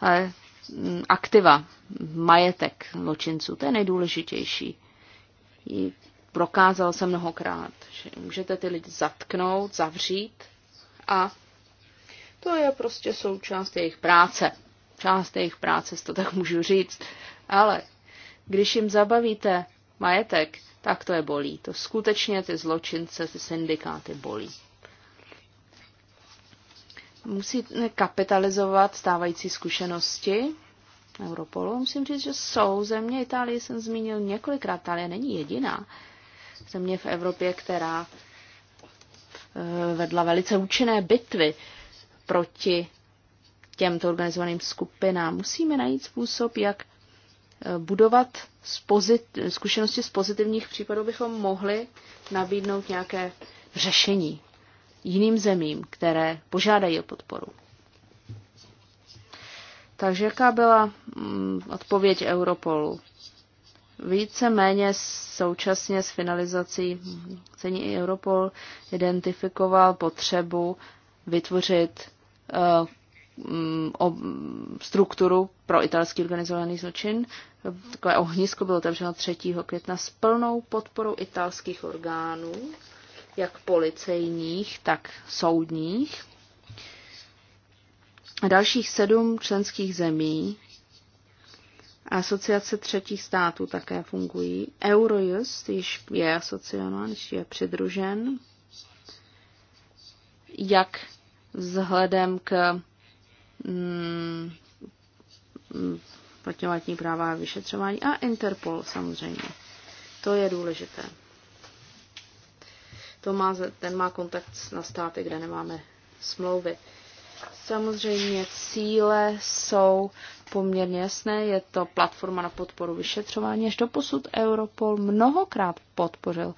Ale mm, aktiva, majetek zločinců, to je nejdůležitější. I prokázal se mnohokrát, že můžete ty lidi zatknout, zavřít a to je prostě součást jejich práce část jejich práce, to tak můžu říct. Ale když jim zabavíte majetek, tak to je bolí. To skutečně ty zločince, ty syndikáty bolí. Musí kapitalizovat stávající zkušenosti Europolu. Musím říct, že jsou země Itálie, jsem zmínil několikrát, Itálie není jediná země v Evropě, která eh, vedla velice účinné bitvy proti těmto organizovaným skupinám. Musíme najít způsob, jak eh, budovat z pozit- zkušenosti z pozitivních případů, bychom mohli nabídnout nějaké řešení jiným zemím, které požádají o podporu. Takže jaká byla mm, odpověď Europolu? Více méně současně s finalizací cení Europol identifikoval potřebu vytvořit eh, Mm, o strukturu pro italský organizovaný zločin. Takové ohnisko bylo otevřeno 3. května s plnou podporou italských orgánů, jak policejních, tak soudních. A dalších sedm členských zemí a asociace třetích států také fungují. Eurojust již je asociován, již je přidružen. Jak vzhledem k Mm, platňovatní práva a vyšetřování a Interpol samozřejmě. To je důležité. To má, ten má kontakt na státy, kde nemáme smlouvy. Samozřejmě cíle jsou poměrně jasné. Je to platforma na podporu vyšetřování. Až do posud Europol mnohokrát podpořil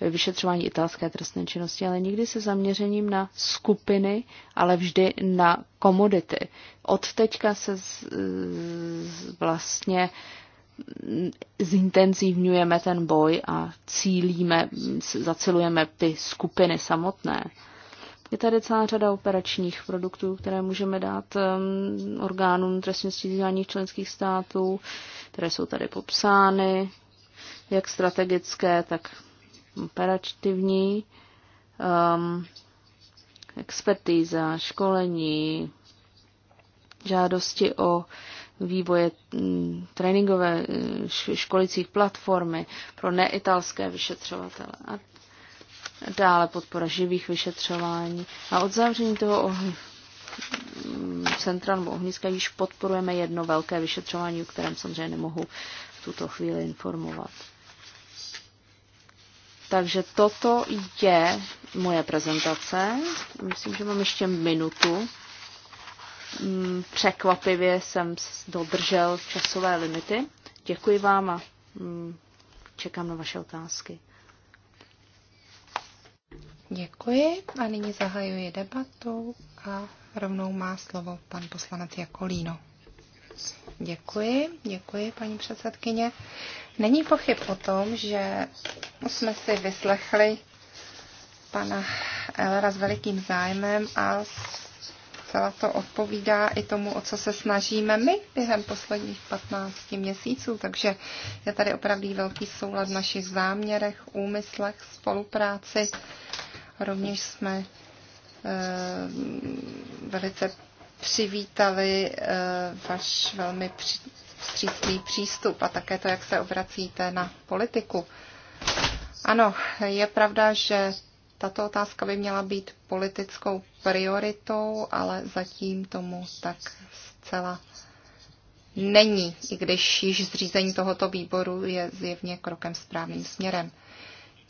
vyšetřování italské trestné činnosti, ale nikdy se zaměřením na skupiny, ale vždy na komodity. Od teďka se z, z, vlastně zintenzivňujeme ten boj a cílíme, zacilujeme ty skupiny samotné. Je tady celá řada operačních produktů, které můžeme dát um, orgánům trestně stíhání členských států, které jsou tady popsány, jak strategické, tak operativní um, expertíza, školení, žádosti o vývoje mm, tréninkové eh, školicích platformy pro neitalské vyšetřovatele a dále podpora živých vyšetřování. A od zavření toho ohni, mm, centra nebo ohniska již podporujeme jedno velké vyšetřování, o kterém samozřejmě nemohu v tuto chvíli informovat. Takže toto je moje prezentace. Myslím, že mám ještě minutu. Mm, překvapivě jsem dodržel časové limity. Děkuji vám a mm, čekám na vaše otázky. Děkuji a nyní zahajuji debatu a rovnou má slovo pan poslanec Jakolíno. Děkuji, děkuji, paní předsedkyně. Není pochyb o tom, že jsme si vyslechli pana Elera s velikým zájmem a celá to odpovídá i tomu, o co se snažíme my během posledních 15 měsíců. Takže je tady opravdu velký soulad v našich záměrech, úmyslech, spolupráci. Rovněž jsme eh, velice přivítali eh, vaš velmi vstřícný přístup a také to, jak se obracíte na politiku. Ano, je pravda, že tato otázka by měla být politickou prioritou, ale zatím tomu tak zcela není, i když již zřízení tohoto výboru je zjevně krokem správným směrem.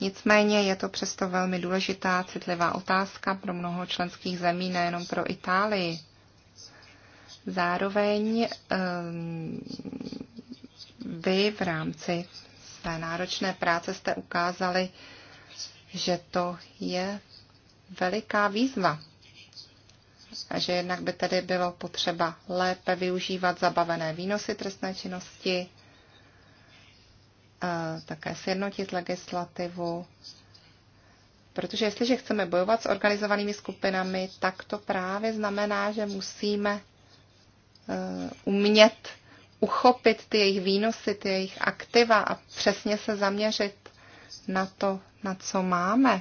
Nicméně je to přesto velmi důležitá, citlivá otázka pro mnoho členských zemí, nejenom pro Itálii. Zároveň ehm, vy v rámci své náročné práce jste ukázali, že to je veliká výzva a že jednak by tedy bylo potřeba lépe využívat zabavené výnosy trestné činnosti, eh, také sjednotit legislativu, protože jestliže chceme bojovat s organizovanými skupinami, tak to právě znamená, že musíme Eh, umět uchopit ty jejich výnosy, ty jejich aktiva a přesně se zaměřit na to, na co máme.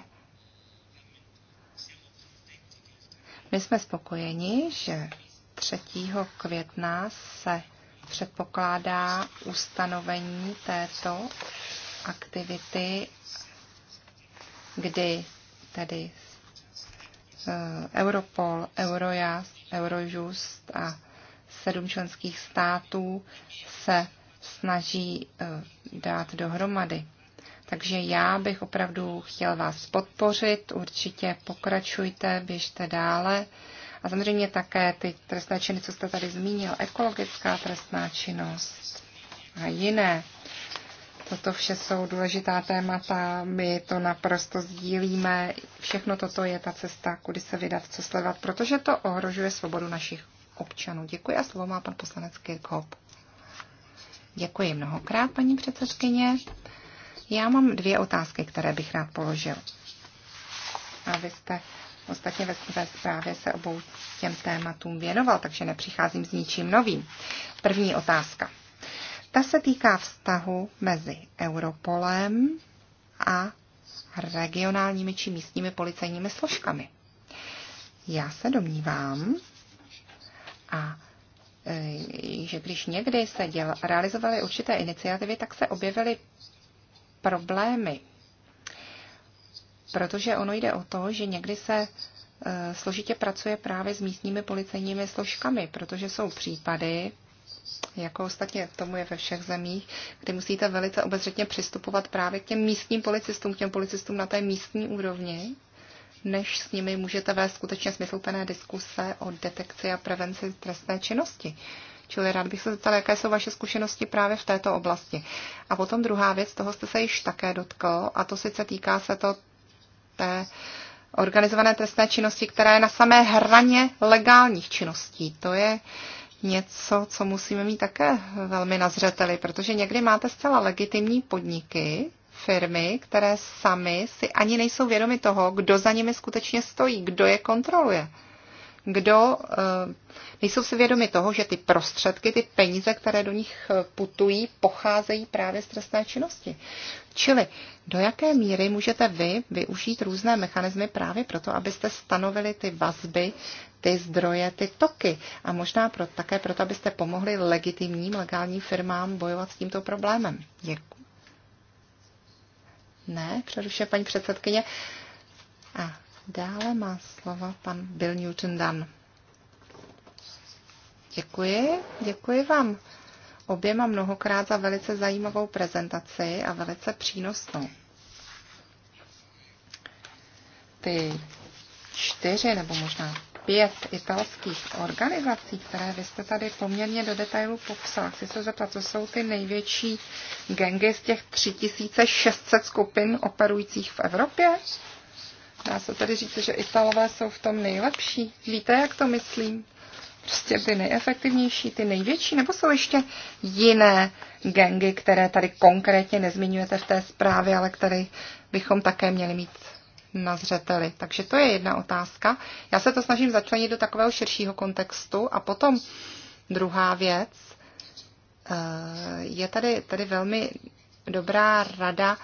My jsme spokojeni, že 3. května se předpokládá ustanovení této aktivity, kdy tedy eh, Europol, Eurojust, Eurojust a sedm členských států se snaží eh, dát dohromady. Takže já bych opravdu chtěl vás podpořit, určitě pokračujte, běžte dále. A samozřejmě také ty trestné činy, co jste tady zmínil, ekologická trestná činnost a jiné. Toto vše jsou důležitá témata, my to naprosto sdílíme. Všechno toto je ta cesta, kudy se vydat, co sledovat, protože to ohrožuje svobodu našich občanů. Děkuji a slovo má pan poslanec Kirchhoff. Děkuji mnohokrát, paní předsedkyně. Já mám dvě otázky, které bych rád položil. A vy jste ostatně ve, své zprávě se obou těm tématům věnoval, takže nepřicházím s ničím novým. První otázka. Ta se týká vztahu mezi Europolem a regionálními či místními policejními složkami. Já se domnívám, a e, že když někdy se děl, realizovaly určité iniciativy, tak se objevily problémy. Protože ono jde o to, že někdy se e, složitě pracuje právě s místními policejními složkami, protože jsou případy, jako ostatně tomu je ve všech zemích, kdy musíte velice obezřetně přistupovat právě k těm místním policistům, k těm policistům na té místní úrovni, než s nimi můžete vést skutečně smysluplné diskuse o detekci a prevenci trestné činnosti. Čili rád bych se zeptal, jaké jsou vaše zkušenosti právě v této oblasti. A potom druhá věc, toho jste se již také dotkl, a to sice týká se to té organizované trestné činnosti, která je na samé hraně legálních činností. To je něco, co musíme mít také velmi na zřeteli, protože někdy máte zcela legitimní podniky, firmy, které sami si ani nejsou vědomi toho, kdo za nimi skutečně stojí, kdo je kontroluje. Kdo eh, nejsou si vědomi toho, že ty prostředky, ty peníze, které do nich eh, putují, pocházejí právě z trestné činnosti. Čili do jaké míry můžete vy využít různé mechanismy právě proto, abyste stanovili ty vazby, ty zdroje, ty toky a možná pro, také proto, abyste pomohli legitimním, legálním firmám bojovat s tímto problémem. Děkuji. Ne, přerušuje paní předsedkyně. A dále má slovo pan Bill Newton Dunn. Děkuji, děkuji vám oběma mnohokrát za velice zajímavou prezentaci a velice přínosnou. Ty čtyři nebo možná pět italských organizací, které vy jste tady poměrně do detailu popsal. Chci se zeptat, co jsou ty největší gengy z těch 3600 skupin operujících v Evropě? Dá se tedy říct, že Italové jsou v tom nejlepší. Víte, jak to myslím? Prostě ty nejefektivnější, ty největší, nebo jsou ještě jiné gengy, které tady konkrétně nezmiňujete v té zprávě, ale které bychom také měli mít na zřeteli. Takže to je jedna otázka. Já se to snažím začlenit do takového širšího kontextu. A potom druhá věc. Eh, je tady, tady velmi dobrá rada,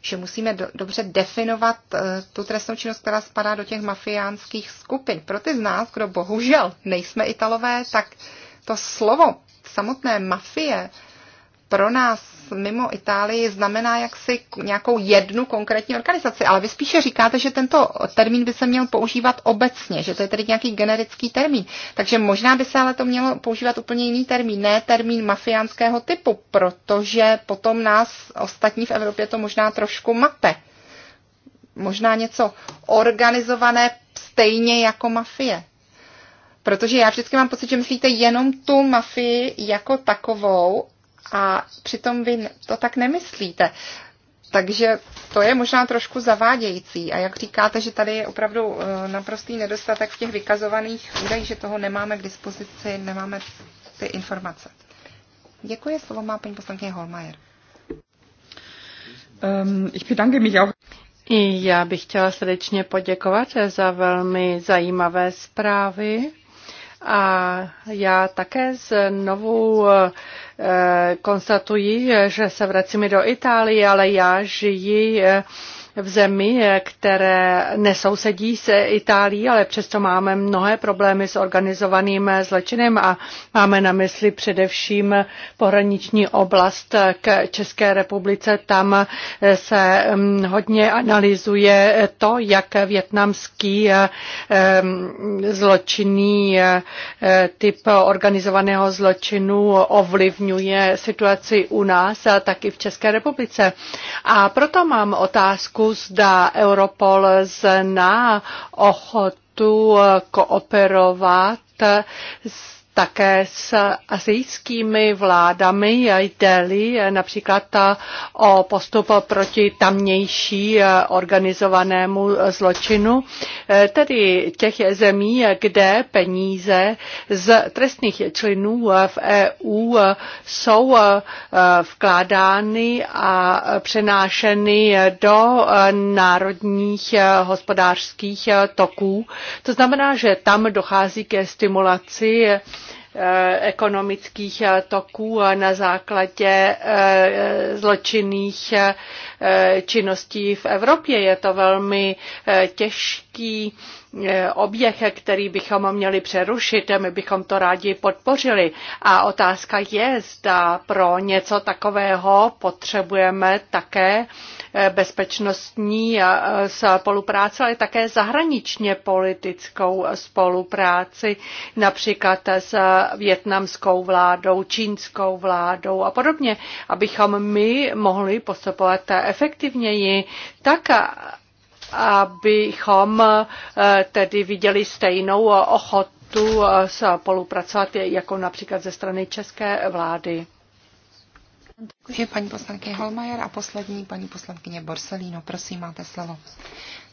že musíme do, dobře definovat eh, tu trestnou činnost, která spadá do těch mafiánských skupin. Pro ty z nás, kdo bohužel nejsme italové, tak to slovo samotné mafie pro nás mimo Itálii znamená jaksi nějakou jednu konkrétní organizaci, ale vy spíše říkáte, že tento termín by se měl používat obecně, že to je tedy nějaký generický termín. Takže možná by se ale to mělo používat úplně jiný termín, ne termín mafiánského typu, protože potom nás ostatní v Evropě to možná trošku mate. Možná něco organizované stejně jako mafie. Protože já vždycky mám pocit, že myslíte jenom tu mafii jako takovou a přitom vy to tak nemyslíte. Takže to je možná trošku zavádějící. A jak říkáte, že tady je opravdu eh, naprostý nedostatek v těch vykazovaných údajích, že toho nemáme k dispozici, nemáme ty informace. Děkuji, slovo má paní poslankyně Holmajer. Um, ich I já bych chtěla srdečně poděkovat za velmi zajímavé zprávy. A já také znovu eh, konstatuji, že se vracíme do Itálie, ale já žiji eh, v zemi, eh, které nesousedí s Itálií, ale přesto máme mnohé problémy s organizovaným eh, zločinem a máme na mysli především pohraniční oblast eh, k České republice. Tam se mm, hodně analyzuje to, jak větnamský zločinný typ organizovaného zločinu ovlivňuje situaci u nás, tak i v České republice. A proto mám otázku, zda Europol zná ochotu kooperovat s také s asijskými vládami, jde-li například o postup proti tamnější eh, organizovanému eh, zločinu, eh, tedy těch zemí, kde peníze z trestných členů v EU jsou vkládány a přenášeny do národních hospodářských toků. To znamená, že tam dochází ke stimulaci Eh, ekonomických eh, toků eh, na základě zločinných činností v Evropě. Je to velmi těžký E, oběh, který bychom měli přerušit, my bychom to rádi podpořili. A otázka je, zda pro něco takového potřebujeme také e, bezpečnostní e, spolupráci, ale také zahraničně politickou spolupráci, například s větnamskou vládou, čínskou vládou a podobně, abychom my mohli postupovat efektivněji tak, abychom eh, tedy viděli stejnou ochotu eh, spolupracovat jako například ze strany české vlády. Děkuji paní poslankyně Holmajer a poslední paní poslankyně Borselino. Prosím, máte slovo.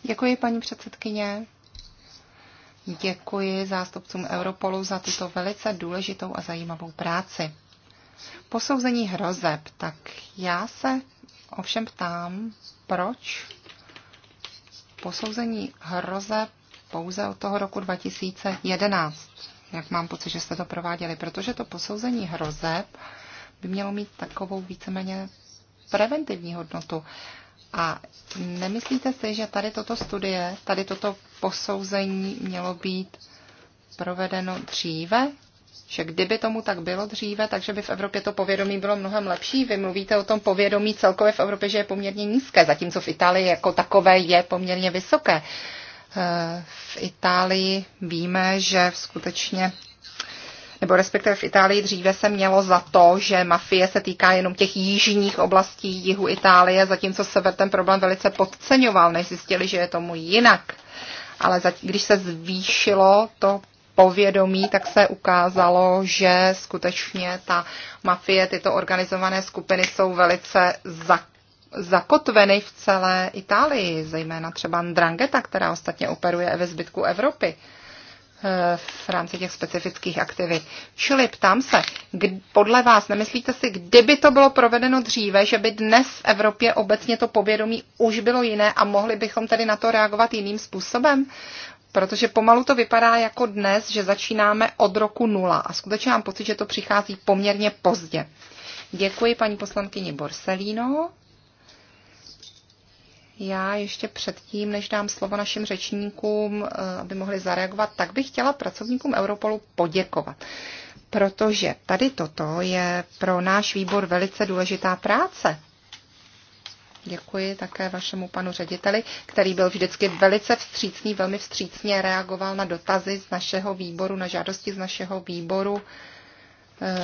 Děkuji paní předsedkyně. Děkuji zástupcům Europolu za tuto velice důležitou a zajímavou práci. Posouzení hrozeb, tak já se ovšem ptám, proč posouzení hroze pouze od toho roku 2011, jak mám pocit, že jste to prováděli, protože to posouzení hrozeb by mělo mít takovou víceméně preventivní hodnotu. A nemyslíte si, že tady toto studie, tady toto posouzení mělo být provedeno dříve, že kdyby tomu tak bylo dříve, takže by v Evropě to povědomí bylo mnohem lepší. Vy mluvíte o tom povědomí celkově v Evropě, že je poměrně nízké, zatímco v Itálii jako takové je poměrně vysoké. Eh, v Itálii víme, že skutečně nebo respektive v Itálii dříve se mělo za to, že mafie se týká jenom těch jižních oblastí jihu Itálie, zatímco sever ten problém velice podceňoval, než zjistili, že je tomu jinak. Ale když se zvýšilo to povědomí, tak se ukázalo, že skutečně ta mafie, tyto organizované skupiny jsou velice zak zakotveny v celé Itálii, zejména třeba Ndrangheta, která ostatně operuje ve zbytku Evropy eh, v rámci těch specifických aktivit. Čili ptám se, kdy, podle vás, nemyslíte si, kdyby to bylo provedeno dříve, že by dnes v Evropě obecně to povědomí už bylo jiné a mohli bychom tedy na to reagovat jiným způsobem? Protože pomalu to vypadá jako dnes, že začínáme od roku nula a skutečně mám pocit, že to přichází poměrně pozdě. Děkuji paní poslankyni Borselino. Já ještě předtím, než dám slovo našim řečníkům, eh, aby mohli zareagovat, tak bych chtěla pracovníkům Europolu poděkovat. Protože tady toto je pro náš výbor velice důležitá práce. Děkuji také vašemu panu řediteli, který byl vždycky velice vstřícný, velmi vstřícně reagoval na dotazy z našeho výboru, na žádosti z našeho výboru, eh,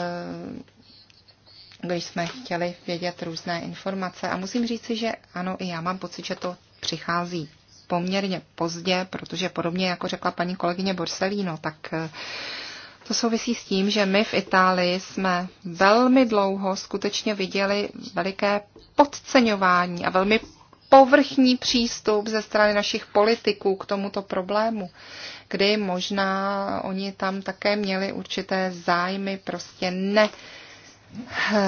když jsme chtěli vědět různé informace. A musím říci, že ano, i já mám pocit, že to přichází poměrně pozdě, protože podobně jako řekla paní kolegyně Borselino, tak eh, to souvisí s tím, že my v Itálii jsme velmi dlouho skutečně viděli veliké podceňování a velmi povrchní přístup ze strany našich politiků k tomuto problému, kdy možná oni tam také měli určité zájmy, prostě ne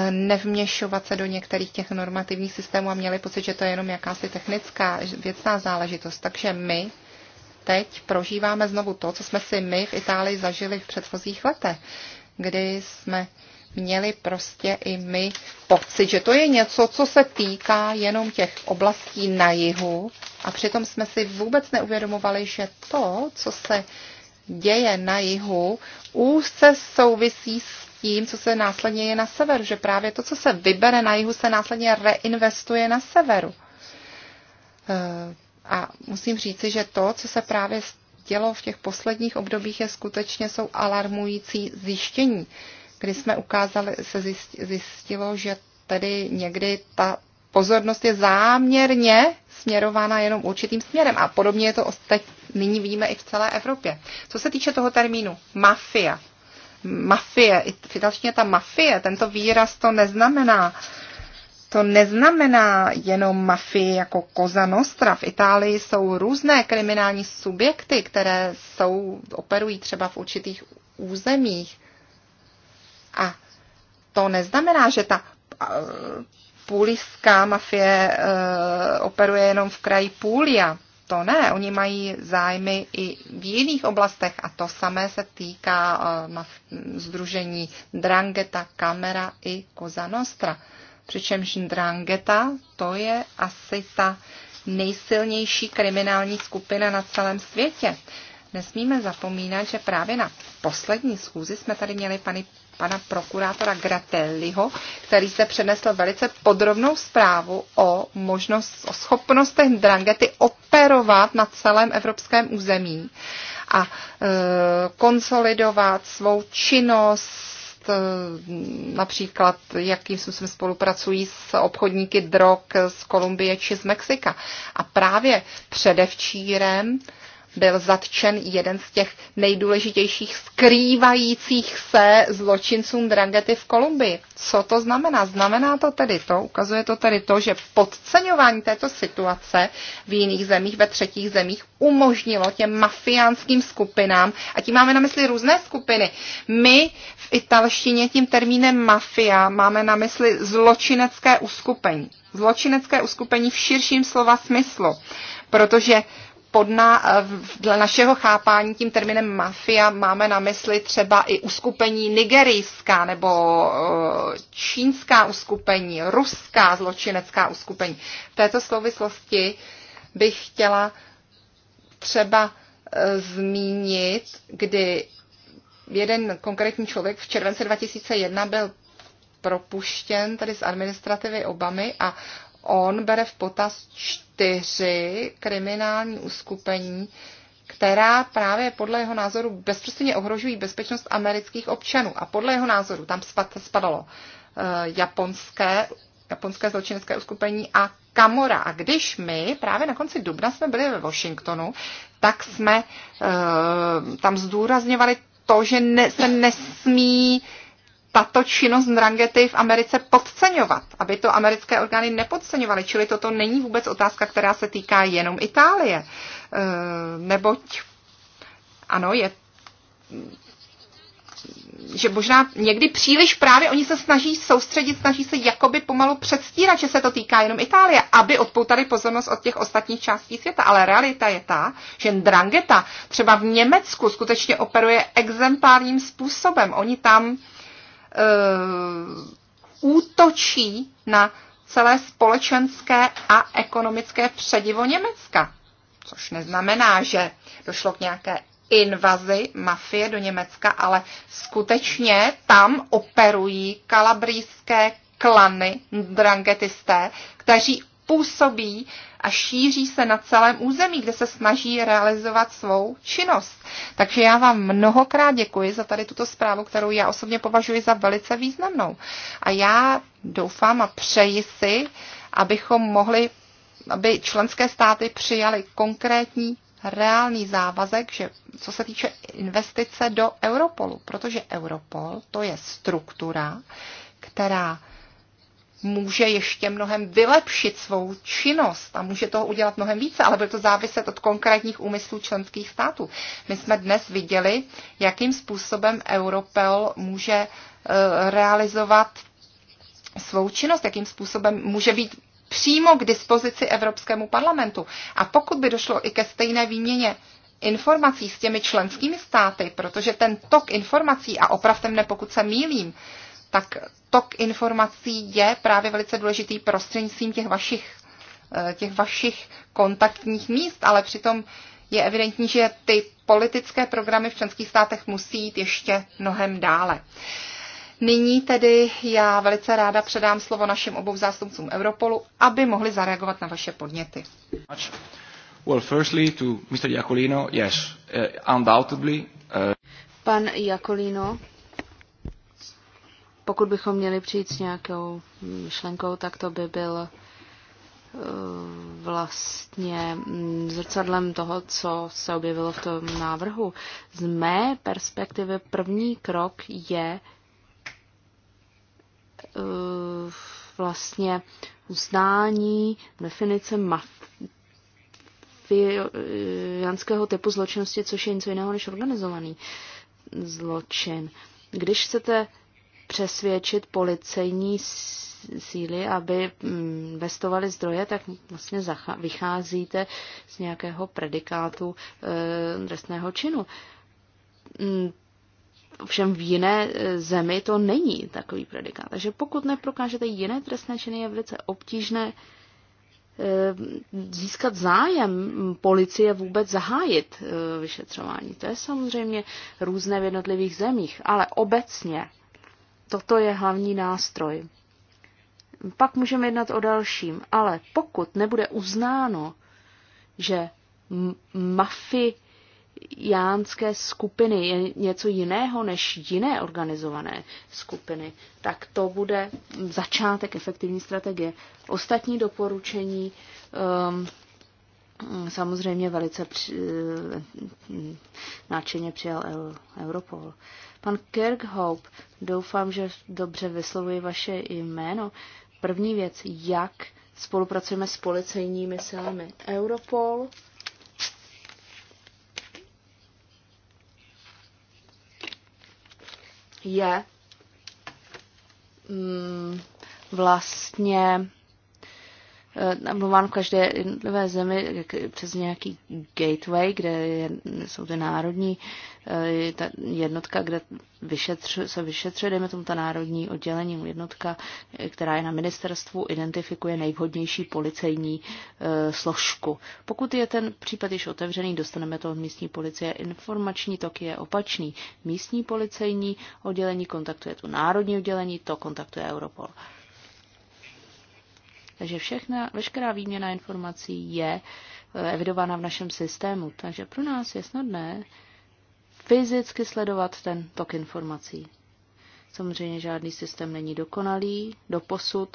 nevměšovat se do některých těch normativních systémů a měli pocit, že to je jenom jakási technická věcná záležitost. Takže my teď prožíváme znovu to, co jsme si my v Itálii zažili v předchozích letech, kdy jsme měli prostě i my pocit, že to je něco, co se týká jenom těch oblastí na jihu a přitom jsme si vůbec neuvědomovali, že to, co se děje na jihu, úzce souvisí s tím, co se následně je na severu, že právě to, co se vybere na jihu, se následně reinvestuje na severu. Eh, a musím říci, že to, co se právě dělo v těch posledních obdobích, je skutečně jsou alarmující zjištění, kdy jsme ukázali, se zjistilo, že tedy někdy ta pozornost je záměrně směrována jenom určitým směrem. A podobně je to teď nyní vidíme i v celé Evropě. Co se týče toho termínu mafia, mafie, i ta mafie, tento výraz to neznamená to neznamená jenom mafii jako Koza Nostra. V Itálii jsou různé kriminální subjekty, které jsou, operují třeba v určitých územích. A to neznamená, že ta půliská mafie e, operuje jenom v kraji Půlia. To ne, oni mají zájmy i v jiných oblastech a to samé se týká združení e, Drangeta, Kamera i Koza Nostra. Přičemž Drangeta to je asi ta nejsilnější kriminální skupina na celém světě. Nesmíme zapomínat, že právě na poslední schůzi jsme tady měli pany, pana prokurátora Gratelliho, který se přenesl velice podrobnou zprávu o možnost, o schopnostech drangety operovat na celém evropském území a e, konsolidovat svou činnost, Eh, například jakým způsobem spolupracují s obchodníky drog z Kolumbie či z Mexika. A právě předevčírem byl zatčen jeden z těch nejdůležitějších skrývajících se zločinců drangety v Kolumbii. Co to znamená? Znamená to tedy to, ukazuje to tedy to, že podceňování této situace v jiných zemích, ve třetích zemích umožnilo těm mafiánským skupinám, a tím máme na mysli různé skupiny. My v italštině tím termínem mafia máme na mysli zločinecké uskupení. Zločinecké uskupení v širším slova smyslu, protože podna, dle našeho chápání tím termínem mafia máme na mysli třeba i uskupení nigerijská nebo eh, čínská uskupení, ruská zločinecká uskupení. V této souvislosti bych chtěla třeba eh, zmínit, kdy jeden konkrétní člověk v července 2001 byl propuštěn tady z administrativy Obamy a on bere v potaz čtyři kriminální uskupení, která právě podle jeho názoru bezprostředně ohrožují bezpečnost amerických občanů. A podle jeho názoru tam spadalo eh, japonské, japonské zločinecké uskupení a Kamora. A když my právě na konci dubna jsme byli ve Washingtonu, tak jsme uh, tam zdůrazňovali to, že ne, se nesmí tato činnost drangety v Americe podceňovat, aby to americké orgány nepodceňovaly. Čili toto není vůbec otázka, která se týká jenom Itálie. E, neboť ano, je že možná někdy příliš právě oni se snaží soustředit, snaží se jakoby pomalu předstírat, že se to týká jenom Itálie, aby odpoutali pozornost od těch ostatních částí světa. Ale realita je ta, že Drangeta třeba v Německu skutečně operuje exemplárním způsobem. Oni tam Eh, útočí na celé společenské a ekonomické předivo Německa. Což neznamená, že došlo k nějaké invazi mafie do Německa, ale skutečně tam operují kalabrijské klany drangetisté, kteří působí a šíří se na celém území, kde se snaží realizovat svou činnost. Takže já vám mnohokrát děkuji za tady tuto zprávu, kterou já osobně považuji za velice významnou. A já doufám a přeji si, abychom mohli, aby členské státy přijaly konkrétní reálný závazek, že co se týče investice do Europolu, protože Europol to je struktura, která může ještě mnohem vylepšit svou činnost a může toho udělat mnohem více, ale bude to záviset od konkrétních úmyslů členských států. My jsme dnes viděli, jakým způsobem Europel může eh, realizovat svou činnost, jakým způsobem může být přímo k dispozici Evropskému parlamentu. A pokud by došlo i ke stejné výměně informací s těmi členskými státy, protože ten tok informací, a opravte mne, pokud se mýlím, tak tok informací je právě velice důležitý prostřednictvím těch vašich, eh, těch vašich kontaktních míst, ale přitom je evidentní, že ty politické programy v členských státech musí jít ještě mnohem dále. Nyní tedy já velice ráda předám slovo našim obou zástupcům Europolu, aby mohli zareagovat na vaše podněty. Well, firstly to Mr. Jacolino, yes, eh, undoubtedly. Uh... Pan Jacolino, pokud bychom měli přijít s nějakou myšlenkou, tak to by byl eh, vlastně mm, zrcadlem toho, co se objevilo v tom návrhu. Z mé perspektivy první krok je eh, vlastně uznání definice mafiánského typu zločinnosti, což je něco jiného než organizovaný zločin. Když chcete přesvědčit policejní síly, aby mm, investovali zdroje, tak vlastně vycházíte z nějakého predikátu eh, trestného činu. Mm, ovšem v jiné eh, zemi to není takový predikát. Takže pokud neprokážete jiné trestné činy, je velice obtížné eh, získat zájem policie vůbec zahájit vyšetřování. To je samozřejmě různé v jednotlivých zemích, ale obecně toto je hlavní nástroj. Pak můžeme jednat o dalším, ale pokud nebude uznáno, že mafiánské skupiny je něco jiného než jiné organizované skupiny, tak to bude začátek efektivní strategie. Ostatní doporučení um, Mm, samozřejmě velice při, eh, mm, náčině přijal Europol. Pan Kirkhope, doufám, že dobře vyslovuji vaše jméno. První věc, jak spolupracujeme s policejními silami Europol, je mm, vlastně mluvám v každé jednotlivé zemi přes nějaký gateway, kde je, jsou ty národní eh, je ta jednotka, kde vyšetř, se vyšetřuje, dejme tomu ta národní oddělení jednotka, eh, která je na ministerstvu, identifikuje nejvhodnější policejní e, složku. Pokud je ten případ již otevřený, dostaneme to od místní policie. Informační tok je opačný. Místní policejní oddělení kontaktuje tu národní oddělení, to kontaktuje Europol. Takže všechna, veškerá výměna informací je eh, evidována v našem systému. Takže pro nás je snadné fyzicky sledovat ten tok informací. Samozřejmě žádný systém není dokonalý. Doposud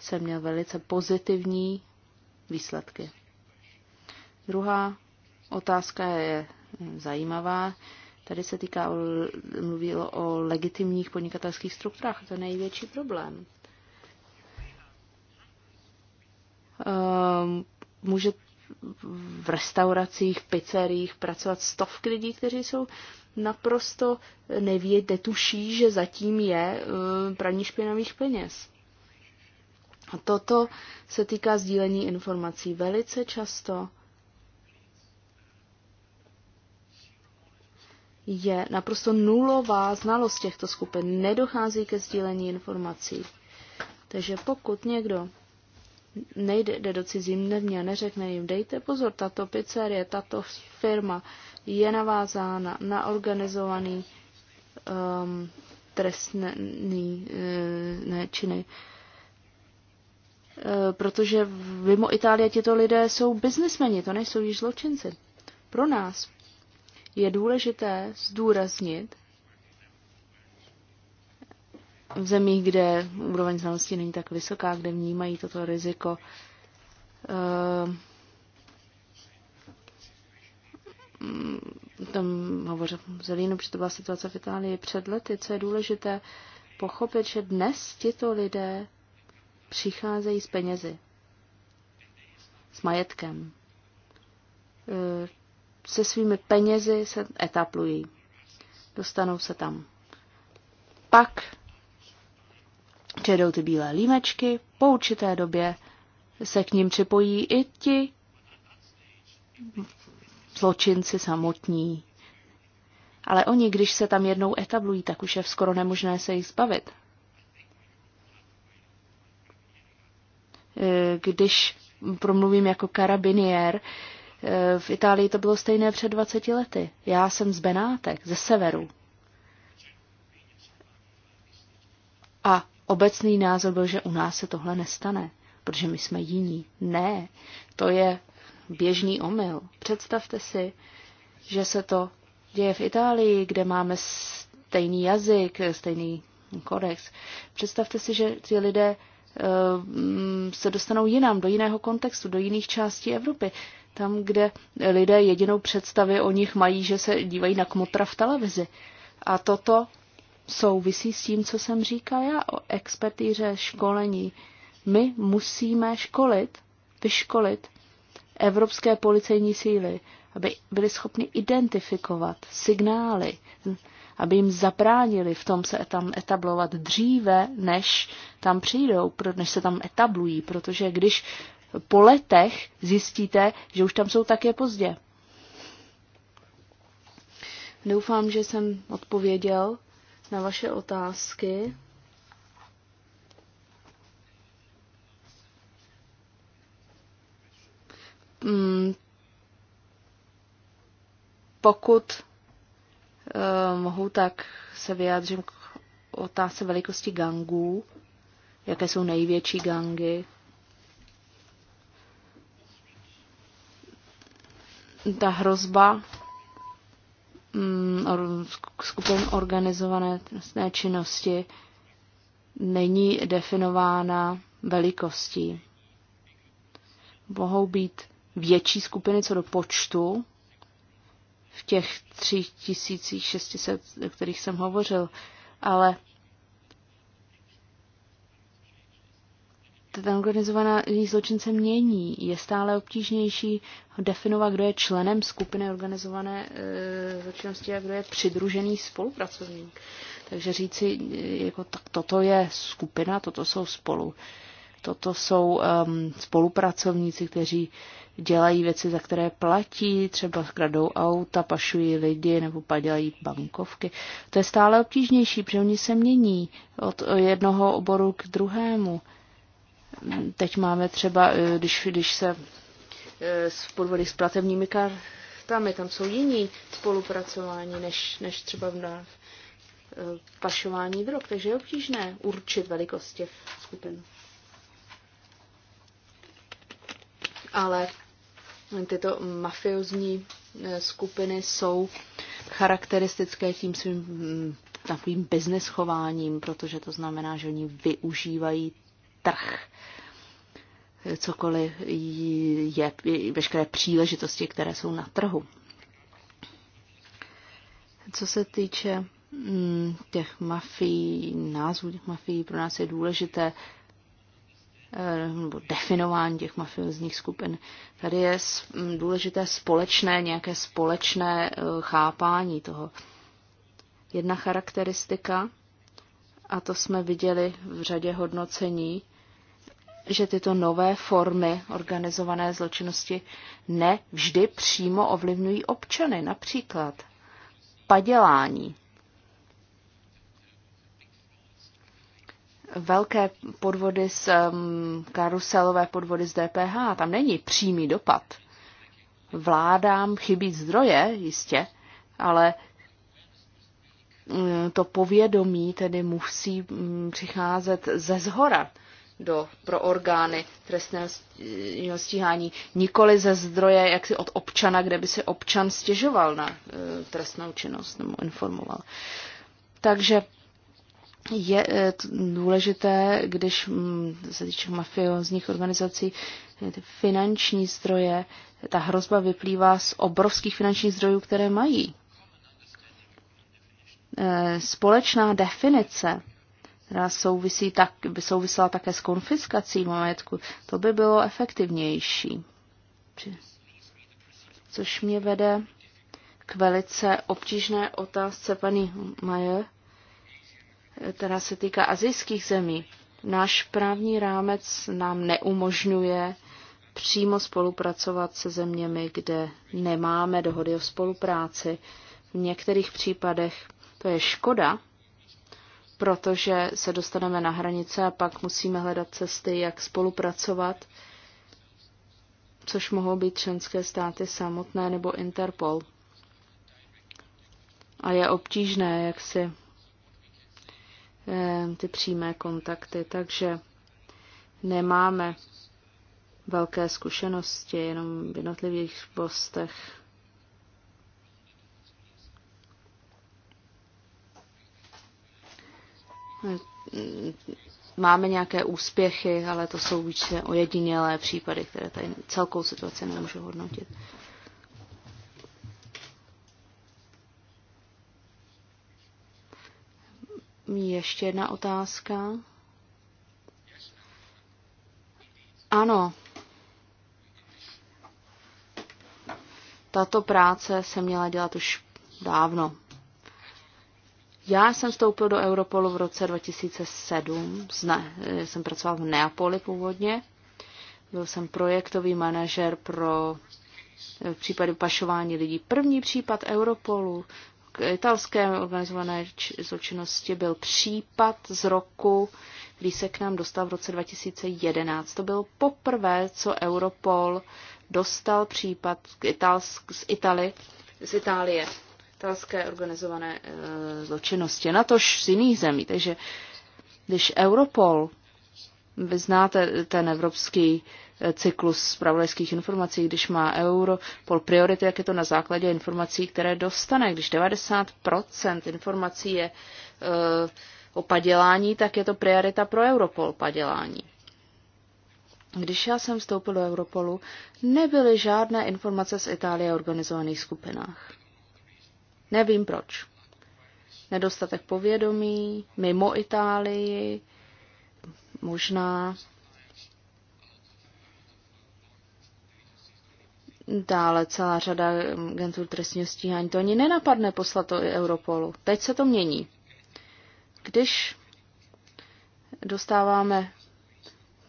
jsem měl velice pozitivní výsledky. Druhá otázka je zajímavá. Tady se týká, mluvilo o legitimních podnikatelských strukturách. To je největší problém. Ehm, může v restauracích, v pizzeriích pracovat stovky lidí, kteří jsou naprosto nevědět, netuší, že zatím je ehm, praní špinavých peněz. A toto se týká sdílení informací velice často. Je naprosto nulová znalost těchto skupin, nedochází ke sdílení informací. Takže pokud někdo nejde jde do cizím země a neřekne jim, dejte pozor, tato pizzerie, tato firma je navázána na organizovaný um, trestný uh, činy. Eh, protože mimo Itálie tito lidé jsou biznismeni, to nejsou již zločinci. Pro nás je důležité zdůraznit, v zemích, kde úroveň znalosti není tak vysoká, kde vnímají toto riziko, ehm, tam hovořil Zelínu, protože to byla situace v Itálii před lety, co je důležité pochopit, že dnes tito lidé přicházejí s penězi, s majetkem. Ehm, se svými penězi se etaplují, dostanou se tam. Pak přijedou ty bílé límečky, po určité době se k ním připojí i ti zločinci samotní. Ale oni, když se tam jednou etablují, tak už je skoro nemožné se jich zbavit. Eh, když promluvím jako karabinier eh, v Itálii to bylo stejné před 20 lety. Já jsem z Benátek, ze severu. A obecný názor byl, že u nás se tohle nestane, protože my jsme jiní. Ne, to je běžný omyl. Představte si, že se to děje v Itálii, kde máme stejný jazyk, stejný kodex. Představte si, že ty lidé eh, mm, se dostanou jinam, do jiného kontextu, do jiných částí Evropy. Tam, kde lidé jedinou představy o nich mají, že se dívají na kmotra v televizi. A toto souvisí s tím, co jsem říkal já o expertíře školení. My musíme školit, vyškolit evropské policejní síly, aby byly schopni identifikovat signály, aby jim zabránili v tom se tam etablovat dříve, než tam přijdou, než se tam etablují, protože když po letech zjistíte, že už tam jsou, tak je pozdě. Doufám, že jsem odpověděl na vaše otázky. Hmm. pokud eh, mohu, tak se vyjádřím k otázce velikosti gangů. Jaké jsou největší gangy? Ta hrozba Mm, skupin organizované trestné činnosti není definována velikostí. Mohou být větší skupiny co do počtu v těch 3600, o kterých jsem hovořil, ale ta organizovaná zločin se mění. Je stále obtížnější definovat, kdo je členem skupiny organizované e, zločinnosti a kdo je přidružený spolupracovník. Takže říci, e, jako, tak toto je skupina, toto jsou spolu. Toto jsou um, spolupracovníci, kteří dělají věci, za které platí, třeba kradou auta, pašují lidi nebo padělají bankovky. To je stále obtížnější, protože oni se mění od jednoho oboru k druhému. Teď máme třeba, eh, když, když se eh, s podvody s platebními kartami, tam jsou jiní spolupracování než, než třeba v, v eh, pašování drog, takže je obtížné určit velikost těch skupin. Ale tyto mafiozní skupiny jsou charakteristické tím svým mm, takovým business chováním, protože to znamená, že oni využívají trh. Cokoliv je, veškeré příležitosti, které jsou na trhu. Co se týče mm, těch mafií, názvů těch mafií, pro nás je důležité eh, nebo definování těch mafiozních skupin. Tady je mm, důležité společné, nějaké společné eh, chápání toho. Jedna charakteristika, a to jsme viděli v řadě hodnocení, že tyto nové formy organizované zločinnosti ne vždy přímo ovlivňují občany, například padělání. Velké podvody z um, karuselové podvody z DPH, tam není přímý dopad. Vládám chybí zdroje, jistě, ale eh, to povědomí tedy musí mm, přicházet ze zhora do, pro orgány trestného e, stíhání, nikoli ze zdroje jaksi od občana, kde by se občan stěžoval na e, trestnou činnost nebo informoval. Takže je e, důležité, když m, mm, se týče mafiozních organizací, ty finanční zdroje, ta hrozba vyplývá z obrovských finančních zdrojů, které mají. E, společná definice která souvisí tak, by souvisela také s konfiskací majetku, to by bylo efektivnější. Což mě vede k velice obtížné otázce paní Maje, která se týká azijských zemí. Náš právní rámec nám neumožňuje přímo spolupracovat se zeměmi, kde nemáme dohody o spolupráci. V některých případech to je škoda, protože se dostaneme na hranice a pak musíme hledat cesty, jak spolupracovat, což mohou být členské státy samotné nebo Interpol. A je obtížné, jak si eh, ty přímé kontakty, takže nemáme velké zkušenosti jenom v jednotlivých postech. Máme nějaké úspěchy, ale to jsou více ojedinělé případy, které tady celkou situaci nemůžu hodnotit. Ještě jedna otázka. Ano. Tato práce se měla dělat už dávno, já jsem vstoupil do Europolu v roce 2007, Ne, eh, jsem pracoval v Neapoli původně, byl jsem projektový manažer pro eh, případy pašování lidí. První případ Europolu k italské organizované zločinnosti byl případ z roku, který se k nám dostal v roce 2011. To byl poprvé, co Europol dostal případ k z, Itali, z Itálie italské organizované e, zločinnosti, natož z jiných zemí. Takže když Europol, vy znáte ten evropský eh, cyklus zpravodajských informací, když má Europol priority, jak je to na základě informací, které dostane. Když 90% informací je e, o padělání, tak je to priorita pro Europol padělání. Když já jsem vstoupil do Europolu, nebyly žádné informace z Itálie o organizovaných skupinách. Nevím proč. Nedostatek povědomí, mimo Itálii, možná Dále celá řada agentur trestního stíhání. To ani nenapadne poslat to i Europolu. Teď se to mění. Když dostáváme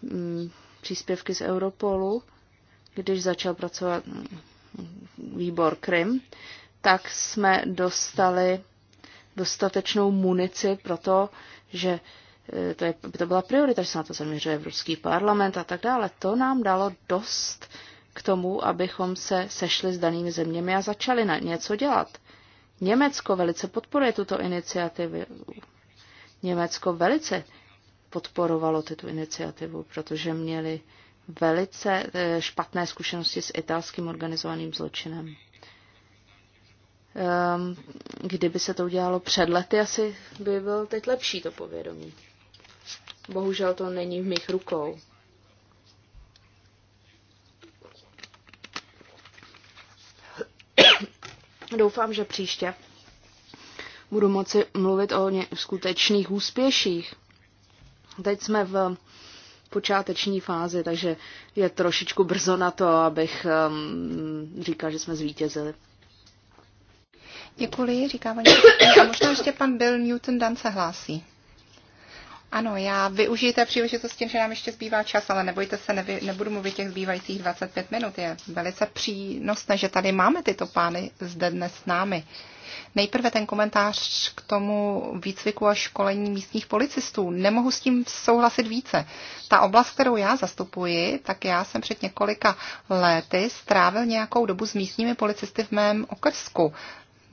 mm, příspěvky z Europolu, když začal pracovat mm, výbor Krim, tak jsme dostali dostatečnou munici pro to, že e, to je, to byla priorita, že se na to zaměřuje Evropský parlament a tak dále. To nám dalo dost k tomu, abychom se sešli s danými zeměmi a začali na něco dělat. Německo velice podporuje tuto iniciativu. Německo velice podporovalo tuto iniciativu, protože měli velice e, špatné zkušenosti s italským organizovaným zločinem. Um, kdyby se to udělalo před lety, asi by byl teď lepší to povědomí. Bohužel to není v mých rukou. Doufám, že příště budu moci mluvit o skutečných úspěších. Teď jsme v počáteční fázi, takže je trošičku brzo na to, abych um, říkal, že jsme zvítězili. Děkuji, říká paní A možná ještě pan Bill Newton Dan se hlásí. Ano, já využiju té příležitosti, že nám ještě zbývá čas, ale nebojte se, nevy, nebudu mluvit těch zbývajících 25 minut. Je velice přínosné, že tady máme tyto pány zde dnes s námi. Nejprve ten komentář k tomu výcviku a školení místních policistů. Nemohu s tím souhlasit více. Ta oblast, kterou já zastupuji, tak já jsem před několika lety strávil nějakou dobu s místními policisty v mém okrsku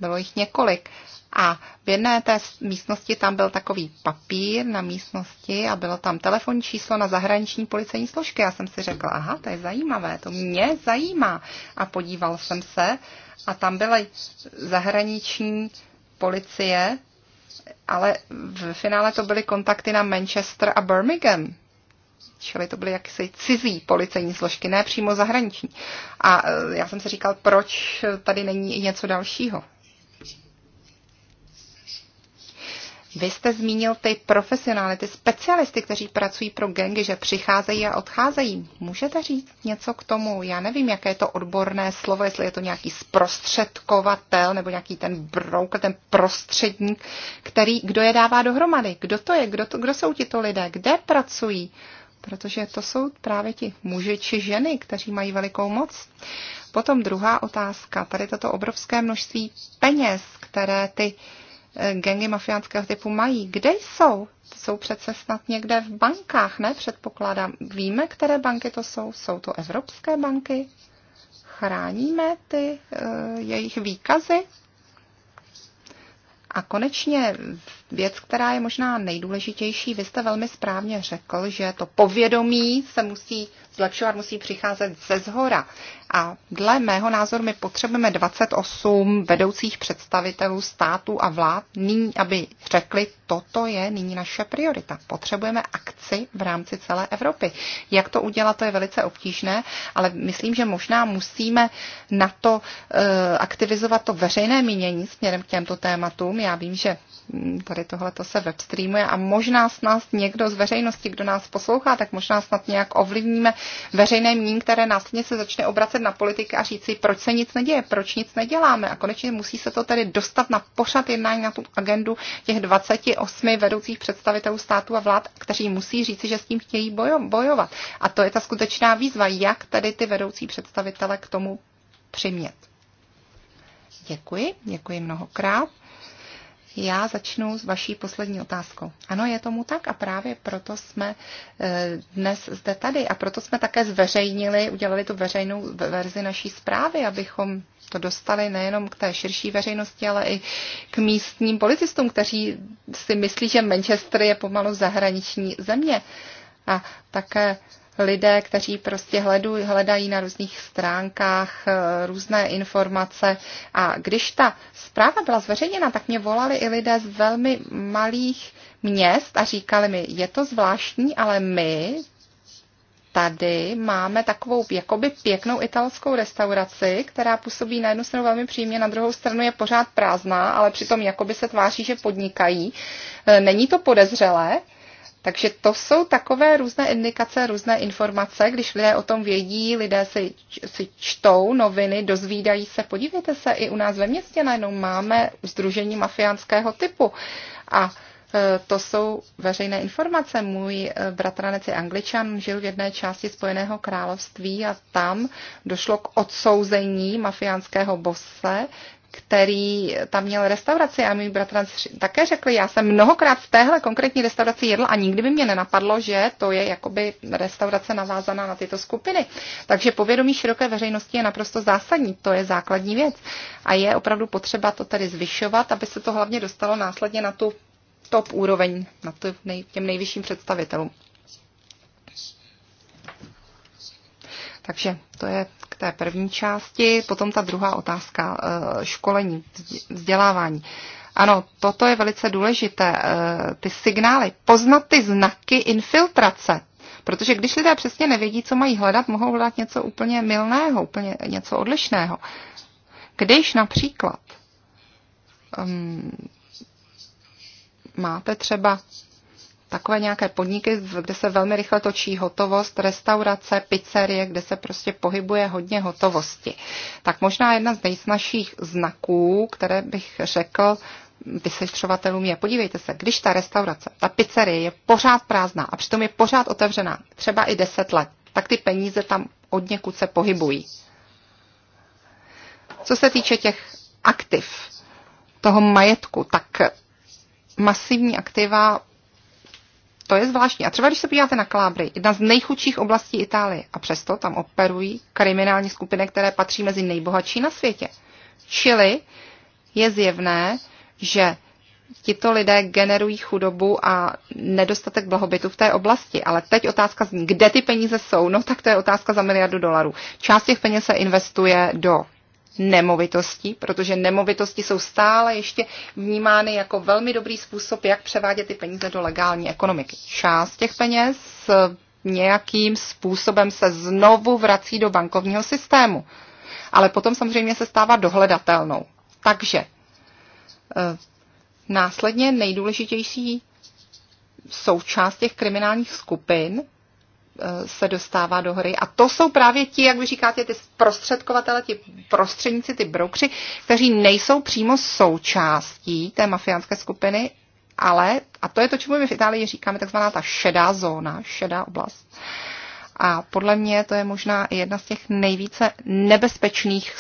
bylo jich několik. A v jedné té místnosti tam byl takový papír na místnosti a bylo tam telefonní číslo na zahraniční policejní složky. Já jsem si řekla, aha, to je zajímavé, to mě zajímá. A podíval jsem se a tam byla zahraniční policie, ale v finále to byly kontakty na Manchester a Birmingham. Čili to byly jaksi cizí policejní složky, ne přímo zahraniční. A e, já jsem si říkal, proč tady není něco dalšího. Vy jste zmínil ty profesionály, ty specialisty, kteří pracují pro gengy, že přicházejí a odcházejí. Můžete říct něco k tomu? Já nevím, jaké je to odborné slovo, jestli je to nějaký zprostředkovatel nebo nějaký ten broker, ten prostředník, který, kdo je dává dohromady. Kdo to je? Kdo, to, kdo jsou to lidé? Kde pracují? Protože to jsou právě ti muži či ženy, kteří mají velikou moc. Potom druhá otázka. Tady toto obrovské množství peněz, které ty uh, gengy mafiánského typu mají. Kde jsou? Jsou přece snad někde v bankách, ne? Předpokládám. Víme, které banky to jsou? Jsou to evropské banky? Chráníme ty e, jejich výkazy? A konečně věc, která je možná nejdůležitější, vy jste velmi správně řekl, že to povědomí se musí zlepšovat, musí přicházet ze zhora. A dle mého názoru my potřebujeme 28 vedoucích představitelů států a vlád nyní, aby řekli, toto je nyní naše priorita. Potřebujeme akci v rámci celé Evropy. Jak to udělat, to je velice obtížné, ale myslím, že možná musíme na to e, aktivizovat to veřejné mínění směrem k těmto tématům. Já vím, že tady tohle to se webstreamuje a možná s nás někdo z veřejnosti, kdo nás poslouchá, tak možná snad nějak ovlivníme veřejné mín, které následně se začne obracet na politiky a říci, proč se nic neděje, proč nic neděláme. A konečně musí se to tedy dostat na pořad jednání, na tu agendu těch 28 vedoucích představitelů státu a vlád, kteří musí říci, že s tím chtějí bojovat. A to je ta skutečná výzva, jak tedy ty vedoucí představitele k tomu přimět. Děkuji, děkuji mnohokrát. Já začnu s vaší poslední otázkou. Ano, je tomu tak a právě proto jsme eh, dnes zde tady a proto jsme také zveřejnili, udělali tu veřejnou verzi naší zprávy, abychom to dostali nejenom k té širší veřejnosti, ale i k místním policistům, kteří si myslí, že Manchester je pomalu zahraniční země. A také lidé, kteří prostě hledují, hledají na různých stránkách eh, různé informace. A když ta zpráva byla zveřejněna, tak mě volali i lidé z velmi malých měst a říkali mi, je to zvláštní, ale my tady máme takovou jakoby pěknou italskou restauraci, která působí na jednu stranu velmi příjemně, na druhou stranu je pořád prázdná, ale přitom jakoby se tváří, že podnikají. Eh, není to podezřelé, takže to jsou takové různé indikace, různé informace, když lidé o tom vědí, lidé si, si čtou noviny, dozvídají se. Podívejte se, i u nás ve městě najednou máme združení mafiánského typu. A e, to jsou veřejné informace. Můj e, bratranec je angličan, žil v jedné části Spojeného království a tam došlo k odsouzení mafiánského bose, který tam měl restauraci a můj bratranci také řekli, já jsem mnohokrát v téhle konkrétní restauraci jedl a nikdy by mě nenapadlo, že to je jakoby restaurace navázaná na tyto skupiny. Takže povědomí široké veřejnosti je naprosto zásadní, to je základní věc. A je opravdu potřeba to tedy zvyšovat, aby se to hlavně dostalo následně na tu top úroveň, na tu nej, těm nejvyšším představitelům. Takže to je k té první části. Potom ta druhá otázka, eh, školení, vzdělávání. Ano, toto je velice důležité, eh, ty signály, poznat ty znaky infiltrace. Protože když lidé přesně nevědí, co mají hledat, mohou hledat něco úplně milného, úplně něco odlišného. Když například um, máte třeba takové nějaké podniky, kde se velmi rychle točí hotovost, restaurace, pizzerie, kde se prostě pohybuje hodně hotovosti. Tak možná jedna z nejsnažších znaků, které bych řekl vyšetřovatelům je, podívejte se, když ta restaurace, ta pizzerie je pořád prázdná a přitom je pořád otevřená, třeba i deset let, tak ty peníze tam od někud se pohybují. Co se týče těch aktiv, toho majetku, tak masivní aktiva to je zvláštní. A třeba když se podíváte na Klábry, jedna z nejchudších oblastí Itálie, a přesto tam operují kriminální skupiny, které patří mezi nejbohatší na světě. Čili je zjevné, že tito lidé generují chudobu a nedostatek blahobytu v té oblasti. Ale teď otázka zní, kde ty peníze jsou? No tak to je otázka za miliardu dolarů. Část těch peněz se investuje do Nemovitosti, protože nemovitosti jsou stále ještě vnímány jako velmi dobrý způsob, jak převádět ty peníze do legální ekonomiky. Část těch peněz nějakým způsobem se znovu vrací do bankovního systému, ale potom samozřejmě se stává dohledatelnou. Takže eh, následně nejdůležitější součást těch kriminálních skupin se dostává do hry. A to jsou právě ti, jak vy říkáte, ty prostředkovatele, ti prostředníci, ty brokři, kteří nejsou přímo součástí té mafiánské skupiny, ale, a to je to, čemu my v Itálii říkáme, takzvaná ta šedá zóna, šedá oblast. A podle mě to je možná jedna z těch nejvíce nebezpečných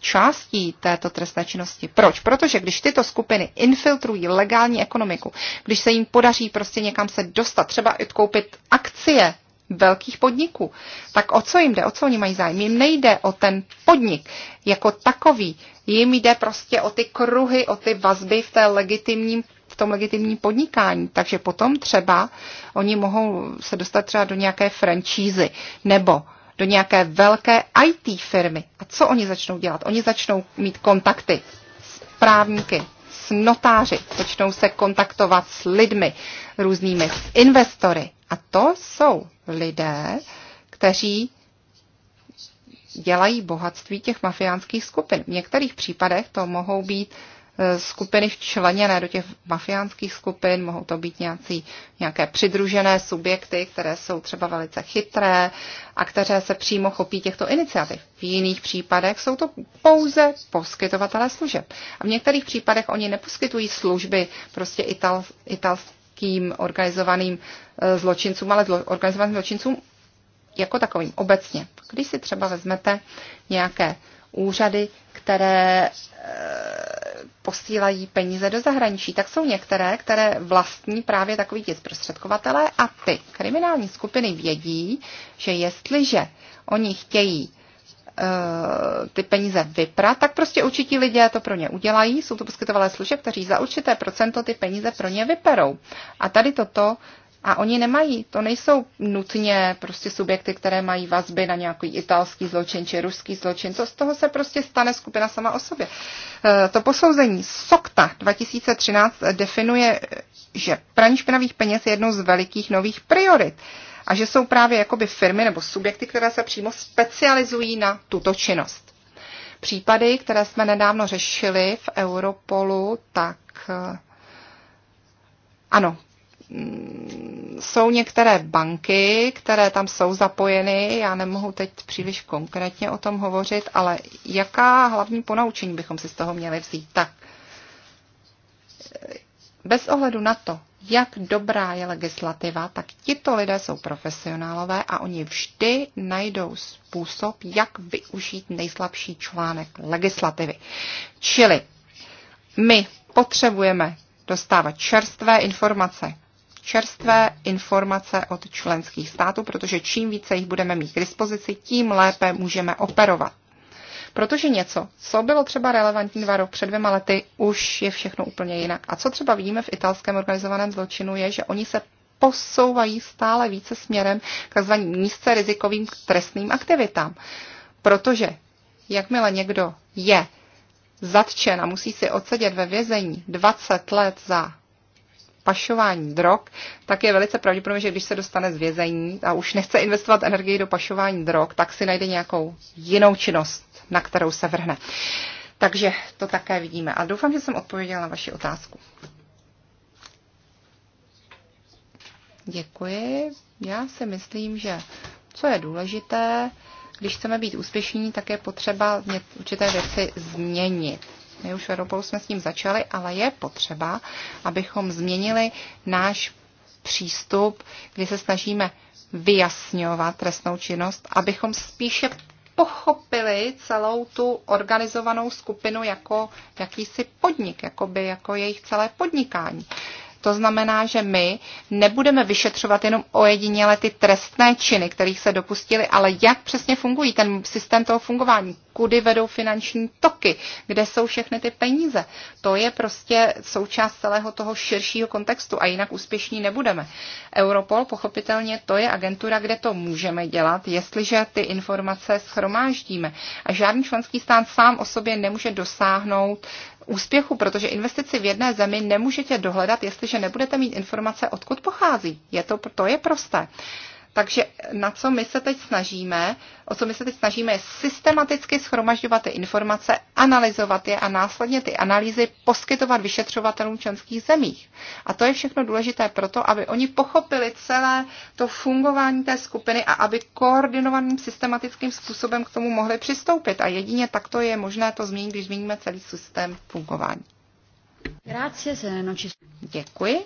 částí této trestné činnosti. Proč? Protože když tyto skupiny infiltrují legální ekonomiku, když se jim podaří prostě někam se dostat, třeba i koupit akcie velkých podniků. Tak o co jim jde, o co oni mají zájem? Jim nejde o ten podnik jako takový, jim jde prostě o ty kruhy, o ty vazby v, té legitimním, v tom legitimním podnikání. Takže potom třeba oni mohou se dostat třeba do nějaké franšízy nebo do nějaké velké IT firmy. A co oni začnou dělat? Oni začnou mít kontakty s právníky, s notáři, začnou se kontaktovat s lidmi, různými s investory. A to jsou lidé, kteří dělají bohatství těch mafiánských skupin. V některých případech to mohou být e, skupiny včleněné do těch mafiánských skupin, mohou to být nějaký, nějaké přidružené subjekty, které jsou třeba velice chytré a které se přímo chopí těchto iniciativ. V jiných případech jsou to pouze poskytovatelé služeb. A v některých případech oni neposkytují služby prostě ital, ital, nějakým organizovaným eh, zločincům, ale zlo, organizovaným zločincům jako takovým obecně. Když si třeba vezmete nějaké úřady, které eh, posílají peníze do zahraničí, tak jsou některé, které vlastní právě takový ti zprostředkovatelé a ty kriminální skupiny vědí, že jestliže oni chtějí Eh, ty peníze vyprat, tak prostě určití lidé to pro ně udělají, jsou to poskytovalé služeb, kteří za určité procento ty peníze pro ně vyperou. A tady toto a oni nemají, to nejsou nutně prostě subjekty, které mají vazby na nějaký italský zločin či ruský zločin. Co z toho se prostě stane skupina sama o sobě? Eh, to posouzení SOKTA 2013 definuje, že praní špinavých peněz je jednou z velikých nových priorit a že jsou právě jakoby firmy nebo subjekty, které se přímo specializují na tuto činnost. Případy, které jsme nedávno řešili v Europolu, tak eh, ano, mm, jsou některé banky, které tam jsou zapojeny, já nemohu teď příliš konkrétně o tom hovořit, ale jaká hlavní ponaučení bychom si z toho měli vzít? Tak, eh, bez ohledu na to, jak dobrá je legislativa, tak tito lidé jsou profesionálové a oni vždy najdou způsob, jak využít nejslabší článek legislativy. Čili my potřebujeme dostávat čerstvé informace, čerstvé informace od členských států, protože čím více jich budeme mít k dispozici, tím lépe můžeme operovat. Protože něco, co bylo třeba relevantní dva rok před dvěma lety, už je všechno úplně jinak. A co třeba vidíme v italském organizovaném zločinu, je, že oni se posouvají stále více směrem k takzvaným nízce rizikovým trestným aktivitám. Protože jakmile někdo je zatčen a musí si odsedět ve vězení 20 let za pašování drog, tak je velice pravděpodobné, že když se dostane z vězení a už nechce investovat energii do pašování drog, tak si najde nějakou jinou činnost na kterou se vrhne. Takže to také vidíme. A doufám, že jsem odpověděla na vaši otázku. Děkuji. Já si myslím, že co je důležité, když chceme být úspěšní, tak je potřeba určité věci změnit. My už v Europolu jsme s tím začali, ale je potřeba, abychom změnili náš přístup, kdy se snažíme vyjasňovat trestnou činnost, abychom spíše pochopili celou tu organizovanou skupinu jako jakýsi podnik, jako by jako jejich celé podnikání. To znamená, že my nebudeme vyšetřovat jenom ojediněle ty trestné činy, kterých se dopustili, ale jak přesně fungují ten systém toho fungování, kudy vedou finanční toky, kde jsou všechny ty peníze. To je prostě součást celého toho širšího kontextu a jinak úspěšní nebudeme. Europol pochopitelně to je agentura, kde to můžeme dělat, jestliže ty informace schromáždíme. A žádný členský stát sám o sobě nemůže dosáhnout úspěchu, protože investici v jedné zemi nemůžete dohledat, jestliže nebudete mít informace, odkud pochází. Je to, to je prosté. Takže na co my se teď snažíme, o co my se teď snažíme, je systematicky schromažďovat ty informace, analyzovat je a následně ty analýzy poskytovat vyšetřovatelům členských zemích. A to je všechno důležité proto, aby oni pochopili celé to fungování té skupiny a aby koordinovaným systematickým způsobem k tomu mohli přistoupit. A jedině takto je možné to změnit, když změníme celý systém fungování. Děkuji.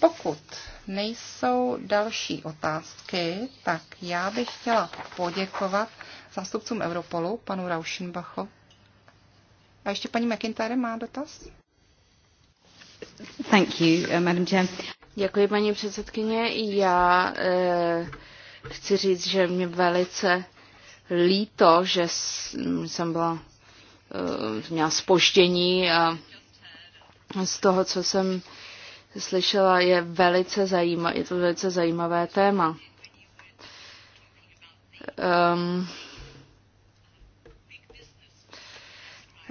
Pokud nejsou další otázky, tak já bych chtěla poděkovat zástupcům Europolu, panu Rauschenbachu. A ještě paní McIntyre má dotaz? Thank you, uh, Madam Chair. Děkuji, paní předsedkyně. Já eh, chci říct, že mě velice líto, že jsem byla, eh, měla spoždění a eh, z toho, co jsem eh, slyšela, je velice zajímavé, je to velice zajímavé téma. Um,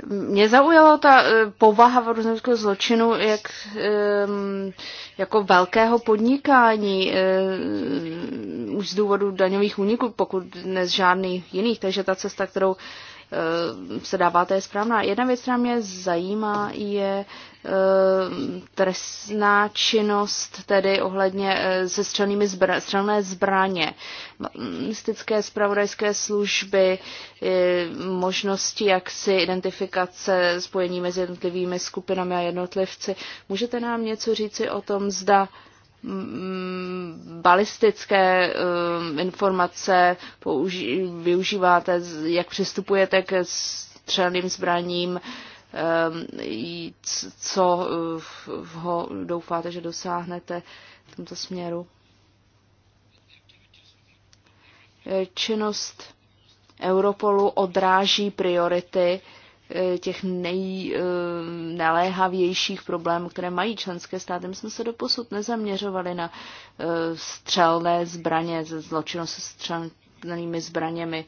Mě zaujala ta e, povaha vrůznemského zločinu jak, ehm, jako velkého podnikání e, už z důvodu daňových úniků, pokud dnes žádných jiných. Takže ta cesta, kterou Eh, se dává, to je správná. Jedna věc, která mě zajímá, je eh, trestná činnost, tedy ohledně eh, se střelnými zbra- střelné zbraně, mystické hm, spravodajské služby, možnosti jaksi identifikace, spojení mezi jednotlivými skupinami a jednotlivci. Můžete nám něco říci o tom, zda Mm, balistické mm, informace použi- využíváte, jak přistupujete k střelným zbraním, mm, co ho doufáte, že dosáhnete v tomto směru. E, činnost Europolu odráží priority E, těch nejnaléhavějších e, problémů, které mají členské státy. My jsme se doposud nezaměřovali na e, střelné zbraně, zločinu se střelnými zbraněmi.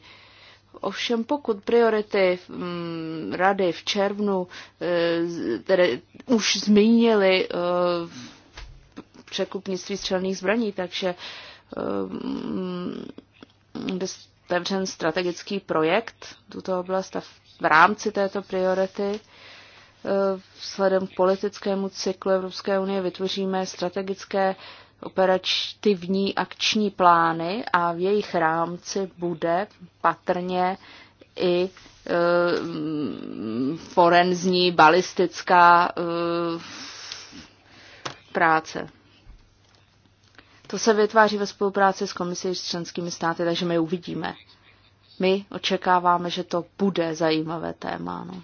Ovšem pokud priority mm, rady v červnu tedy už zmínili překupnictví střelných zbraní, takže mm, otevřen strategický projekt tuto oblast a v v rámci této priority e, vzhledem k politickému cyklu Evropské unie vytvoříme strategické operativní akční plány a v jejich rámci bude patrně i e, forenzní balistická e, práce. To se vytváří ve spolupráci s komisí s členskými státy, takže my uvidíme my očekáváme, že to bude zajímavé téma. No.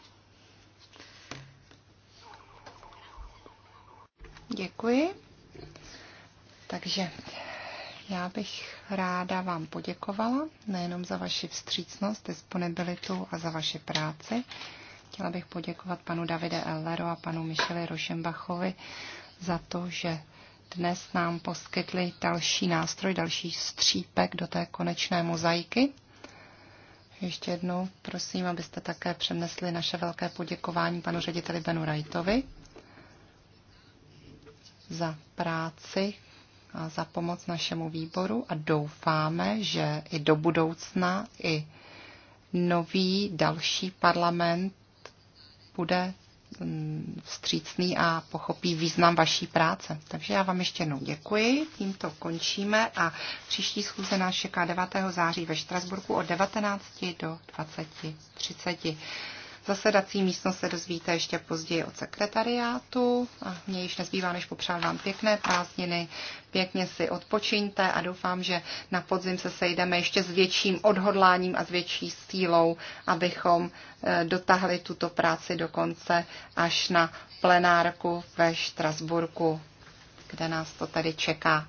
Děkuji. Takže já bych ráda vám poděkovala nejenom za vaši vstřícnost, disponibilitu a za vaši práci. Chtěla bych poděkovat panu Davide Ellero a panu Micheli Rošembachovi za to, že dnes nám poskytli další nástroj, další střípek do té konečné mozaiky. Ještě jednou prosím, abyste také přenesli naše velké poděkování panu řediteli Benu Rajtovi za práci a za pomoc našemu výboru a doufáme, že i do budoucna i nový další parlament bude Mm, vstřícný a pochopí význam vaší práce. Takže já vám ještě jednou děkuji, tímto končíme a příští schůze nás čeká 9. září ve Štrasburku od 19 do 20.30. Zasedací místnost se dozvíte ještě později od sekretariátu a mě již nezbývá, než popřát vám pěkné prázdniny, pěkně si odpočiňte a doufám, že na podzim se sejdeme ještě s větším odhodláním a s větší sílou, abychom eh, dotahli tuto práci do konce až na plenárku ve Štrasburku, kde nás to tady čeká.